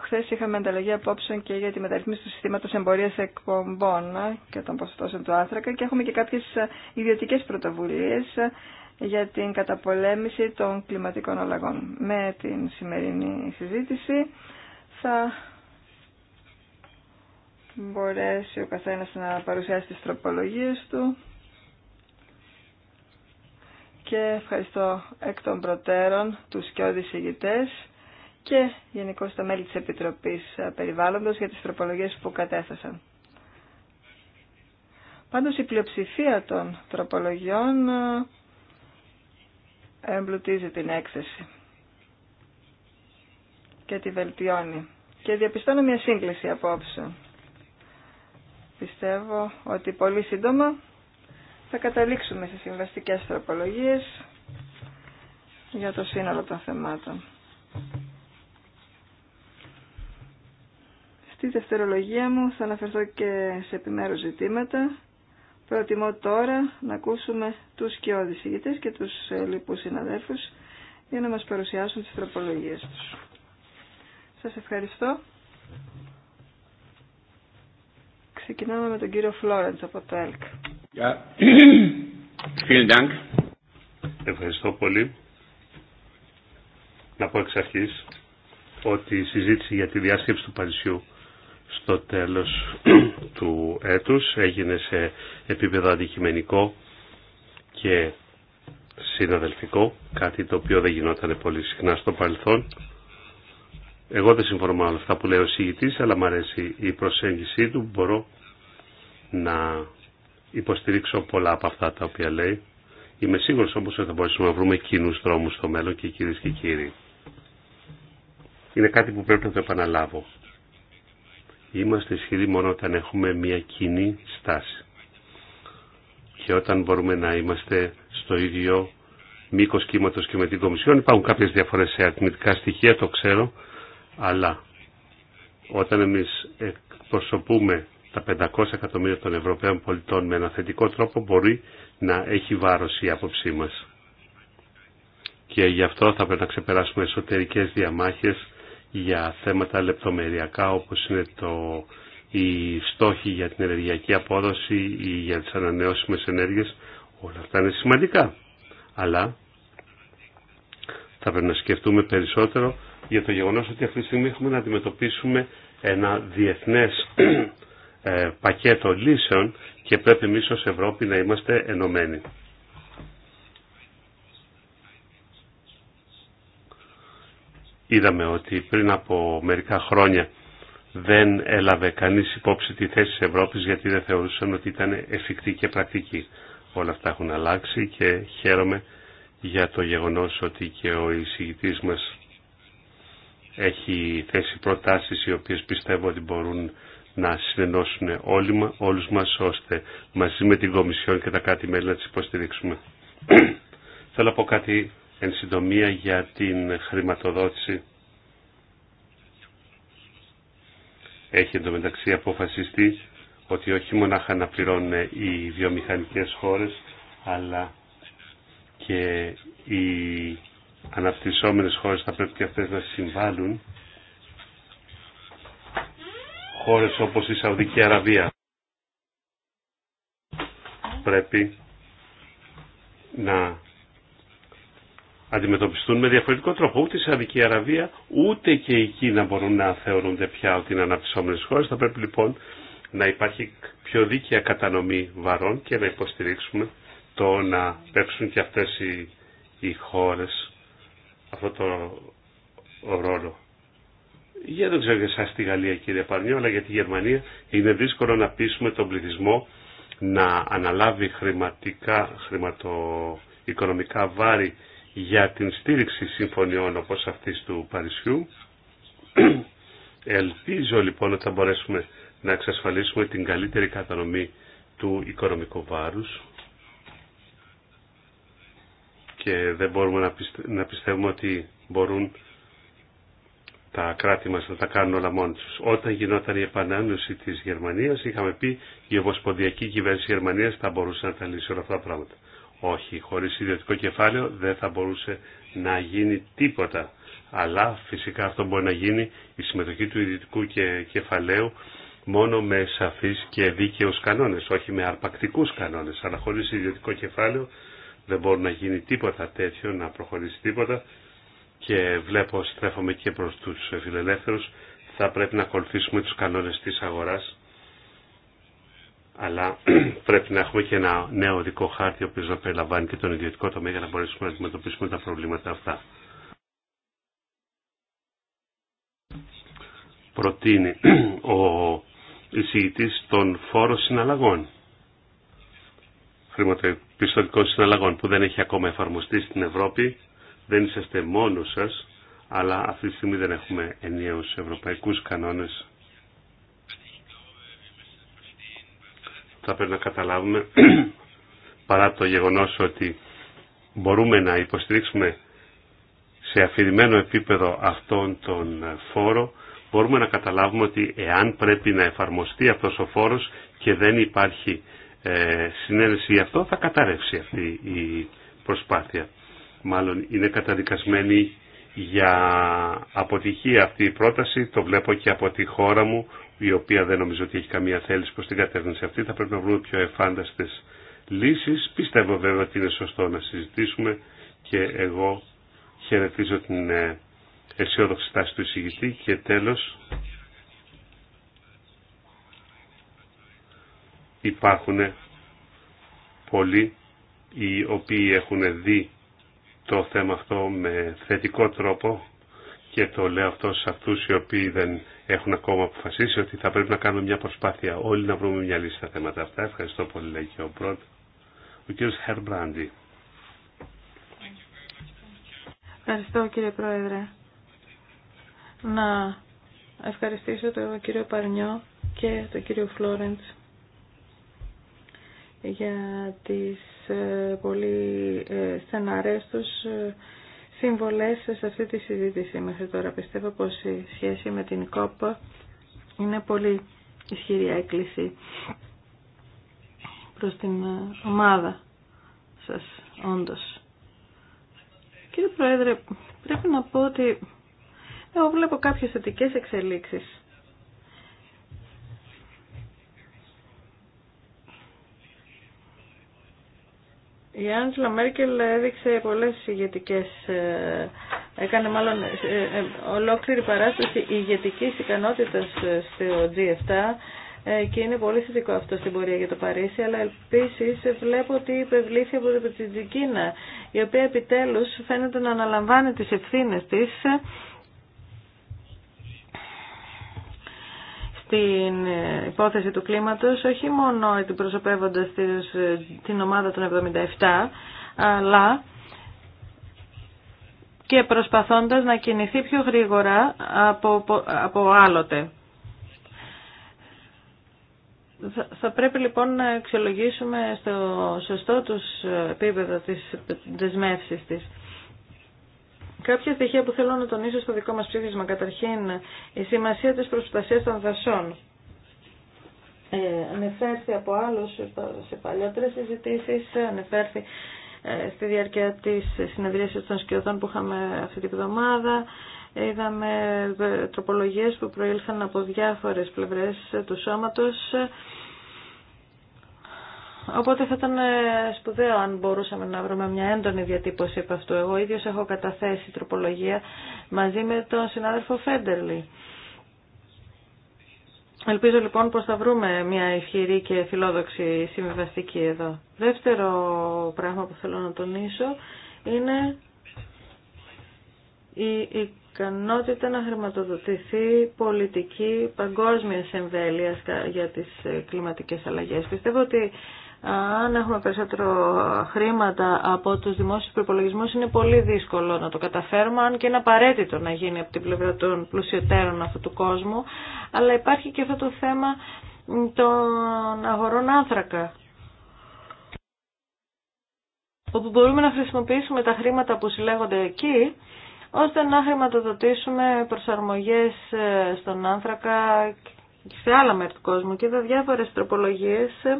Χθε είχαμε ανταλλαγή απόψεων και για τη μεταρρύθμιση του συστήματο εμπορία εκπομπών και των ποσοστώσεων του άνθρακα και έχουμε και κάποιε ιδιωτικέ πρωτοβουλίε για την καταπολέμηση των κλιματικών αλλαγών. Με την σημερινή συζήτηση θα μπορέσει ο καθένας να παρουσιάσει τις τροπολογίε του και ευχαριστώ εκ των προτέρων τους και οδησηγητές και γενικώ τα μέλη της Επιτροπής ε, Περιβάλλοντος για τις τροπολογίες που κατέθεσαν. Πάντως η πλειοψηφία των τροπολογιών ε, εμπλουτίζει την έκθεση και τη βελτιώνει. Και διαπιστώνω μια σύγκληση απόψε. Πιστεύω ότι πολύ σύντομα θα καταλήξουμε σε συμβαστικές τροπολογίες για το σύνολο των θεμάτων. στη δευτερολογία μου θα αναφερθώ και σε επιμέρους ζητήματα. Προτιμώ τώρα να ακούσουμε τους και ηγητές και τους ε, λοιπούς συναδέλφους για να μας παρουσιάσουν τις τροπολογίες τους. Σας ευχαριστώ. Ξεκινάμε με τον κύριο Φλόρεντς από το ΕΛΚ. Ευχαριστώ πολύ. Να πω εξ αρχής ότι η συζήτηση για τη διάσκεψη του Παρισιού στο τέλος του έτους. Έγινε σε επίπεδο αντικειμενικό και συναδελφικό, κάτι το οποίο δεν γινόταν πολύ συχνά στο παρελθόν. Εγώ δεν συμφωνώ με όλα αυτά που λέει ο συγητής, αλλά μου αρέσει η προσέγγιση του. Μπορώ να υποστηρίξω πολλά από αυτά τα οποία λέει. Είμαι σίγουρος όμως ότι θα μπορέσουμε να βρούμε κοινού δρόμους στο μέλλον και κυρίες και κύριοι. Είναι κάτι που πρέπει να το επαναλάβω. Είμαστε ισχυροί μόνο όταν έχουμε μια κοινή στάση και όταν μπορούμε να είμαστε στο ίδιο μήκος κύματος και με την Κομισιόν. Υπάρχουν κάποιες διαφορές σε αριθμητικά στοιχεία, το ξέρω, αλλά όταν εμείς εκπροσωπούμε τα 500 εκατομμύρια των Ευρωπαίων πολιτών με ένα θετικό τρόπο μπορεί να έχει βάρος η άποψή μας. Και γι' αυτό θα πρέπει να ξεπεράσουμε εσωτερικές διαμάχες για θέματα λεπτομεριακά όπως είναι το, οι στόχοι για την ενεργειακή απόδοση ή για τις ανανεώσιμες ενέργειες. Όλα αυτά είναι σημαντικά. Αλλά θα πρέπει να σκεφτούμε περισσότερο για το γεγονός ότι αυτή τη στιγμή έχουμε να αντιμετωπίσουμε ένα διεθνές ε, πακέτο λύσεων και πρέπει εμείς ως Ευρώπη να είμαστε ενωμένοι. Είδαμε ότι πριν από μερικά χρόνια δεν έλαβε κανείς υπόψη τη θέση της Ευρώπης γιατί δεν θεωρούσαν ότι ήταν εφικτή και πρακτική. Όλα αυτά έχουν αλλάξει και χαίρομαι για το γεγονός ότι και ο εισηγητής μας έχει θέσει προτάσεις οι οποίες πιστεύω ότι μπορούν να συνενώσουν όλοι μα, όλους μας ώστε μαζί με την Κομισιόν και τα κάτι μέλη να τις υποστηρίξουμε. Θέλω να πω κάτι εν συντομία για την χρηματοδότηση. Έχει εντωμεταξύ αποφασιστεί ότι όχι μονάχα να πληρώνουν οι βιομηχανικές χώρες, αλλά και οι αναπτυσσόμενες χώρες θα πρέπει και αυτές να συμβάλλουν. Χώρες όπως η Σαουδική Αραβία πρέπει να αντιμετωπιστούν με διαφορετικό τρόπο. Ούτε η Σαδική Αραβία ούτε και η Κίνα μπορούν να θεωρούνται πια ότι είναι αναπτυσσόμενε χώρε. Θα πρέπει λοιπόν να υπάρχει πιο δίκαια κατανομή βαρών και να υποστηρίξουμε το να παίξουν και αυτές οι, οι χώρες αυτό το ρόλο. Για δεν ξέρω για εσάς τη Γαλλία κύριε Παρνιό, αλλά για τη Γερμανία είναι δύσκολο να πείσουμε τον πληθυσμό να αναλάβει χρηματικά, χρηματοοικονομικά βάρη για την στήριξη συμφωνιών όπως αυτής του Παρισιού. Ελπίζω λοιπόν ότι θα μπορέσουμε να εξασφαλίσουμε την καλύτερη κατανομή του οικονομικού βάρους και δεν μπορούμε να, να πιστεύουμε ότι μπορούν τα κράτη μας να τα κάνουν όλα μόνοι τους. Όταν γινόταν η επανάνωση της Γερμανίας είχαμε πει η Ομοσπονδιακή Κυβέρνηση Γερμανίας θα μπορούσε να τα λύσει όλα αυτά τα πράγματα. Όχι, χωρίς ιδιωτικό κεφάλαιο δεν θα μπορούσε να γίνει τίποτα. Αλλά φυσικά αυτό μπορεί να γίνει η συμμετοχή του ιδιωτικού και κεφαλαίου μόνο με σαφείς και δίκαιους κανόνες, όχι με αρπακτικούς κανόνες. Αλλά χωρίς ιδιωτικό κεφάλαιο δεν μπορεί να γίνει τίποτα τέτοιο, να προχωρήσει τίποτα. Και βλέπω, στρέφομαι και προς τους φιλελεύθερους, θα πρέπει να ακολουθήσουμε τους κανόνες της αγοράς αλλά πρέπει να έχουμε και ένα νέο οδικό χάρτη, ο οποίο να περιλαμβάνει και τον ιδιωτικό τομέα για να μπορέσουμε να αντιμετωπίσουμε τα προβλήματα αυτά. Προτείνει ο εισηγητή τον φόρο συναλλαγών, χρηματοπιστωτικών συναλλαγών, που δεν έχει ακόμα εφαρμοστεί στην Ευρώπη. Δεν είσαστε μόνο σα, αλλά αυτή τη στιγμή δεν έχουμε ενιαίου ευρωπαϊκού κανόνε θα πρέπει να καταλάβουμε παρά το γεγονός ότι μπορούμε να υποστηρίξουμε σε αφηρημένο επίπεδο αυτόν τον φόρο, μπορούμε να καταλάβουμε ότι εάν πρέπει να εφαρμοστεί αυτός ο φόρος και δεν υπάρχει ε, συνένεση γι' αυτό, θα καταρρεύσει αυτή η προσπάθεια. Μάλλον είναι καταδικασμένη για αποτυχία αυτή η πρόταση, το βλέπω και από τη χώρα μου η οποία δεν νομίζω ότι έχει καμία θέληση προς την κατεύθυνση αυτή. Θα πρέπει να βρούμε πιο εφάνταστες λύσεις. Πιστεύω βέβαια ότι είναι σωστό να συζητήσουμε και εγώ χαιρετίζω την ε, αισιόδοξη στάση του εισηγητή και τέλος υπάρχουν πολλοί οι οποίοι έχουν δει το θέμα αυτό με θετικό τρόπο και το λέω αυτό σε αυτούς οι οποίοι δεν έχουν ακόμα αποφασίσει ότι θα πρέπει να κάνουμε μια προσπάθεια όλοι να βρούμε μια λύση στα θέματα αυτά. Ευχαριστώ πολύ, λέει και ο πρώτο. Ο κύριος Χερμπράντι. Ευχαριστώ κύριε Πρόεδρε. Να ευχαριστήσω τον κύριο Παρνιό και τον κύριο Φλόρεντς για τις ε, πολύ ε, στεναρές τους ε, συμβολές σε αυτή τη συζήτηση μέχρι τώρα. Πιστεύω πως η σχέση με την κόπα είναι πολύ ισχυρή έκκληση προς την ομάδα σας, όντως. Κύριε Πρόεδρε, πρέπει να πω ότι εγώ βλέπω κάποιες θετικές εξελίξεις Η Άντζελα Μέρκελ έδειξε πολλές ηγετικές, ε, έκανε μάλλον ε, ε, ολόκληρη παράσταση ηγετικής ικανότητας στο G7 και είναι πολύ θετικό αυτό στην πορεία για το Παρίσι, αλλά επίση βλέπω ότι υπευλήθη από την Κίνα, η οποία επιτέλους φαίνεται να αναλαμβάνει τις ευθύνες της την υπόθεση του κλίματος, όχι μόνο αντιπροσωπεύοντας την ομάδα των 77, αλλά και προσπαθώντας να κινηθεί πιο γρήγορα από, από άλλοτε. Θα πρέπει λοιπόν να αξιολογήσουμε στο σωστό τους επίπεδο της δεσμεύσης της. Κάποια στοιχεία που θέλω να τονίσω στο δικό μας ψήφισμα. Καταρχήν, η σημασία της προστασίας των δασών. Ε, ανεφέρθη από άλλους σε παλιότερες συζητήσεις, ανεφέρθη ε, στη διάρκεια της συνεδρίασης των σκιωδών που είχαμε αυτή την εβδομάδα. Είδαμε ε, τροπολογίες που προήλθαν από διάφορες πλευρές του σώματος Οπότε θα ήταν ε, σπουδαίο αν μπορούσαμε να βρούμε μια έντονη διατύπωση από αυτού. Εγώ ίδιος έχω καταθέσει τροπολογία μαζί με τον συνάδελφο Φέντερλι. Ελπίζω λοιπόν πως θα βρούμε μια ισχυρή και φιλόδοξη συμβιβαστική εδώ. Δεύτερο πράγμα που θέλω να τονίσω είναι η ικανότητα να χρηματοδοτηθεί πολιτική παγκόσμια εμβέλεια για τις κλιματικές αλλαγές. Πιστεύω ότι αν έχουμε περισσότερο χρήματα από τους δημόσιους προπολογισμού, είναι πολύ δύσκολο να το καταφέρουμε αν και είναι απαραίτητο να γίνει από την πλευρά των πλουσιωτέρων αυτού του κόσμου αλλά υπάρχει και αυτό το θέμα των αγορών άνθρακα όπου μπορούμε να χρησιμοποιήσουμε τα χρήματα που συλλέγονται εκεί ώστε να χρηματοδοτήσουμε προσαρμογές ε, στον άνθρακα και σε άλλα μέρη του κόσμου και είδα διάφορες τροπολογίες ε,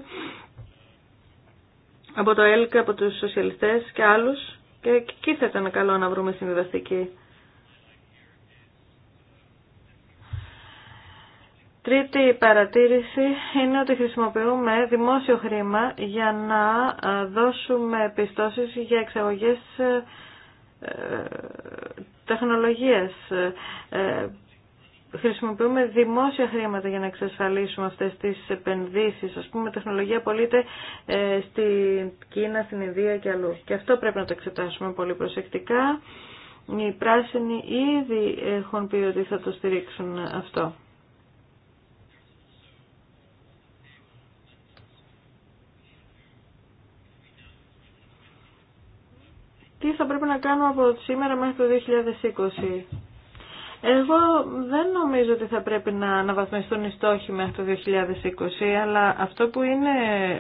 από το ΕΛΚ, από τους σοσιαλιστές και άλλους και εκεί θα ήταν καλό να βρούμε συμβιβαστική. Τρίτη παρατήρηση είναι ότι χρησιμοποιούμε δημόσιο χρήμα για να ε, δώσουμε πιστώσεις για εξαγωγές ε, τεχνολογίας ε, χρησιμοποιούμε δημόσια χρήματα για να εξασφαλίσουμε αυτές τις επενδύσεις, ας πούμε τεχνολογία ε, στην Κίνα, στην Ινδία και αλλού. Και αυτό πρέπει να το εξετάσουμε πολύ προσεκτικά. Οι πράσινοι ήδη έχουν πει ότι θα το στηρίξουν αυτό. Τι θα πρέπει να κάνουμε από σήμερα μέχρι το 2020 εγώ δεν νομίζω ότι θα πρέπει να αναβαθμιστούν οι στόχοι μέχρι το 2020, αλλά αυτό που είναι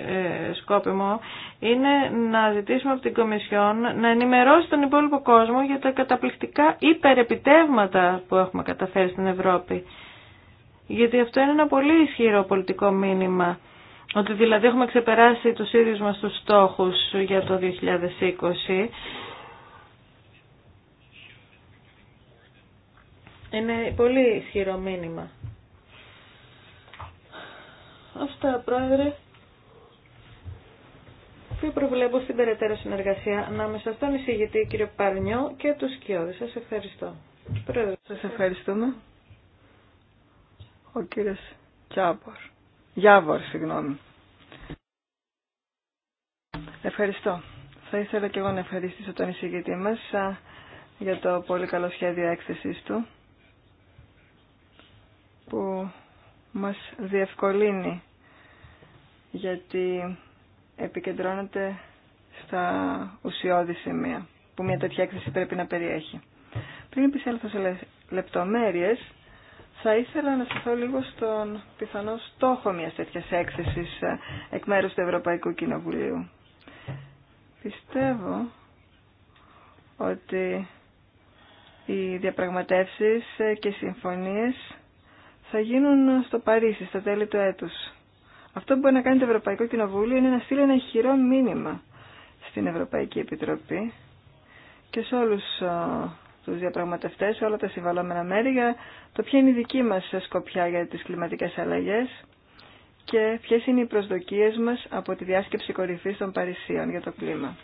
ε, σκόπιμο είναι να ζητήσουμε από την Κομισιόν να ενημερώσει τον υπόλοιπο κόσμο για τα καταπληκτικά υπερεπιτεύγματα που έχουμε καταφέρει στην Ευρώπη. Γιατί αυτό είναι ένα πολύ ισχυρό πολιτικό μήνυμα. Ότι δηλαδή έχουμε ξεπεράσει τους ίδιους μας τους στόχους για το 2020 Είναι πολύ ισχυρό μήνυμα. Αυτά, Πρόεδρε. Και προβλέπω στην περαιτέρω συνεργασία ανάμεσα στον εισηγητή κύριο Παρνιό και του Σκιώδη. Σα ευχαριστώ. Πρόεδρε. Σας ευχαριστούμε. Ο κύριος Γιάβορ. Γιάβορ, συγγνώμη. Ευχαριστώ. Θα ήθελα και εγώ να ευχαριστήσω τον εισηγητή μας για το πολύ καλό σχέδιο έκθεσης του που μας διευκολύνει γιατί επικεντρώνεται στα ουσιώδη σημεία που μια τέτοια έκθεση πρέπει να περιέχει. Πριν επισέλθω σε λεπτομέρειες, θα ήθελα να σταθώ λίγο στον πιθανό στόχο μιας τέτοιας έκθεσης ε, εκ μέρους του Ευρωπαϊκού Κοινοβουλίου. Πιστεύω ότι οι διαπραγματεύσεις ε, και οι συμφωνίες θα γίνουν στο Παρίσι στα τέλη του έτους. Αυτό που μπορεί να κάνει το Ευρωπαϊκό Κοινοβούλιο είναι να στείλει ένα χειρό μήνυμα στην Ευρωπαϊκή Επιτροπή και σε όλους τους διαπραγματευτές, σε όλα τα συμβαλόμενα μέρη για το ποια είναι η δική μας σκοπιά για τις κλιματικές αλλαγές και ποιε είναι οι προσδοκίες μας από τη διάσκεψη κορυφής των Παρισίων για το κλίμα.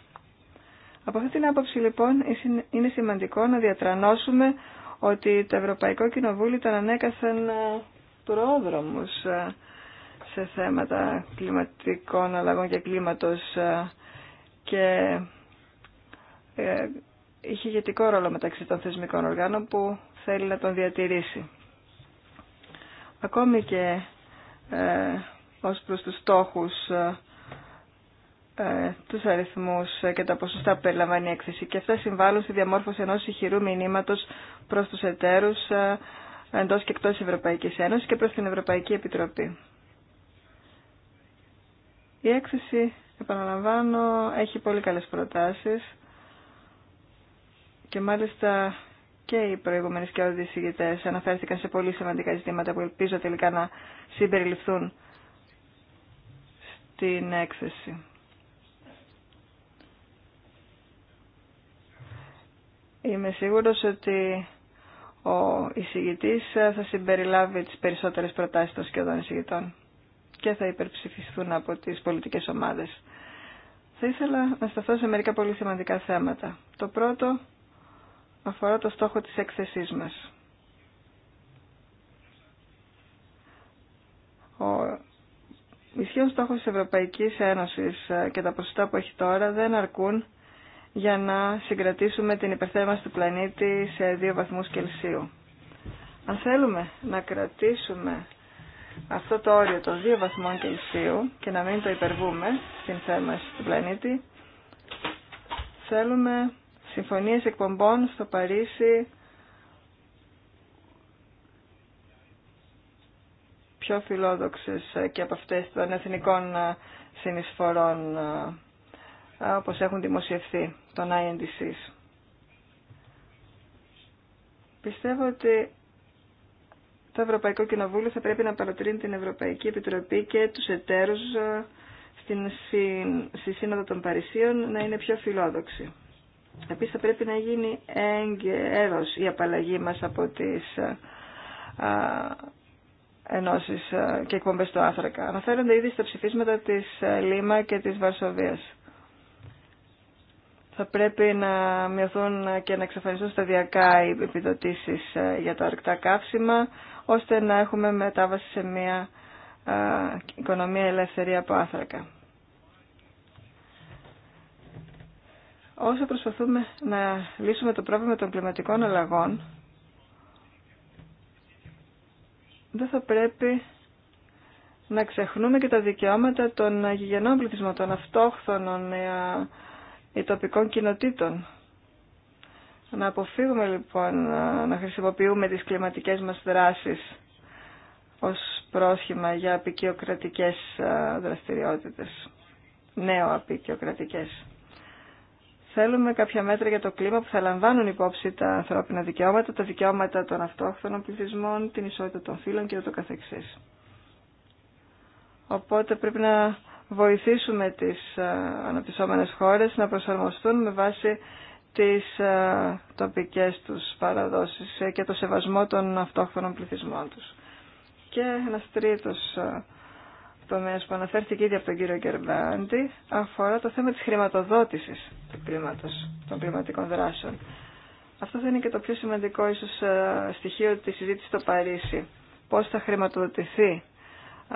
Από αυτή την άποψη λοιπόν είναι σημαντικό να διατρανώσουμε ότι το Ευρωπαϊκό Κοινοβούλιο ήταν ανέκαθεν ε, πρόδρομος ε, σε θέματα κλιματικών αλλαγών και κλίματος ε, και είχε ηγετικό ρόλο μεταξύ των θεσμικών οργάνων που θέλει να τον διατηρήσει. Ακόμη και ε, ως προς τους στόχους ε, Του αριθμού και τα ποσοστά που περιλαμβάνει η έκθεση και αυτά συμβάλλουν στη διαμόρφωση ενός ηχηρού μηνύματος προς τους εταίρους ε, εντό και εκτό Ευρωπαϊκή Ένωση και προς την Ευρωπαϊκή Επιτροπή. Η έκθεση, επαναλαμβάνω, έχει πολύ καλές προτάσεις και μάλιστα και οι προηγούμενε και όλοι οι αναφέρθηκαν σε πολύ σημαντικά ζητήματα που ελπίζω τελικά να συμπεριληφθούν στην έκθεση. Είμαι σίγουρος ότι ο εισηγητής θα συμπεριλάβει τις περισσότερες προτάσεις των σχεδόν εισηγητών και θα υπερψηφιστούν από τις πολιτικές ομάδες. Θα ήθελα να σταθώ σε μερικά πολύ σημαντικά θέματα. Το πρώτο αφορά το στόχο της έκθεσής μας. Ο ισχύων στόχος της Ευρωπαϊκής Ένωσης και τα ποσοστά που έχει τώρα δεν αρκούν για να συγκρατήσουμε την υπερθέρμανση του πλανήτη σε 2 βαθμούς Κελσίου. Αν θέλουμε να κρατήσουμε αυτό το όριο των 2 βαθμών Κελσίου και να μην το υπερβούμε στην θέρμανση του πλανήτη, θέλουμε συμφωνίες εκπομπών στο Παρίσι πιο φιλόδοξες και από αυτές των εθνικών συνεισφορών ε, όπως έχουν δημοσιευθεί των INDCs. Πιστεύω ότι το Ευρωπαϊκό Κοινοβούλιο θα πρέπει να παροτρύνει την Ευρωπαϊκή Επιτροπή και τους εταίρους ε, στην, στη Σύνοδο των Παρισίων να είναι πιο φιλόδοξοι. Επίσης θα πρέπει να γίνει έγκαιρος η απαλλαγή μας από τις α, ε, ενώσεις και εκπομπές του Άθρακα. Αναφέρονται ήδη στα ψηφίσματα της Λίμα και της Βαρσοβίας θα πρέπει να μειωθούν και να εξαφανιστούν σταδιακά οι επιδοτήσεις ε, για τα αρκτά καύσιμα, ώστε να έχουμε μετάβαση σε μια ε, οικονομία ελεύθερη από άθρακα. Όσο προσπαθούμε να λύσουμε το πρόβλημα των κλιματικών αλλαγών, δεν θα πρέπει να ξεχνούμε και τα δικαιώματα των γηγενών πληθυσμών, των αυτόχθονων, ε, οι τοπικών κοινοτήτων. Να αποφύγουμε λοιπόν να χρησιμοποιούμε τις κλιματικές μας δράσεις ως πρόσχημα για απεικιοκρατικές ε, δραστηριότητες, νέο απεικιοκρατικές. Θέλουμε κάποια μέτρα για το κλίμα που θα λαμβάνουν υπόψη τα ανθρώπινα δικαιώματα, τα δικαιώματα των αυτόχθων πληθυσμών, την ισότητα των φύλων και το καθεξής. Οπότε πρέπει να βοηθήσουμε τις ε, αναπτυσσόμενες χώρες να προσαρμοστούν με βάση τις ε, τοπικές τους παραδόσεις ε, και το σεβασμό των αυτόχθονων πληθυσμών τους. Και ένα τρίτο τομέα που αναφέρθηκε ήδη από τον κύριο Γκερμπάντη αφορά το θέμα της χρηματοδότησης του κλίματος, των κλιματικών δράσεων. Αυτό θα είναι και το πιο σημαντικό στοιχείο της συζήτησης στο Παρίσι. Πώς θα χρηματοδοτηθεί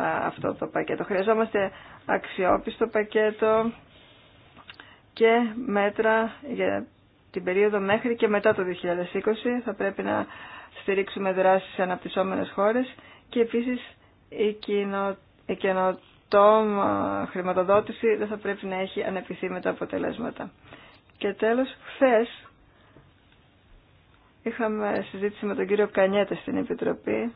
αυτό το πακέτο. Χρειαζόμαστε αξιόπιστο πακέτο και μέτρα για την περίοδο μέχρι και μετά το 2020. Θα πρέπει να στηρίξουμε δράσεις σε αναπτυσσόμενες χώρες και επίσης η, χρηματοδότηση δεν θα πρέπει να έχει ανεπιθύμητα αποτελέσματα. Και τέλος, χθε είχαμε συζήτηση με τον κύριο Κανιέτα στην Επιτροπή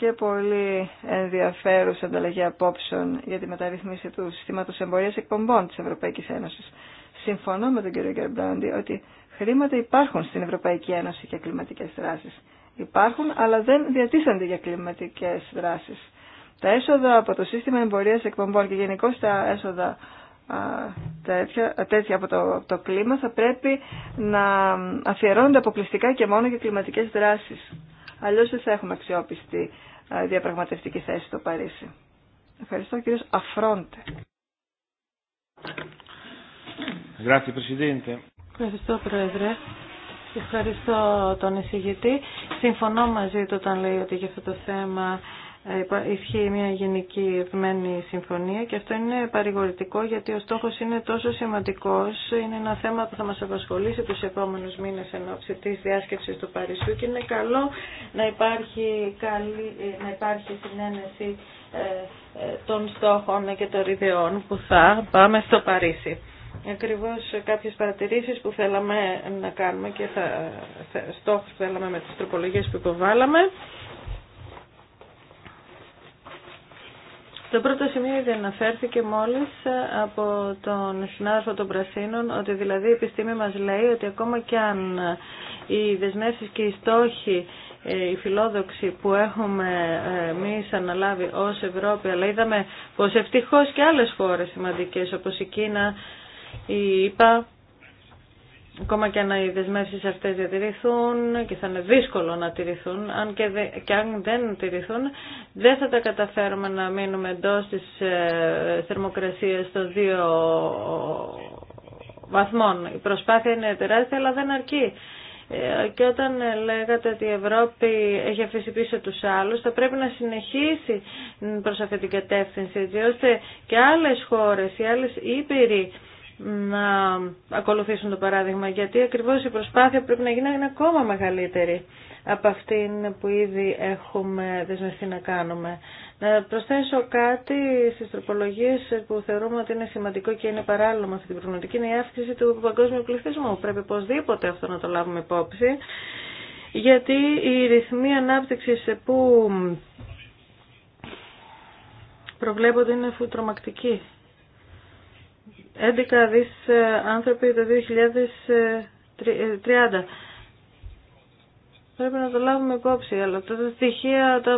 και πολύ ενδιαφέρουσα ανταλλαγή απόψεων για τη μεταρρύθμιση του συστήματος εμπορίας εκπομπών της Ευρωπαϊκής Ένωσης. Συμφωνώ με τον κύριο Γκερμπράντι ότι χρήματα υπάρχουν στην Ευρωπαϊκή Ένωση για κλιματικές δράσεις. Υπάρχουν, αλλά δεν διατίθενται για κλιματικές δράσεις. Τα έσοδα από το σύστημα εμπορίας εκπομπών και γενικώ τα έσοδα τέτοια, τέτοια από, το, το κλίμα θα πρέπει να αφιερώνονται αποκλειστικά και μόνο για κλιματικές δράσεις. Αλλιώς δεν θα έχουμε αξιόπιστη διαπραγματευτική θέση στο Παρίσι. Ευχαριστώ κύριο Αφρόντε. Ευχαριστώ Πρόεδρε. Ευχαριστώ τον εισηγητή. Συμφωνώ μαζί του όταν λέει ότι για αυτό το θέμα ε, ισχύει μια γενική ευμένη συμφωνία και αυτό είναι παρηγορητικό γιατί ο στόχος είναι τόσο σημαντικός, είναι ένα θέμα που θα μας απασχολήσει τους επόμενους μήνες εν ώψη της διάσκεψης του Παρισιού και είναι καλό να υπάρχει, καλή, ε, να υπάρχει συνένεση ε, των στόχων και των ιδεών που θα πάμε στο Παρίσι. Ακριβώς κάποιες παρατηρήσεις που θέλαμε να κάνουμε και θα, στόχους που θέλαμε με τις τροπολογίες που υποβάλαμε. Το πρώτο σημείο ήδη αναφέρθηκε μόλις ε, από τον συνάδελφο των Πρασίνων, ότι δηλαδή η επιστήμη μας λέει ότι ακόμα κι αν ε, οι δεσμεύσεις και οι στόχοι η ε, φιλόδοξη που έχουμε εμεί αναλάβει ω Ευρώπη, αλλά είδαμε πως ευτυχώς και άλλες χώρε σημαντικέ όπως η Κίνα, η ΙΠΑ, ακόμα και αν οι δεσμεύσεις αυτές διατηρηθούν και θα είναι δύσκολο να τηρηθούν, αν και, αν δεν τηρηθούν, δεν θα τα καταφέρουμε να μείνουμε εντό της ε, των δύο βαθμών. Η προσπάθεια είναι τεράστια, αλλά δεν αρκεί. Ε, και όταν λέγατε ότι η Ευρώπη έχει αφήσει πίσω τους άλλους, θα πρέπει να συνεχίσει προς αυτή την κατεύθυνση, έτσι ώστε και άλλες χώρες, οι άλλες ήπειροι, να ακολουθήσουν το παράδειγμα γιατί ακριβώς η προσπάθεια πρέπει να γίνει ακόμα μεγαλύτερη από αυτήν που ήδη έχουμε δεσμευτεί να κάνουμε. Να προσθέσω κάτι στις τροπολογίες που θεωρούμε ότι είναι σημαντικό και είναι παράλληλο με αυτή την προβληματική είναι η αύξηση του παγκόσμιου πληθυσμού. Πρέπει οπωσδήποτε αυτό να το λάβουμε υπόψη γιατί η ρυθμή ανάπτυξης που προβλέπονται είναι φουτρομακτική. 11 δις ε, άνθρωποι το 2030. Ε, ε, πρέπει να το λάβουμε υπόψη, αλλά αυτά τα στοιχεία τα...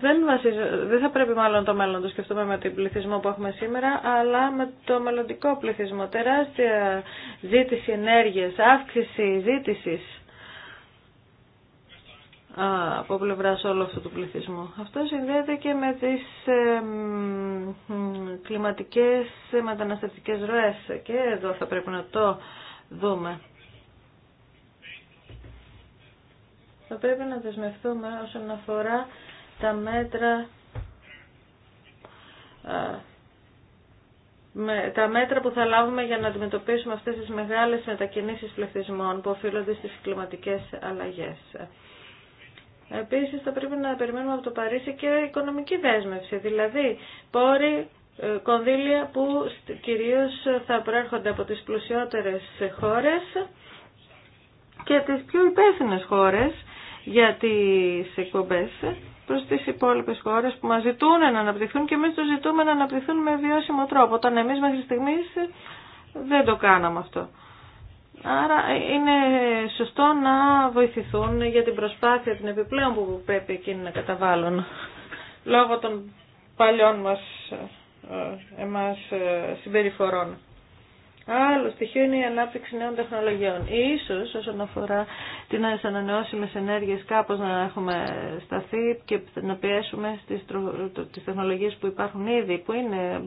Δεν, βασίζω, δεν θα πρέπει μάλλον το μέλλον το σκεφτούμε με τον πληθυσμό που έχουμε σήμερα, αλλά με το μελλοντικό πληθυσμό. Τεράστια ζήτηση ενέργειας, αύξηση ζήτησης από πλευρά όλου αυτού του πληθυσμού. Αυτό συνδέεται και με τις κλιματικές μεταναστευτικέ ροές και εδώ θα πρέπει να το δούμε. Θα πρέπει να δεσμευτούμε όσον αφορά τα μέτρα τα μέτρα που θα λάβουμε για να αντιμετωπίσουμε αυτές τις μεγάλες μετακινήσεις πληθυσμών που οφείλονται στις κλιματικές αλλαγές. Επίσης θα πρέπει να περιμένουμε από το Παρίσι και οικονομική δέσμευση, δηλαδή πόροι ε, κονδύλια που κυρίως θα προέρχονται από τις πλουσιότερες χώρες και τις πιο υπεύθυνες χώρες για τις εκπομπές προς τις υπόλοιπες χώρες που μας ζητούν να αναπτυχθούν και εμείς τους ζητούμε να αναπτυχθούν με βιώσιμο τρόπο, όταν εμείς μέχρι στιγμής δεν το κάναμε αυτό. Άρα ε, είναι σωστό να βοηθηθούν για την προσπάθεια την επιπλέον που πρέπει εκείνοι να καταβάλουν λόγω των παλιών μας ε, ε, εμάς συμπεριφορών. Άλλο στοιχείο είναι η ανάπτυξη νέων τεχνολογιών. Ίσως όσον αφορά τι ανανεώσιμες ενέργειες κάπως να έχουμε σταθεί και να πιέσουμε στις, τεχνολογίε τεχνολογίες που υπάρχουν ήδη, που είναι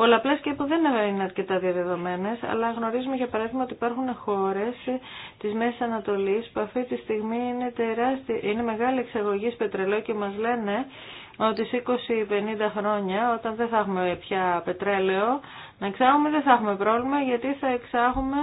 Πολλαπλέ και που δεν είναι αρκετά διαδεδομένε, αλλά γνωρίζουμε για παράδειγμα ότι υπάρχουν χώρε τη Μέση Ανατολή που αυτή τη στιγμή είναι, τεράστι... είναι μεγάλη εξαγωγή πετρελαίου και μα λένε ότι σε 20-50 χρόνια όταν δεν θα έχουμε πια πετρέλαιο να εξάγουμε δεν θα έχουμε πρόβλημα γιατί θα εξάγουμε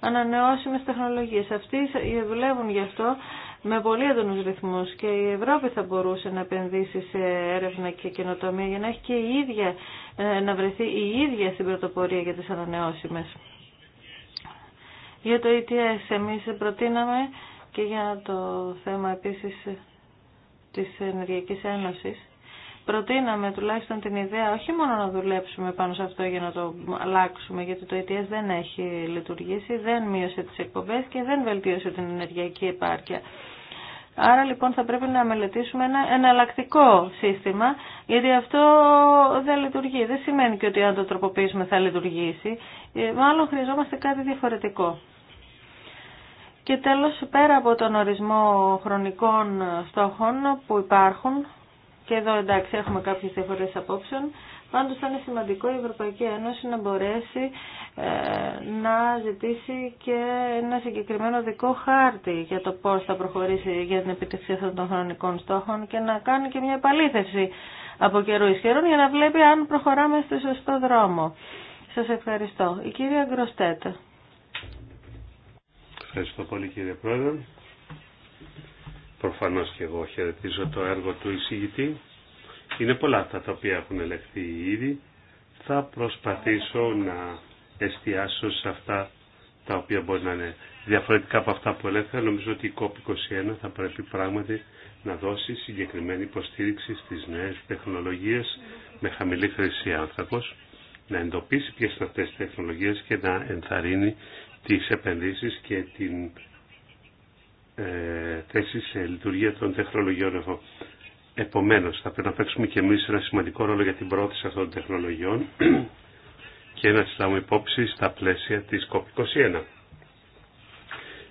ανανεώσιμε τεχνολογίε. Αυτοί δουλεύουν γι' αυτό με πολύ έντονου ρυθμού και η Ευρώπη θα μπορούσε να επενδύσει σε έρευνα και καινοτομία για να έχει και η ίδια, ε, να βρεθεί η ίδια στην πρωτοπορία για τι ανανεώσιμε. Για το ETS εμεί προτείναμε και για το θέμα επίση τη Ενεργειακή Ένωση, προτείναμε τουλάχιστον την ιδέα όχι μόνο να δουλέψουμε πάνω σε αυτό για να το αλλάξουμε, γιατί το ETS δεν έχει λειτουργήσει, δεν μείωσε τις εκπομπές και δεν βελτίωσε την ενεργειακή επάρκεια. Άρα λοιπόν θα πρέπει να μελετήσουμε ένα εναλλακτικό σύστημα, γιατί αυτό δεν λειτουργεί. Δεν σημαίνει και ότι αν το τροποποιήσουμε θα λειτουργήσει. Ε, μάλλον χρειαζόμαστε κάτι διαφορετικό. Και τέλος, πέρα από τον ορισμό χρονικών στόχων που υπάρχουν, και εδώ εντάξει έχουμε κάποιες διαφορές απόψεων, Πάντως θα είναι σημαντικό η Ευρωπαϊκή Ένωση να μπορέσει ε, να ζητήσει και ένα συγκεκριμένο δικό χάρτη για το πώς θα προχωρήσει για την επιτυχία αυτών των χρονικών στόχων και να κάνει και μια επαλήθευση από καιρού εις για να βλέπει αν προχωράμε στο σωστό δρόμο. Σας ευχαριστώ. Η κυρία Γκροστέτα. Ευχαριστώ πολύ κύριε Πρόεδρε. Προφανώς και εγώ χαιρετίζω το έργο του εισηγητή είναι πολλά αυτά τα οποία έχουν ελεγχθεί ήδη. Θα προσπαθήσω να εστιάσω σε αυτά τα οποία μπορεί να είναι διαφορετικά από αυτά που ελέγχα. Νομίζω ότι η COP21 θα πρέπει πράγματι να δώσει συγκεκριμένη υποστήριξη στις νέες τεχνολογίες με χαμηλή χρήση άνθρακος, να εντοπίσει ποιες είναι αυτές τις τεχνολογίες και να ενθαρρύνει τις επενδύσεις και την ε, θέση σε λειτουργία των τεχνολογιών εδώ. Επομένως, θα πρέπει να παίξουμε και εμείς ένα σημαντικό ρόλο για την πρόθεση αυτών των τεχνολογιών και να τις λάβουμε υπόψη στα πλαίσια της COP21.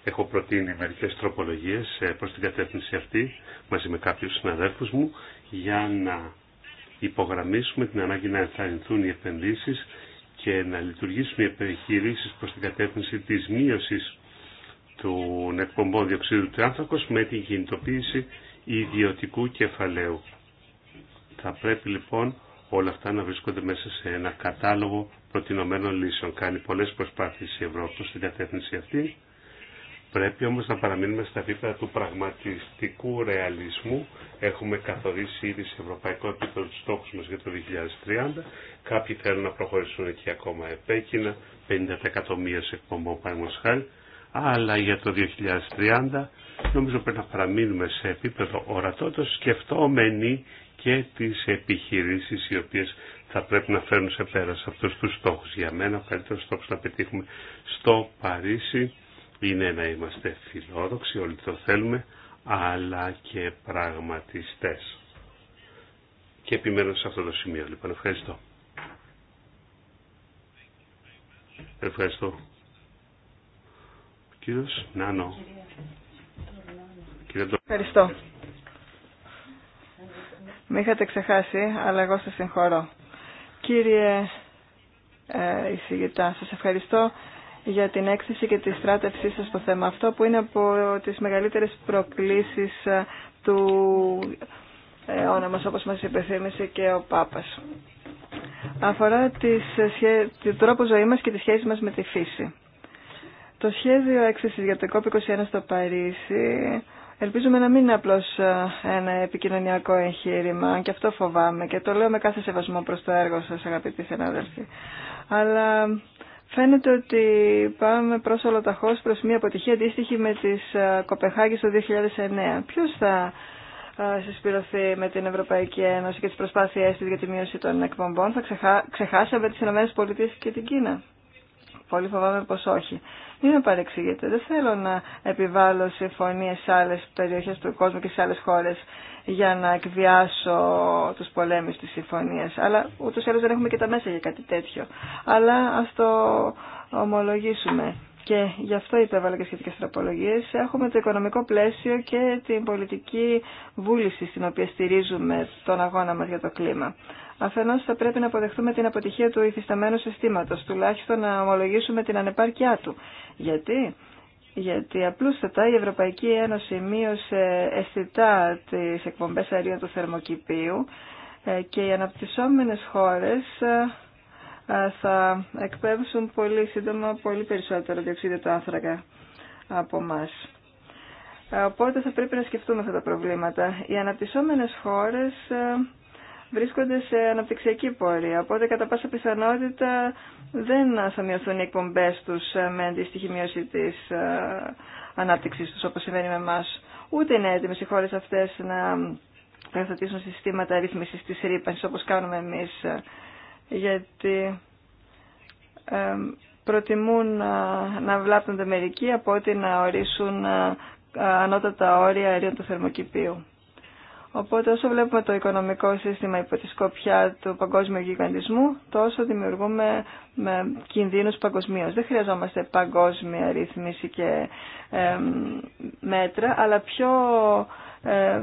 Έχω προτείνει μερικές τροπολογίες ε, προς την κατεύθυνση αυτή, μαζί με κάποιους συναδέλφους μου, για να υπογραμμίσουμε την ανάγκη να ενθαρρυνθούν οι επενδύσεις και να λειτουργήσουν οι επιχειρήσεις προς την κατεύθυνση της μείωσης των εκπομπών διοξίδου του άνθρακος με την κινητοποίηση ιδιωτικού κεφαλαίου. Θα πρέπει λοιπόν όλα αυτά να βρίσκονται μέσα σε ένα κατάλογο προτινομένων λύσεων. Κάνει πολλές προσπάθειες η Ευρώπη στην κατεύθυνση αυτή. Πρέπει όμως να παραμείνουμε στα επίπεδα του πραγματιστικού ρεαλισμού. Έχουμε καθορίσει ήδη σε ευρωπαϊκό επίπεδο του στόχους μας για το 2030. Κάποιοι θέλουν να προχωρήσουν εκεί ακόμα επέκεινα, 50% μείωση εκπομπών παραγωγής αλλά για το 2030 νομίζω πρέπει να παραμείνουμε σε επίπεδο ορατότητα σκεφτόμενοι και τις επιχειρήσεις οι οποίες θα πρέπει να φέρουν σε πέρα σε αυτούς τους στόχους. Για μένα ο καλύτερος στόχος να πετύχουμε στο Παρίσι είναι να είμαστε φιλόδοξοι, όλοι το θέλουμε, αλλά και πραγματιστές. Και επιμένω σε αυτό το σημείο λοιπόν. Ευχαριστώ. Ευχαριστώ. Ευχαριστώ. Με είχατε ξεχάσει, αλλά εγώ σας συγχωρώ. Κύριε ε, εισηγητά, σας ευχαριστώ για την έκθεση και τη στράτευσή σας στο θέμα αυτό που είναι από τις μεγαλύτερες προκλήσεις ε, του αιώνα ε, μας όπως μας υπερθύμισε και ο Πάπας. Αφορά τις, ε, τον τρόπο ζωή μας και τη σχέση μας με τη φύση. Το σχέδιο έκθεσης για το COP21 στο Παρίσι Ελπίζουμε να μην είναι απλώ ε, ένα επικοινωνιακό εγχείρημα και αυτό φοβάμαι και το λέω με κάθε σεβασμό προς το έργο σας αγαπητοί συνάδελφοι. Αλλά φαίνεται ότι πάμε προς ολοταχώ προς μια αποτυχία αντίστοιχη με τις ε, Κοπεχάγη το 2009. Ποιο θα ε, συσπηρωθεί με την Ευρωπαϊκή Ένωση και τι προσπάθειε τη για τη μείωση των εκπομπών θα ξεχάσαμε τις ΗΠΑ και την Κίνα. Πολύ φοβάμαι πως όχι. Μην με παρεξηγείτε. Δεν θέλω να επιβάλλω συμφωνίε σε άλλε περιοχέ του κόσμου και σε άλλε χώρε για να εκβιάσω του πολέμου τη συμφωνία. Αλλά ούτω ή άλλω δεν έχουμε και τα μέσα για κάτι τέτοιο. Αλλά α το ομολογήσουμε. Και γι' αυτό υπέβαλα και σχετικέ τροπολογίε. Έχουμε το οικονομικό πλαίσιο και την πολιτική βούληση στην οποία στηρίζουμε τον αγώνα μα για το κλίμα. Αφενό, θα πρέπει να αποδεχτούμε την αποτυχία του υφισταμένου συστήματο, τουλάχιστον να ομολογήσουμε την ανεπάρκειά του. Γιατί? Γιατί απλούστατα η Ευρωπαϊκή Ένωση μείωσε αισθητά τι εκπομπέ αερίων του θερμοκηπίου ε, και οι αναπτυσσόμενες χώρες ε, ε, θα εκπέμψουν πολύ σύντομα πολύ περισσότερο διοξίδιο του άνθρακα από εμά. Οπότε θα πρέπει να σκεφτούμε αυτά τα προβλήματα. Οι αναπτυσσόμενες χώρες βρίσκονται σε αναπτυξιακή πορεία, οπότε κατά πάσα πιθανότητα δεν θα μειωθούν οι εκπομπές τους ε, με αντίστοιχη μείωση της ε, ανάπτυξης τους, όπως συμβαίνει με εμά. Ούτε είναι έτοιμες οι χώρες αυτές να καθοτήσουν συστήματα ρύθμισης της ρήπανσης όπως κάνουμε εμείς, ε, γιατί προτιμούν να βλάπτονται μερικοί από ότι να ορίσουν ανώτατα όρια αερίων του θερμοκηπίου. Οπότε όσο βλέπουμε το οικονομικό σύστημα υπό τη σκοπιά του παγκόσμιου γιγαντισμού, τόσο δημιουργούμε με κινδύνους παγκοσμίω. Δεν χρειαζόμαστε παγκόσμια ρύθμιση και μέτρα, αλλά πιο ε,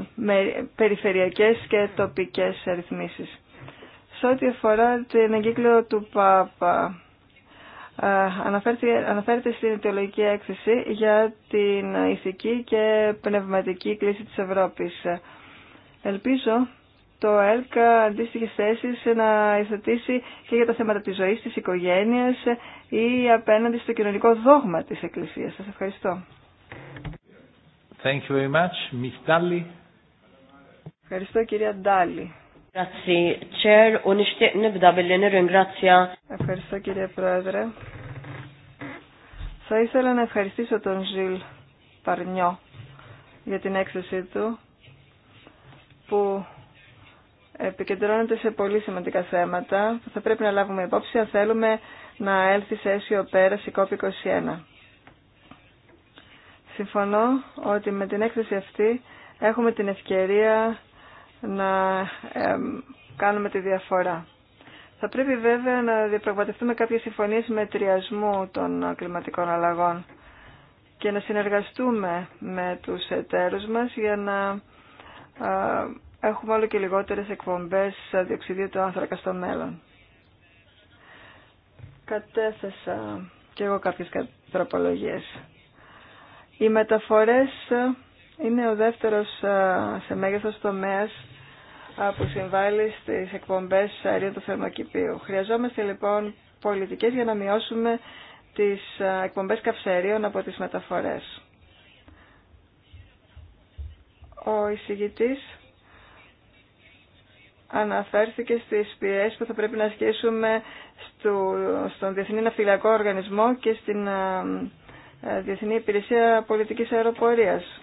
περιφερειακές και τοπικές ρυθμίσεις. Σε ό,τι αφορά την εγκύκλιο του ΠΑΠΑ, ε, αναφέρεται, αναφέρεται στην ιδεολογική έκθεση για την ηθική και πνευματική κλίση της Ευρώπης. Ελπίζω το ΕΛΚΑ αντίστοιχε θέσει να υιοθετήσει και για τα θέματα τη ζωή, τη οικογένεια ή απέναντι στο κοινωνικό δόγμα τη Εκκλησία. Σα ευχαριστώ. Thank you very much. Miss Ευχαριστώ κυρία Ντάλι. Ευχαριστώ κύριε Πρόεδρε. Θα ήθελα να ευχαριστήσω τον Ζιλ Παρνιό για την έκθεσή του που επικεντρώνεται σε πολύ σημαντικά θέματα που θα πρέπει να λάβουμε υπόψη αν θέλουμε να έλθει σε αίσιο πέρας COP21. Συμφωνώ ότι με την έκθεση αυτή έχουμε την ευκαιρία να κάνουμε τη διαφορά. Θα πρέπει βέβαια να διαπραγματευτούμε κάποιες συμφωνίες τριασμού των κλιματικών αλλαγών και να συνεργαστούμε με τους εταίρους μας για να έχουμε όλο και λιγότερες εκπομπές διοξιδίου του άνθρακα στο μέλλον. Κατέθεσα και εγώ κάποιες τροπολογίες. Οι μεταφορές είναι ο δεύτερος σε μέγεθος τομέας που συμβάλλει στις εκπομπές αερίων του θερμοκηπίου. Χρειαζόμαστε λοιπόν πολιτικές για να μειώσουμε τις εκπομπές καυσαερίων από τις μεταφορές. Ο εισηγητής αναφέρθηκε στις πιέσεις που θα πρέπει να ασκήσουμε στον Διεθνή Ναυτιλιακό Οργανισμό και στην Διεθνή Υπηρεσία Πολιτικής Αεροπορίας.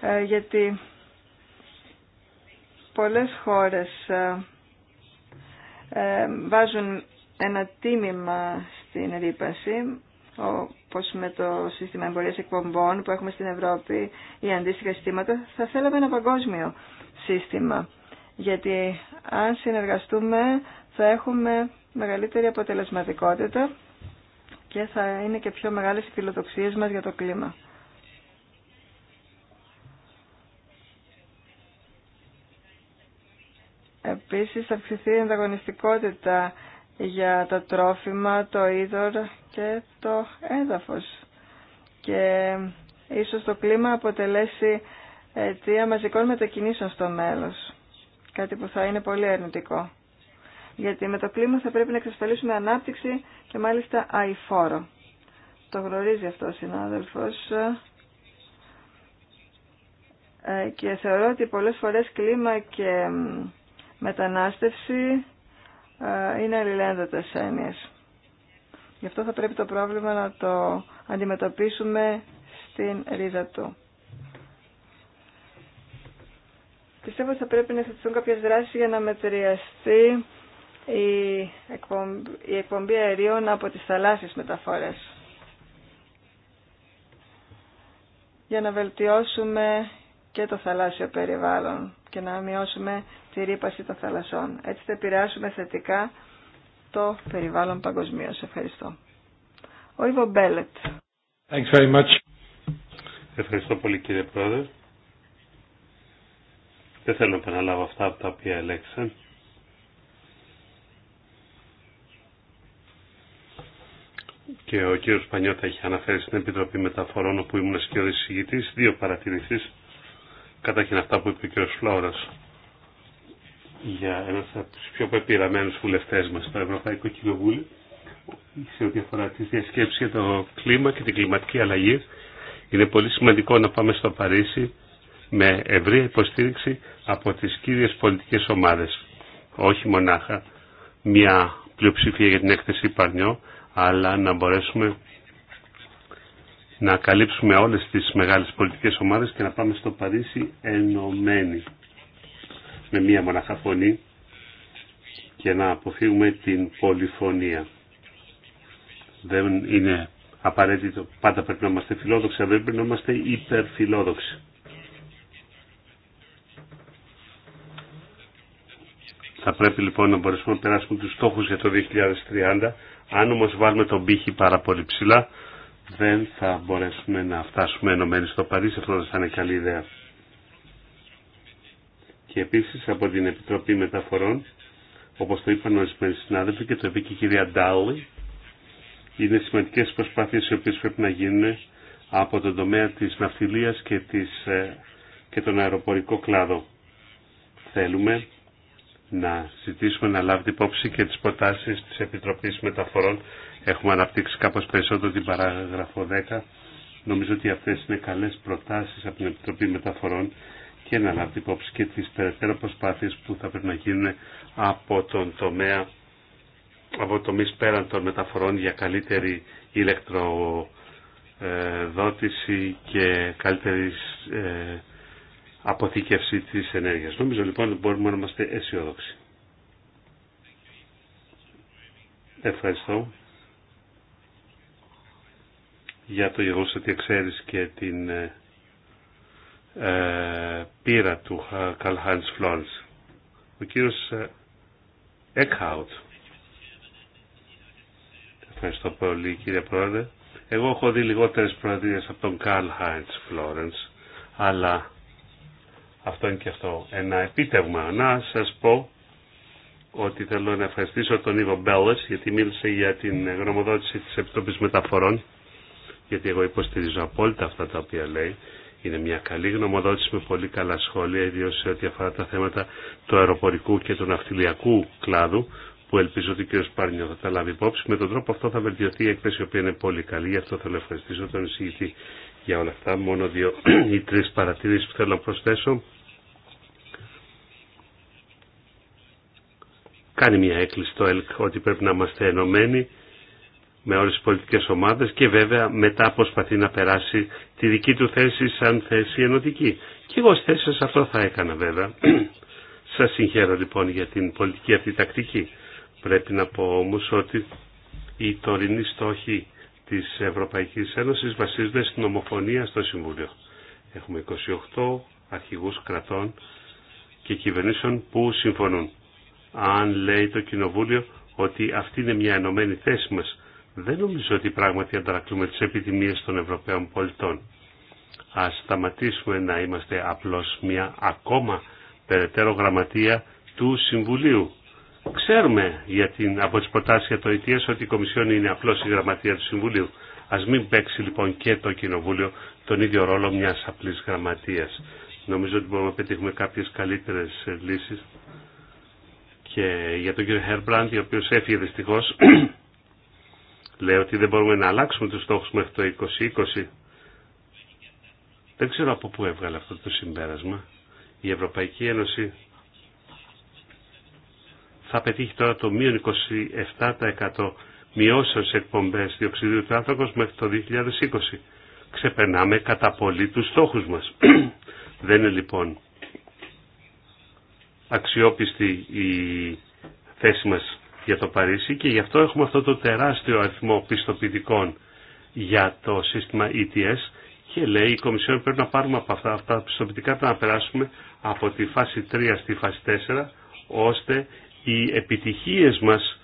Ε, γιατί πολλές χώρες ε, βάζουν ένα τίμημα στην ρήπαση. Ο όπως με το σύστημα εμπορίας εκπομπών που έχουμε στην Ευρώπη ή αντίστοιχα συστήματα, θα θέλαμε ένα παγκόσμιο σύστημα. Γιατί αν συνεργαστούμε θα έχουμε μεγαλύτερη αποτελεσματικότητα και θα είναι και πιο μεγάλες οι φιλοδοξίες μας για το κλίμα. Επίσης θα αυξηθεί η ανταγωνιστικότητα για τα τρόφιμα, το είδωρ και το έδαφος. Και ίσως το κλίμα αποτελέσει αιτία μαζικών μετακινήσεων στο μέλος. Κάτι που θα είναι πολύ αρνητικό. Γιατί με το κλίμα θα πρέπει να εξασφαλίσουμε ανάπτυξη και μάλιστα αηφόρο. Το γνωρίζει αυτό ο συνάδελφος. Ε, και θεωρώ ότι πολλές φορές κλίμα και μετανάστευση ε, είναι αλληλένδετες έννοιες. Γι' αυτό θα πρέπει το πρόβλημα να το αντιμετωπίσουμε στην ρίζα του. Πιστεύω ότι θα πρέπει να θετηθούν κάποιες δράσεις για να μετριαστεί η εκπομπή αερίων από τις θαλάσσιες μεταφορές για να βελτιώσουμε και το θαλάσσιο περιβάλλον και να μειώσουμε τη ρήπαση των θαλασσών. Έτσι θα επηρεάσουμε θετικά το περιβάλλον παγκοσμίω. Ευχαριστώ. Ο Ιβο Μπέλετ. Thanks very much. Ευχαριστώ πολύ κύριε Πρόεδρε. Δεν θέλω να επαναλάβω αυτά από τα οποία ελέγξαν. Και ο κύριος Πανιώτα έχει αναφέρει στην Επιτροπή Μεταφορών όπου ήμουν σκιώδης συγητής δύο παρατηρήσεις Καταρχήν αυτά που είπε ο κ. Φλόρας για ένα από του πιο πεπειραμένου βουλευτέ μας στο Ευρωπαϊκό Κοινοβούλιο σε ό,τι αφορά τι για το κλίμα και την κλιματική αλλαγή. Είναι πολύ σημαντικό να πάμε στο Παρίσι με ευρία υποστήριξη από τις κύριε πολιτικές ομάδες. Όχι μονάχα μια πλειοψηφία για την έκθεση Παρνιό, αλλά να μπορέσουμε να καλύψουμε όλες τις μεγάλες πολιτικές ομάδες και να πάμε στο Παρίσι ενωμένοι με μία μοναχαφωνή και να αποφύγουμε την πολυφωνία. Δεν είναι απαραίτητο. Πάντα πρέπει να είμαστε φιλόδοξοι, αλλά πρέπει να είμαστε υπερφιλόδοξοι. Θα πρέπει λοιπόν να μπορέσουμε να περάσουμε τους στόχους για το 2030. Αν όμως βάλουμε τον πύχη πάρα πολύ ψηλά, δεν θα μπορέσουμε να φτάσουμε ενωμένοι στο Παρίσι. Αυτό θα καλή ιδέα. Και επίσης από την Επιτροπή Μεταφορών, όπως το είπαν ορισμένοι συνάδελφοι και το είπε και η κυρία είναι σημαντικές προσπάθειες οι οποίες πρέπει να γίνουν από τον τομέα της ναυτιλίας και, της, ε, και τον αεροπορικό κλάδο. Θέλουμε να ζητήσουμε να λάβετε υπόψη και τις προτάσεις της Επιτροπής Μεταφορών Έχουμε αναπτύξει κάπως περισσότερο την παράγραφο 10. Νομίζω ότι αυτές είναι καλές προτάσεις από την Επιτροπή Μεταφορών και να αναπτύξει υπόψη και τις περαιτέρω προσπάθειες που θα πρέπει να γίνουν από τον τομέα από τομείς πέραν των μεταφορών για καλύτερη ηλεκτροδότηση και καλύτερη ε, αποθήκευση της ενέργειας. Νομίζω λοιπόν ότι μπορούμε να είμαστε αισιόδοξοι. Ευχαριστώ για το γεγονό ότι εξαίρεση και την ε, ε πείρα του Καλ Χάιντς Φλόρνς. Ο κύριος Εκχάουτ. Ευχαριστώ πολύ κύριε Πρόεδρε. Εγώ έχω δει λιγότερες προεδρίες από τον Καλ Χάιντς Φλόρενς, αλλά αυτό είναι και αυτό ένα επίτευγμα. Να σας πω ότι θέλω να ευχαριστήσω τον Ιβο Μπέλλες, γιατί μίλησε για την γνωμοδότηση της Επιτροπής Μεταφορών γιατί εγώ υποστηρίζω απόλυτα αυτά τα οποία λέει. Είναι μια καλή γνωμοδότηση με πολύ καλά σχόλια, ιδίω σε ό,τι αφορά τα θέματα του αεροπορικού και του ναυτιλιακού κλάδου, που ελπίζω ότι ο κ. Πάρνιο θα τα λάβει υπόψη. Με τον τρόπο αυτό θα βελτιωθεί η εκθέση, η οποία είναι πολύ καλή. Γι' αυτό θέλω να ευχαριστήσω τον εισηγητή για όλα αυτά. Μόνο δύο ή τρει παρατηρήσει που θέλω να προσθέσω. Κάνει μια έκκληση το ΕΛΚ ότι πρέπει να είμαστε ενωμένοι με όλες τις πολιτικές ομάδες και βέβαια μετά προσπαθεί να περάσει τη δική του θέση σαν θέση ενωτική. Και εγώ στη θέση σας αυτό θα έκανα βέβαια. σας συγχαίρω λοιπόν για την πολιτική αυτή τακτική. Πρέπει να πω όμως ότι οι τωρινοί στόχοι της Ευρωπαϊκής Ένωσης βασίζονται στην ομοφωνία στο Συμβούλιο. Έχουμε 28 αρχηγούς κρατών και κυβερνήσεων που συμφωνούν. Αν λέει το Κοινοβούλιο ότι αυτή είναι μια ενωμένη θέση μας δεν νομίζω ότι πράγματι ανταρακτούμε τις επιθυμίες των Ευρωπαίων πολιτών. Ας σταματήσουμε να είμαστε απλώς μια ακόμα περαιτέρω γραμματεία του Συμβουλίου. Ξέρουμε για την, από τις προτάσεις για το ETS ότι η Κομισιόν είναι απλώς η γραμματεία του Συμβουλίου. Ας μην παίξει λοιπόν και το Κοινοβούλιο τον ίδιο ρόλο μιας απλής γραμματείας. Νομίζω ότι μπορούμε να πετύχουμε κάποιες καλύτερες λύσεις. Και για τον κύριο Χέρμπραντ, ο οποίος έφυγε δυστυχώς, λέω ότι δεν μπορούμε να αλλάξουμε τους στόχους μέχρι το 2020. Δεν ξέρω από πού έβγαλε αυτό το συμπέρασμα. Η Ευρωπαϊκή Ένωση θα πετύχει τώρα το μείον 27% μειώσεων σε εκπομπές διοξιδίου του άνθρακος μέχρι το 2020. Ξεπερνάμε κατά πολύ τους στόχους μας. Δεν είναι λοιπόν αξιόπιστη η θέση μας για το Παρίσι και γι' αυτό έχουμε αυτό το τεράστιο αριθμό πιστοποιητικών για το σύστημα ETS και λέει η Κομισιόν πρέπει να πάρουμε από αυτά, αυτά τα πιστοποιητικά να περάσουμε από τη φάση 3 στη φάση 4 ώστε οι επιτυχίες μας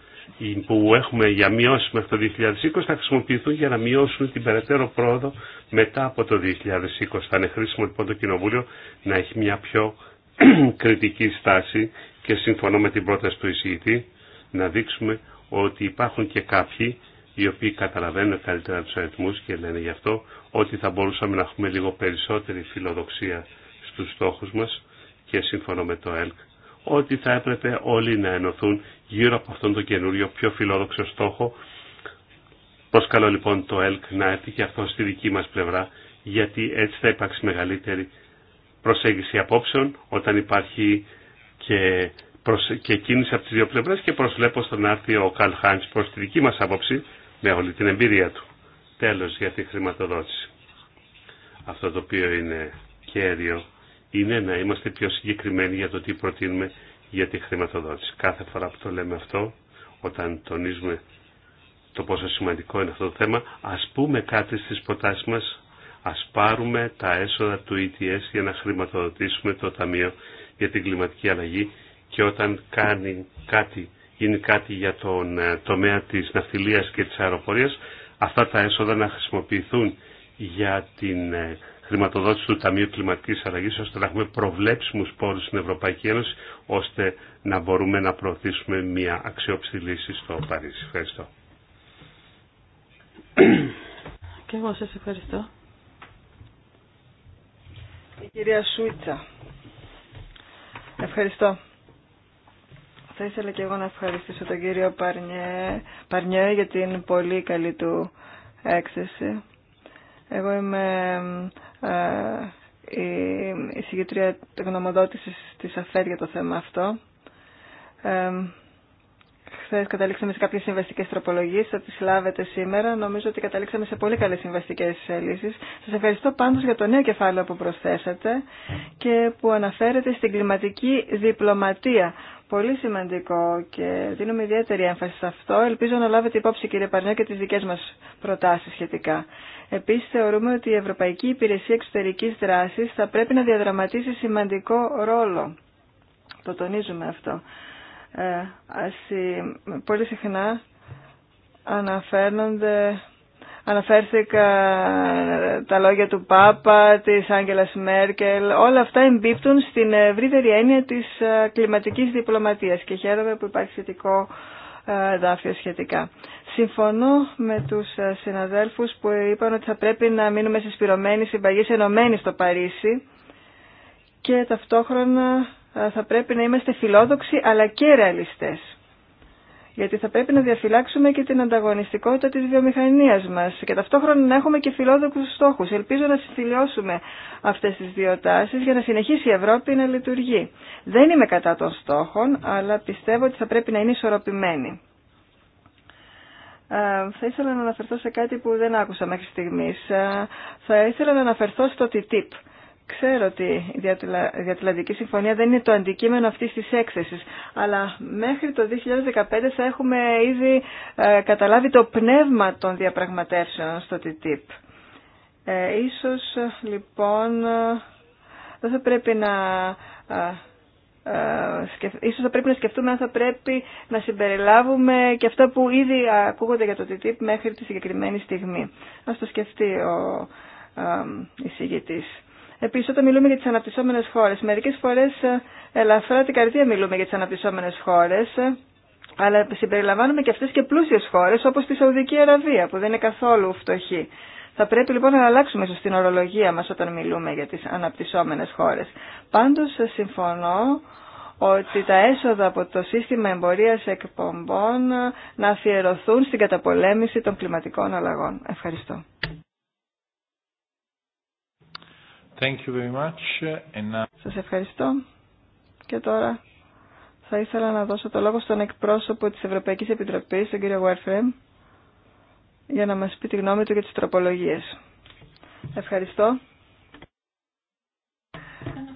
που έχουμε για μειώσεις μέχρι το 2020 θα χρησιμοποιηθούν για να μειώσουν την περαιτέρω πρόοδο μετά από το 2020. Θα είναι χρήσιμο λοιπόν το Κοινοβούλιο να έχει μια πιο κριτική στάση και συμφωνώ με την πρόταση του εισηγητή να δείξουμε ότι υπάρχουν και κάποιοι οι οποίοι καταλαβαίνουν καλύτερα τους αριθμούς και λένε γι' αυτό ότι θα μπορούσαμε να έχουμε λίγο περισσότερη φιλοδοξία στους στόχους μας και σύμφωνα με το ΕΛΚ ότι θα έπρεπε όλοι να ενωθούν γύρω από αυτόν τον καινούριο πιο φιλόδοξο στόχο. καλό λοιπόν το ΕΛΚ να έρθει και αυτό στη δική μας πλευρά γιατί έτσι θα υπάρξει μεγαλύτερη προσέγγιση απόψεων όταν υπάρχει και και κίνηση από τις δύο πλευρές και προσβλέπω στον άρθει ο Καλ Χάντς προς τη δική μας άποψη με όλη την εμπειρία του. Τέλος για τη χρηματοδότηση. Αυτό το οποίο είναι κέριο είναι να είμαστε πιο συγκεκριμένοι για το τι προτείνουμε για τη χρηματοδότηση. Κάθε φορά που το λέμε αυτό, όταν τονίζουμε το πόσο σημαντικό είναι αυτό το θέμα, ας πούμε κάτι στις προτάσεις μας, ας πάρουμε τα έσοδα του ETS για να χρηματοδοτήσουμε το Ταμείο για την Κλιματική Αλλαγή και όταν κάνει κάτι, γίνει κάτι για τον ε, τομέα της ναυτιλίας και της αεροπορίας, αυτά τα έσοδα να χρησιμοποιηθούν για την ε, χρηματοδότηση του Ταμείου Κλιματικής Αλλαγής, ώστε να έχουμε προβλέψιμους πόρους στην Ευρωπαϊκή Ένωση, ώστε να μπορούμε να προωθήσουμε μια αξιόπιστη λύση στο Παρίσι. Ευχαριστώ. Και εγώ σας ευχαριστώ. Η κυρία Σούιτσα. Ευχαριστώ. Θα ήθελα και εγώ να ευχαριστήσω τον κύριο Παρνιέ, για την πολύ καλή του έκθεση. Εγώ είμαι ε, η, η συγκεκριά γνωμοδότησης της ΑΦΕΡ για το θέμα αυτό. Ε, χθε καταλήξαμε σε κάποιε συμβαστικέ τροπολογίε, θα τι λάβετε σήμερα. Νομίζω ότι καταλήξαμε σε πολύ καλέ συμβαστικέ λύσει. Σα ευχαριστώ πάντω για το νέο κεφάλαιο που προσθέσατε και που αναφέρεται στην κλιματική διπλωματία. Πολύ σημαντικό και δίνουμε ιδιαίτερη έμφαση σε αυτό. Ελπίζω να λάβετε υπόψη, κύριε Παρνιό, και τι δικέ μα προτάσει σχετικά. Επίση, θεωρούμε ότι η Ευρωπαϊκή Υπηρεσία Εξωτερική Δράση θα πρέπει να διαδραματίσει σημαντικό ρόλο. Το τονίζουμε αυτό ε, πολύ συχνά αναφέρονται αναφέρθηκα ε, τα λόγια του Πάπα, της Άγγελας Μέρκελ, όλα αυτά εμπίπτουν στην ευρύτερη έννοια της ε, κλιματικής διπλωματίας και χαίρομαι που υπάρχει σχετικό δάφιο σχετικά. Συμφωνώ με τους συναδέλφους που είπαν ότι θα πρέπει να μείνουμε συσπηρωμένοι, συμπαγείς, ενωμένοι στο Παρίσι και ταυτόχρονα ε, θα πρέπει να είμαστε φιλόδοξοι αλλά και ρεαλιστές. Γιατί θα πρέπει να διαφυλάξουμε και την ανταγωνιστικότητα της βιομηχανίας μας και ταυτόχρονα να έχουμε και φιλόδοξους στόχους. Ελπίζω να συμφιλιώσουμε αυτές τις δύο τάσεις για να συνεχίσει η Ευρώπη να λειτουργεί. Δεν είμαι κατά των στόχων, αλλά πιστεύω ότι θα πρέπει να είναι ισορροπημένοι. Ε, θα ήθελα να αναφερθώ σε κάτι που δεν άκουσα μέχρι στιγμής. Ε, θα ήθελα να αναφερθώ στο TTIP Ξέρω ότι η Διατλαντική Συμφωνία δεν είναι το αντικείμενο αυτής της έκθεσης, αλλά μέχρι το 2015 θα έχουμε ήδη ε, καταλάβει το πνεύμα των διαπραγματεύσεων στο TTIP. Ε, ίσως λοιπόν ε, δεν θα πρέπει να ε, ίσως θα πρέπει να σκεφτούμε αν θα πρέπει να συμπεριλάβουμε και αυτά που ήδη ακούγονται για το TTIP μέχρι τη συγκεκριμένη στιγμή. Ας το σκεφτεί ο εισηγητής. Επίσης, όταν μιλούμε για τις αναπτυσσόμενες χώρες, μερικές φορές ε, ελαφρά την καρδία μιλούμε για τις αναπτυσσόμενες χώρες, ε, αλλά συμπεριλαμβάνουμε και αυτές και πλούσιες χώρες, όπως τη Σαουδική Αραβία, που δεν είναι καθόλου φτωχή. Θα πρέπει λοιπόν να αλλάξουμε ίσως την ορολογία μας όταν μιλούμε για τις αναπτυσσόμενες χώρες. Πάντως, ε, συμφωνώ ότι τα έσοδα από το σύστημα εμπορίας εκπομπών να αφιερωθούν στην καταπολέμηση των κλιματικών αλλαγών. Ευχαριστώ. Thank you very Σας ευχαριστώ. Και τώρα θα ήθελα να δώσω το λόγο στον εκπρόσωπο της Ευρωπαϊκής Επιτροπής, τον κύριο Γουέρφρεμ, για να μας πει τη γνώμη του για τις τροπολογίες. Ευχαριστώ.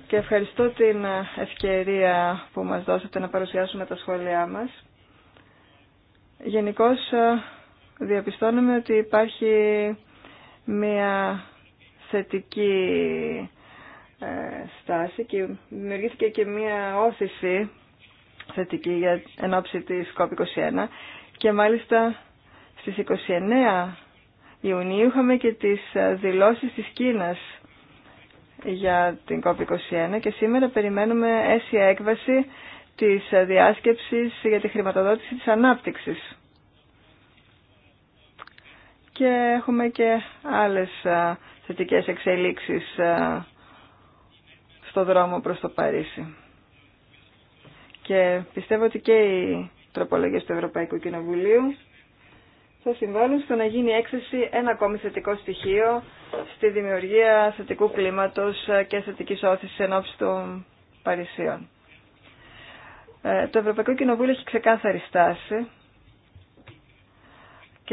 Και ευχαριστώ την ευκαιρία που μας δώσατε να παρουσιάσουμε τα σχόλιά μας. Γενικώ ε, διαπιστώνουμε ότι υπάρχει μια θετική ε, στάση και δημιουργήθηκε και μία όθηση θετική για εν ώψη της COP21 και μάλιστα στις 29 Ιουνίου είχαμε και τις δηλώσεις της Κίνας για την COP21 και σήμερα περιμένουμε αίσια έκβαση της διάσκεψης για τη χρηματοδότηση της ανάπτυξης. Και έχουμε και άλλες θετικές εξελίξεις ε, στο δρόμο προς το Παρίσι. Και πιστεύω ότι και οι τροπολογίες του Ευρωπαϊκού Κοινοβουλίου θα συμβάλλουν στο να γίνει έκθεση ένα ακόμη θετικό στοιχείο στη δημιουργία θετικού κλίματος και θετική όθησης εν ώψη των Παρισίων. Ε, το Ευρωπαϊκό Κοινοβούλιο έχει ξεκάθαρη στάση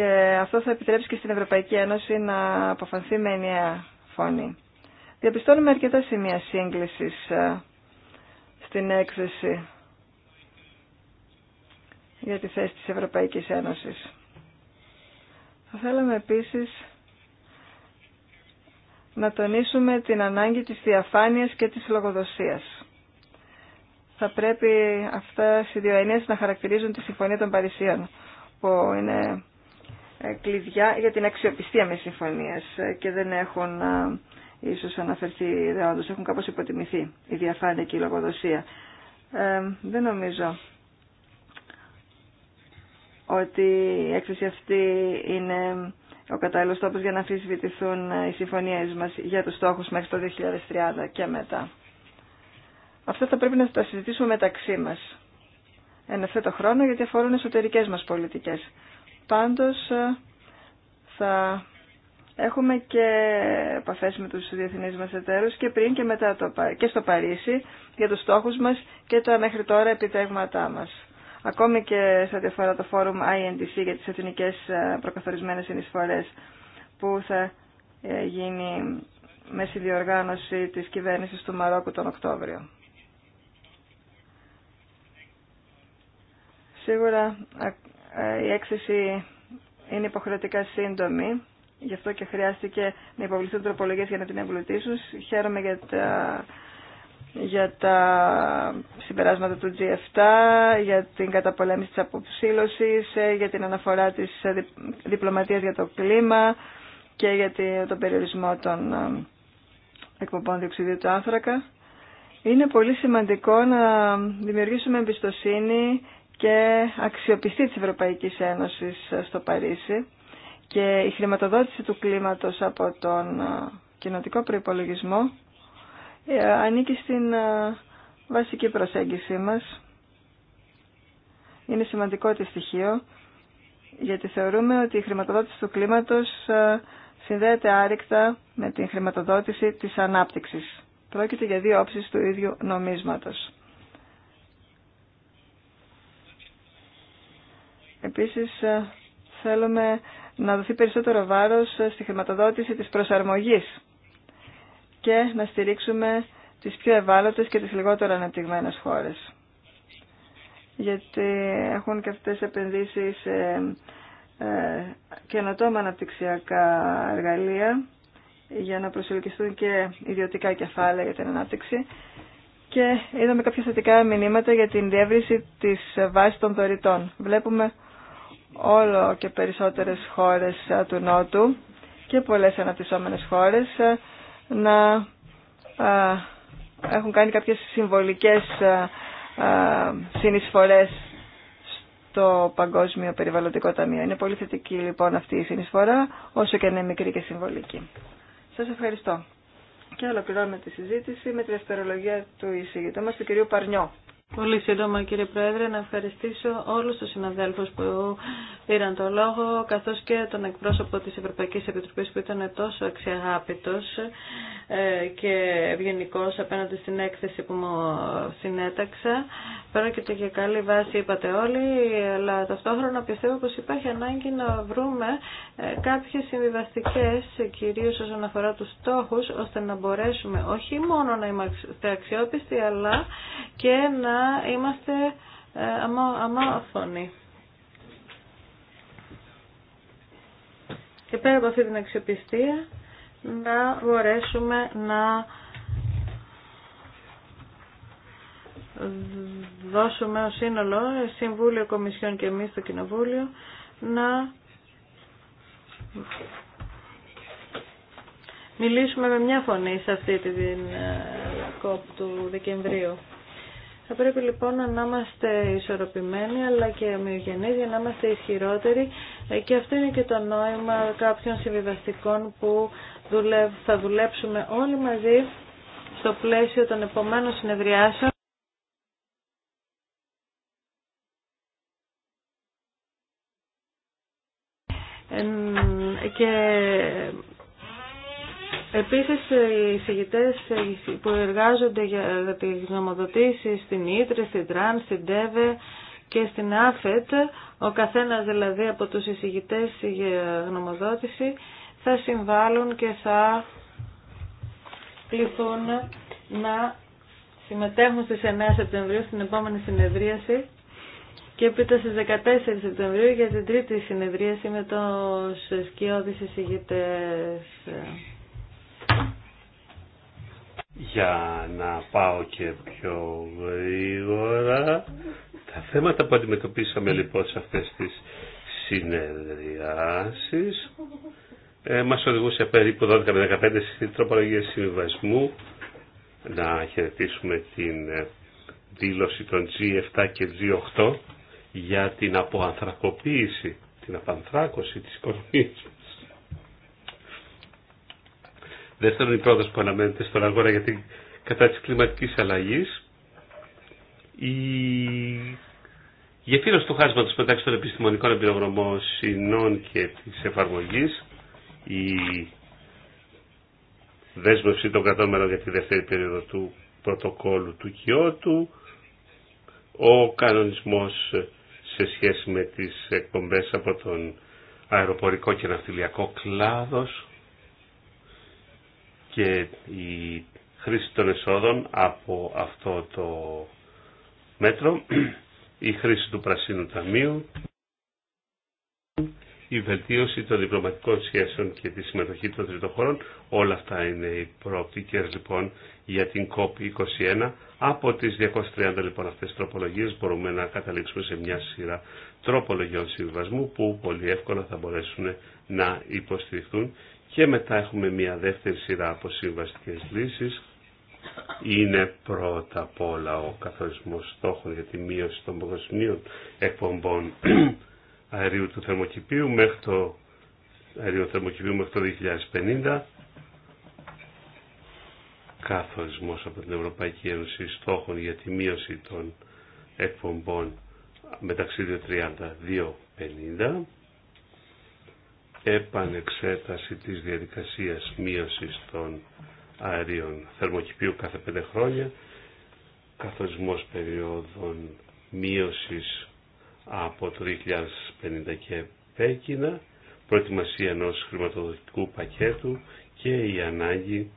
και αυτό θα επιτρέψει και στην Ευρωπαϊκή Ένωση να αποφανθεί με ενιαία φωνή. Διαπιστώνουμε αρκετά σημεία σύγκληση ε, στην έκθεση για τη θέση της Ευρωπαϊκής Ένωσης. Θα θέλαμε επίσης να τονίσουμε την ανάγκη της διαφάνειας και της λογοδοσίας. Θα πρέπει αυτά οι δύο να χαρακτηρίζουν τη Συμφωνία των Παρισίων, που είναι ε, κλειδιά για την αξιοπιστία με συμφωνίες ε, και δεν έχουν ε, ίσως αναφερθεί ιδεόντως, έχουν κάπως υποτιμηθεί η διαφάνεια και η λογοδοσία. δεν νομίζω ότι η έκθεση αυτή είναι ο κατάλληλο τόπο για να αμφισβητηθούν οι συμφωνίε μα για του στόχου μέχρι το 2030 και μετά. Αυτά θα πρέπει να τα συζητήσουμε μεταξύ μα. Εν ευθέτω χρόνο, γιατί αφορούν εσωτερικέ μα πολιτικέ. Πάντως ε, θα έχουμε και επαφές με τους διεθνείς μας εταίρους και πριν και μετά το, και στο Παρίσι για τους στόχους μας και τα μέχρι τώρα επιτέγματά μας. Ακόμη και σε ό,τι αφορά το φόρουμ INDC για τις εθνικές ε, προκαθορισμένες συνεισφορές που θα ε, γίνει με συνδιοργάνωση της κυβέρνησης του Μαρόκου τον Οκτώβριο. Σίγουρα ε, η έκθεση είναι υποχρεωτικά σύντομη, γι' αυτό και χρειάστηκε να υποβληθούν τροπολογίε για να την εμπλουτίσουν. Χαίρομαι για τα, για συμπεράσματα του G7, για την καταπολέμηση της αποψήλωσης, ε, για την αναφορά της διπλωματίας για το κλίμα και για τον περιορισμό των ε, εκπομπών διοξιδίου του άνθρακα. Είναι πολύ σημαντικό να δημιουργήσουμε εμπιστοσύνη και αξιοπιστή της Ευρωπαϊκής Ένωσης στο Παρίσι και η χρηματοδότηση του κλίματος από τον ε, κοινοτικό προϋπολογισμό ε, ανήκει στην ε, βασική προσέγγιση μας. Είναι σημαντικό τη στοιχείο γιατί θεωρούμε ότι η χρηματοδότηση του κλίματος συνδέεται άρρηκτα με την χρηματοδότηση της ανάπτυξης. Πρόκειται για δύο όψεις του ίδιου νομίσματος. Επίσης ε, θέλουμε να δοθεί περισσότερο βάρος στη χρηματοδότηση της προσαρμογής και να στηρίξουμε τις πιο ευάλωτες και τις λιγότερο αναπτυγμένες χώρες. Γιατί έχουν και αυτές επενδύσεις και ε, καινοτόμα αναπτυξιακά εργαλεία για να προσελκυστούν και ιδιωτικά κεφάλαια για την ανάπτυξη και είδαμε κάποια θετικά μηνύματα για την διεύρυνση της βάσης των δωρητών. Βλέπουμε όλο και περισσότερες χώρες ε, του Νότου και πολλές αναπτυσσόμενες χώρες ε, να ε, έχουν κάνει κάποιες συμβολικές συνεισφορές στο Παγκόσμιο Περιβαλλοντικό Ταμείο. Είναι πολύ θετική λοιπόν αυτή η συνεισφορά, όσο και είναι μικρή και συμβολική. Σας ευχαριστώ. Και ολοκληρώνουμε τη συζήτηση με τη δευτερολογία του εισηγητή μας, του κυρίου Παρνιό. Πολύ σύντομα κύριε Πρόεδρε, να ευχαριστήσω όλους τους συναδέλφους που πήραν το λόγο, καθώς και τον εκπρόσωπο της Ευρωπαϊκής Επιτροπής που ήταν τόσο αξιαγάπητος ε, και ευγενικό απέναντι στην έκθεση που μου συνέταξα. Πρόκειται για καλή βάση, είπατε όλοι, αλλά ταυτόχρονα πιστεύω πως υπάρχει ανάγκη να βρούμε ε, κάποιες συμβιβαστικές, κυρίως όσον αφορά τους στόχους, ώστε να μπορέσουμε όχι μόνο να είμαστε αξιόπιστοι, αλλά και να να είμαστε ε, αμόφωνοι. Και πέρα από αυτή την αξιοπιστία να μπορέσουμε να δώσουμε ως σύνολο, Συμβούλιο, Κομισιόν και εμείς στο Κοινοβούλιο, να μιλήσουμε με μια φωνή σε αυτή την ε, κόπ του Δεκεμβρίου. Θα πρέπει λοιπόν να είμαστε ισορροπημένοι αλλά και ομοιογενείς για να είμαστε ισχυρότεροι ε, και αυτό είναι και το νόημα κάποιων συμβιβαστικών που θα δουλέψουμε όλοι μαζί στο πλαίσιο των επομένων συνεδριάσεων. και Επίσης, οι συγητές που εργάζονται για τη γνωμοδοτήση στην Ήτρε, στην Τραν, στην ΤΕΒΕ και στην ΑΦΕΤ, ο καθένας δηλαδή από τους εισηγητές για γνωμοδότηση, θα συμβάλλουν και θα πληθούν να συμμετέχουν στις 9 Σεπτεμβρίου στην επόμενη συνεδρίαση και έπειτα στις 14 Σεπτεμβρίου για την τρίτη συνεδρίαση με τους σκιώδεις εισηγητές για να πάω και πιο γρήγορα. Τα θέματα που αντιμετωπίσαμε λοιπόν σε αυτές τις συνεδριάσεις ε, μας οδηγούσε περίπου 12 με 15 τροπολογίες συμβιβασμού να χαιρετήσουμε την ε, δήλωση των G7 και G8 για την αποανθρακοποίηση, την απανθράκωση της οικονομία. Δεύτερον, η πρόταση που αναμένεται στον αγώνα για την κατά της κλιματικής αλλαγής. Η γεφύρωση του χάσματος μεταξύ των επιστημονικών εμπειρογνωμοσυνών και της εφαρμογής, η δέσμευση των κρατών μελών για τη δεύτερη περίοδο του πρωτοκόλου του Κιώτου, ο κανονισμός σε σχέση με τις εκπομπές από τον αεροπορικό και ναυτιλιακό κλάδος, και η χρήση των εσόδων από αυτό το μέτρο, η χρήση του Πρασίνου Ταμείου, η βελτίωση των διπλωματικών σχέσεων και τη συμμετοχή των τρίτων χωρών. Όλα αυτά είναι οι προοπτικές λοιπόν για την COP21. Από τις 230 λοιπόν αυτές τις τροπολογίες μπορούμε να καταλήξουμε σε μια σειρά τροπολογιών συμβασμού που πολύ εύκολα θα μπορέσουν να υποστηριχθούν και μετά έχουμε μια δεύτερη σειρά από συμβαστικές λύσεις. Είναι πρώτα απ' όλα ο καθορισμός στόχων για τη μείωση των παγκοσμίων εκπομπών αερίου του θερμοκηπίου μέχρι το, αερίου θερμοκηπίου μέχρι το 2050 καθορισμός από την Ευρωπαϊκή Ένωση στόχων για τη μείωση των εκπομπών μεταξύ 2.30-2.50 επανεξέταση της διαδικασίας μείωσης των αερίων θερμοκηπίου κάθε πέντε χρόνια, καθορισμός περίοδων μείωσης από το 2050 και πέκυνα, προετοιμασία ενός χρηματοδοτικού πακέτου και η ανάγκη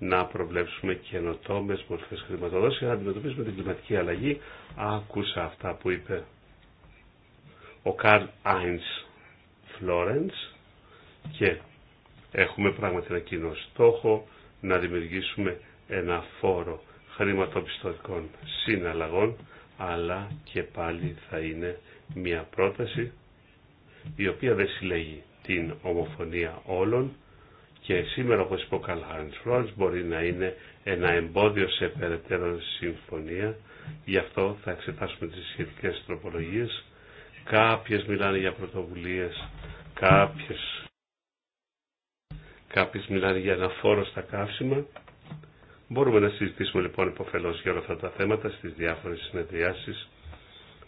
να προβλέψουμε καινοτόμε μορφέ χρηματοδότηση να αντιμετωπίσουμε την κλιματική αλλαγή. Άκουσα αυτά που είπε ο Καρλ Άιντ Φλόρεντ, και έχουμε πράγματι ένα κοινό στόχο να δημιουργήσουμε ένα φόρο χρηματοπιστωτικών συναλλαγών αλλά και πάλι θα είναι μια πρόταση η οποία δεν συλλέγει την ομοφωνία όλων και σήμερα όπως είπε ο Καλ Χάρνς μπορεί να είναι ένα εμπόδιο σε περαιτέρω συμφωνία γι' αυτό θα εξετάσουμε τις σχετικές τροπολογίες κάποιες μιλάνε για πρωτοβουλίες κάποιες Κάποιοι μιλάνε για ένα φόρο στα καύσιμα. Μπορούμε να συζητήσουμε λοιπόν υποφελώς για όλα αυτά τα θέματα στις διάφορες συνεδριάσεις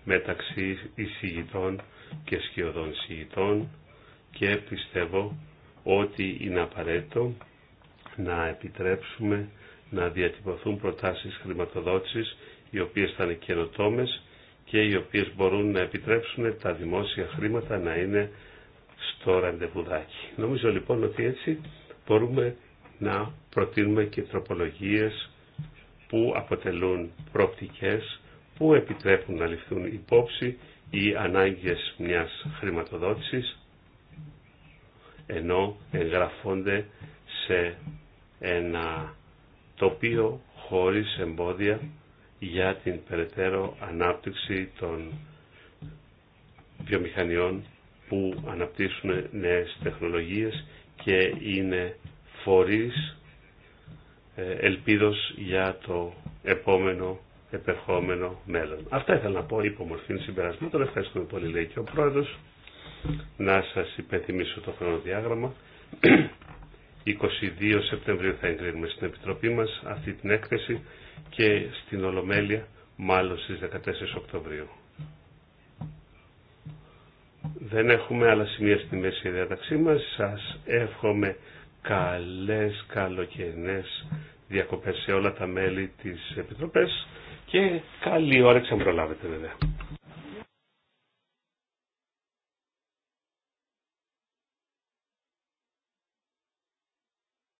μεταξύ εισηγητών και σκιωδών εισηγητών και πιστεύω ότι είναι απαραίτητο να επιτρέψουμε να διατυπωθούν προτάσεις χρηματοδότησης οι οποίες θα είναι καινοτόμες και οι οποίες μπορούν να επιτρέψουν τα δημόσια χρήματα να είναι στο ραντεβουδάκι. Νομίζω λοιπόν ότι έτσι μπορούμε να προτείνουμε και τροπολογίες που αποτελούν πρόπτικες που επιτρέπουν να ληφθούν υπόψη οι ανάγκες μιας χρηματοδότησης ενώ εγγραφώνται σε ένα τοπίο χωρίς εμπόδια για την περαιτέρω ανάπτυξη των βιομηχανιών που αναπτύσσουν νέες τεχνολογίες και είναι φορείς ε, ελπίδος για το επόμενο επερχόμενο μέλλον. Αυτά ήθελα να πω υπό μορφή συμπερασμάτων. Ευχαριστούμε πολύ λέει και ο Πρόεδρος. Να σας υπενθυμίσω το χρονοδιάγραμμα. 22 Σεπτεμβρίου θα εγκρίνουμε στην Επιτροπή μας αυτή την έκθεση και στην Ολομέλεια μάλλον στις 14 Οκτωβρίου. Δεν έχουμε άλλα σημεία στη μέση διάταξή μας. Σας εύχομαι καλές καλοκαιρινές διακοπές σε όλα τα μέλη της Επιτροπές και καλή ώρα αν προλάβετε βέβαια.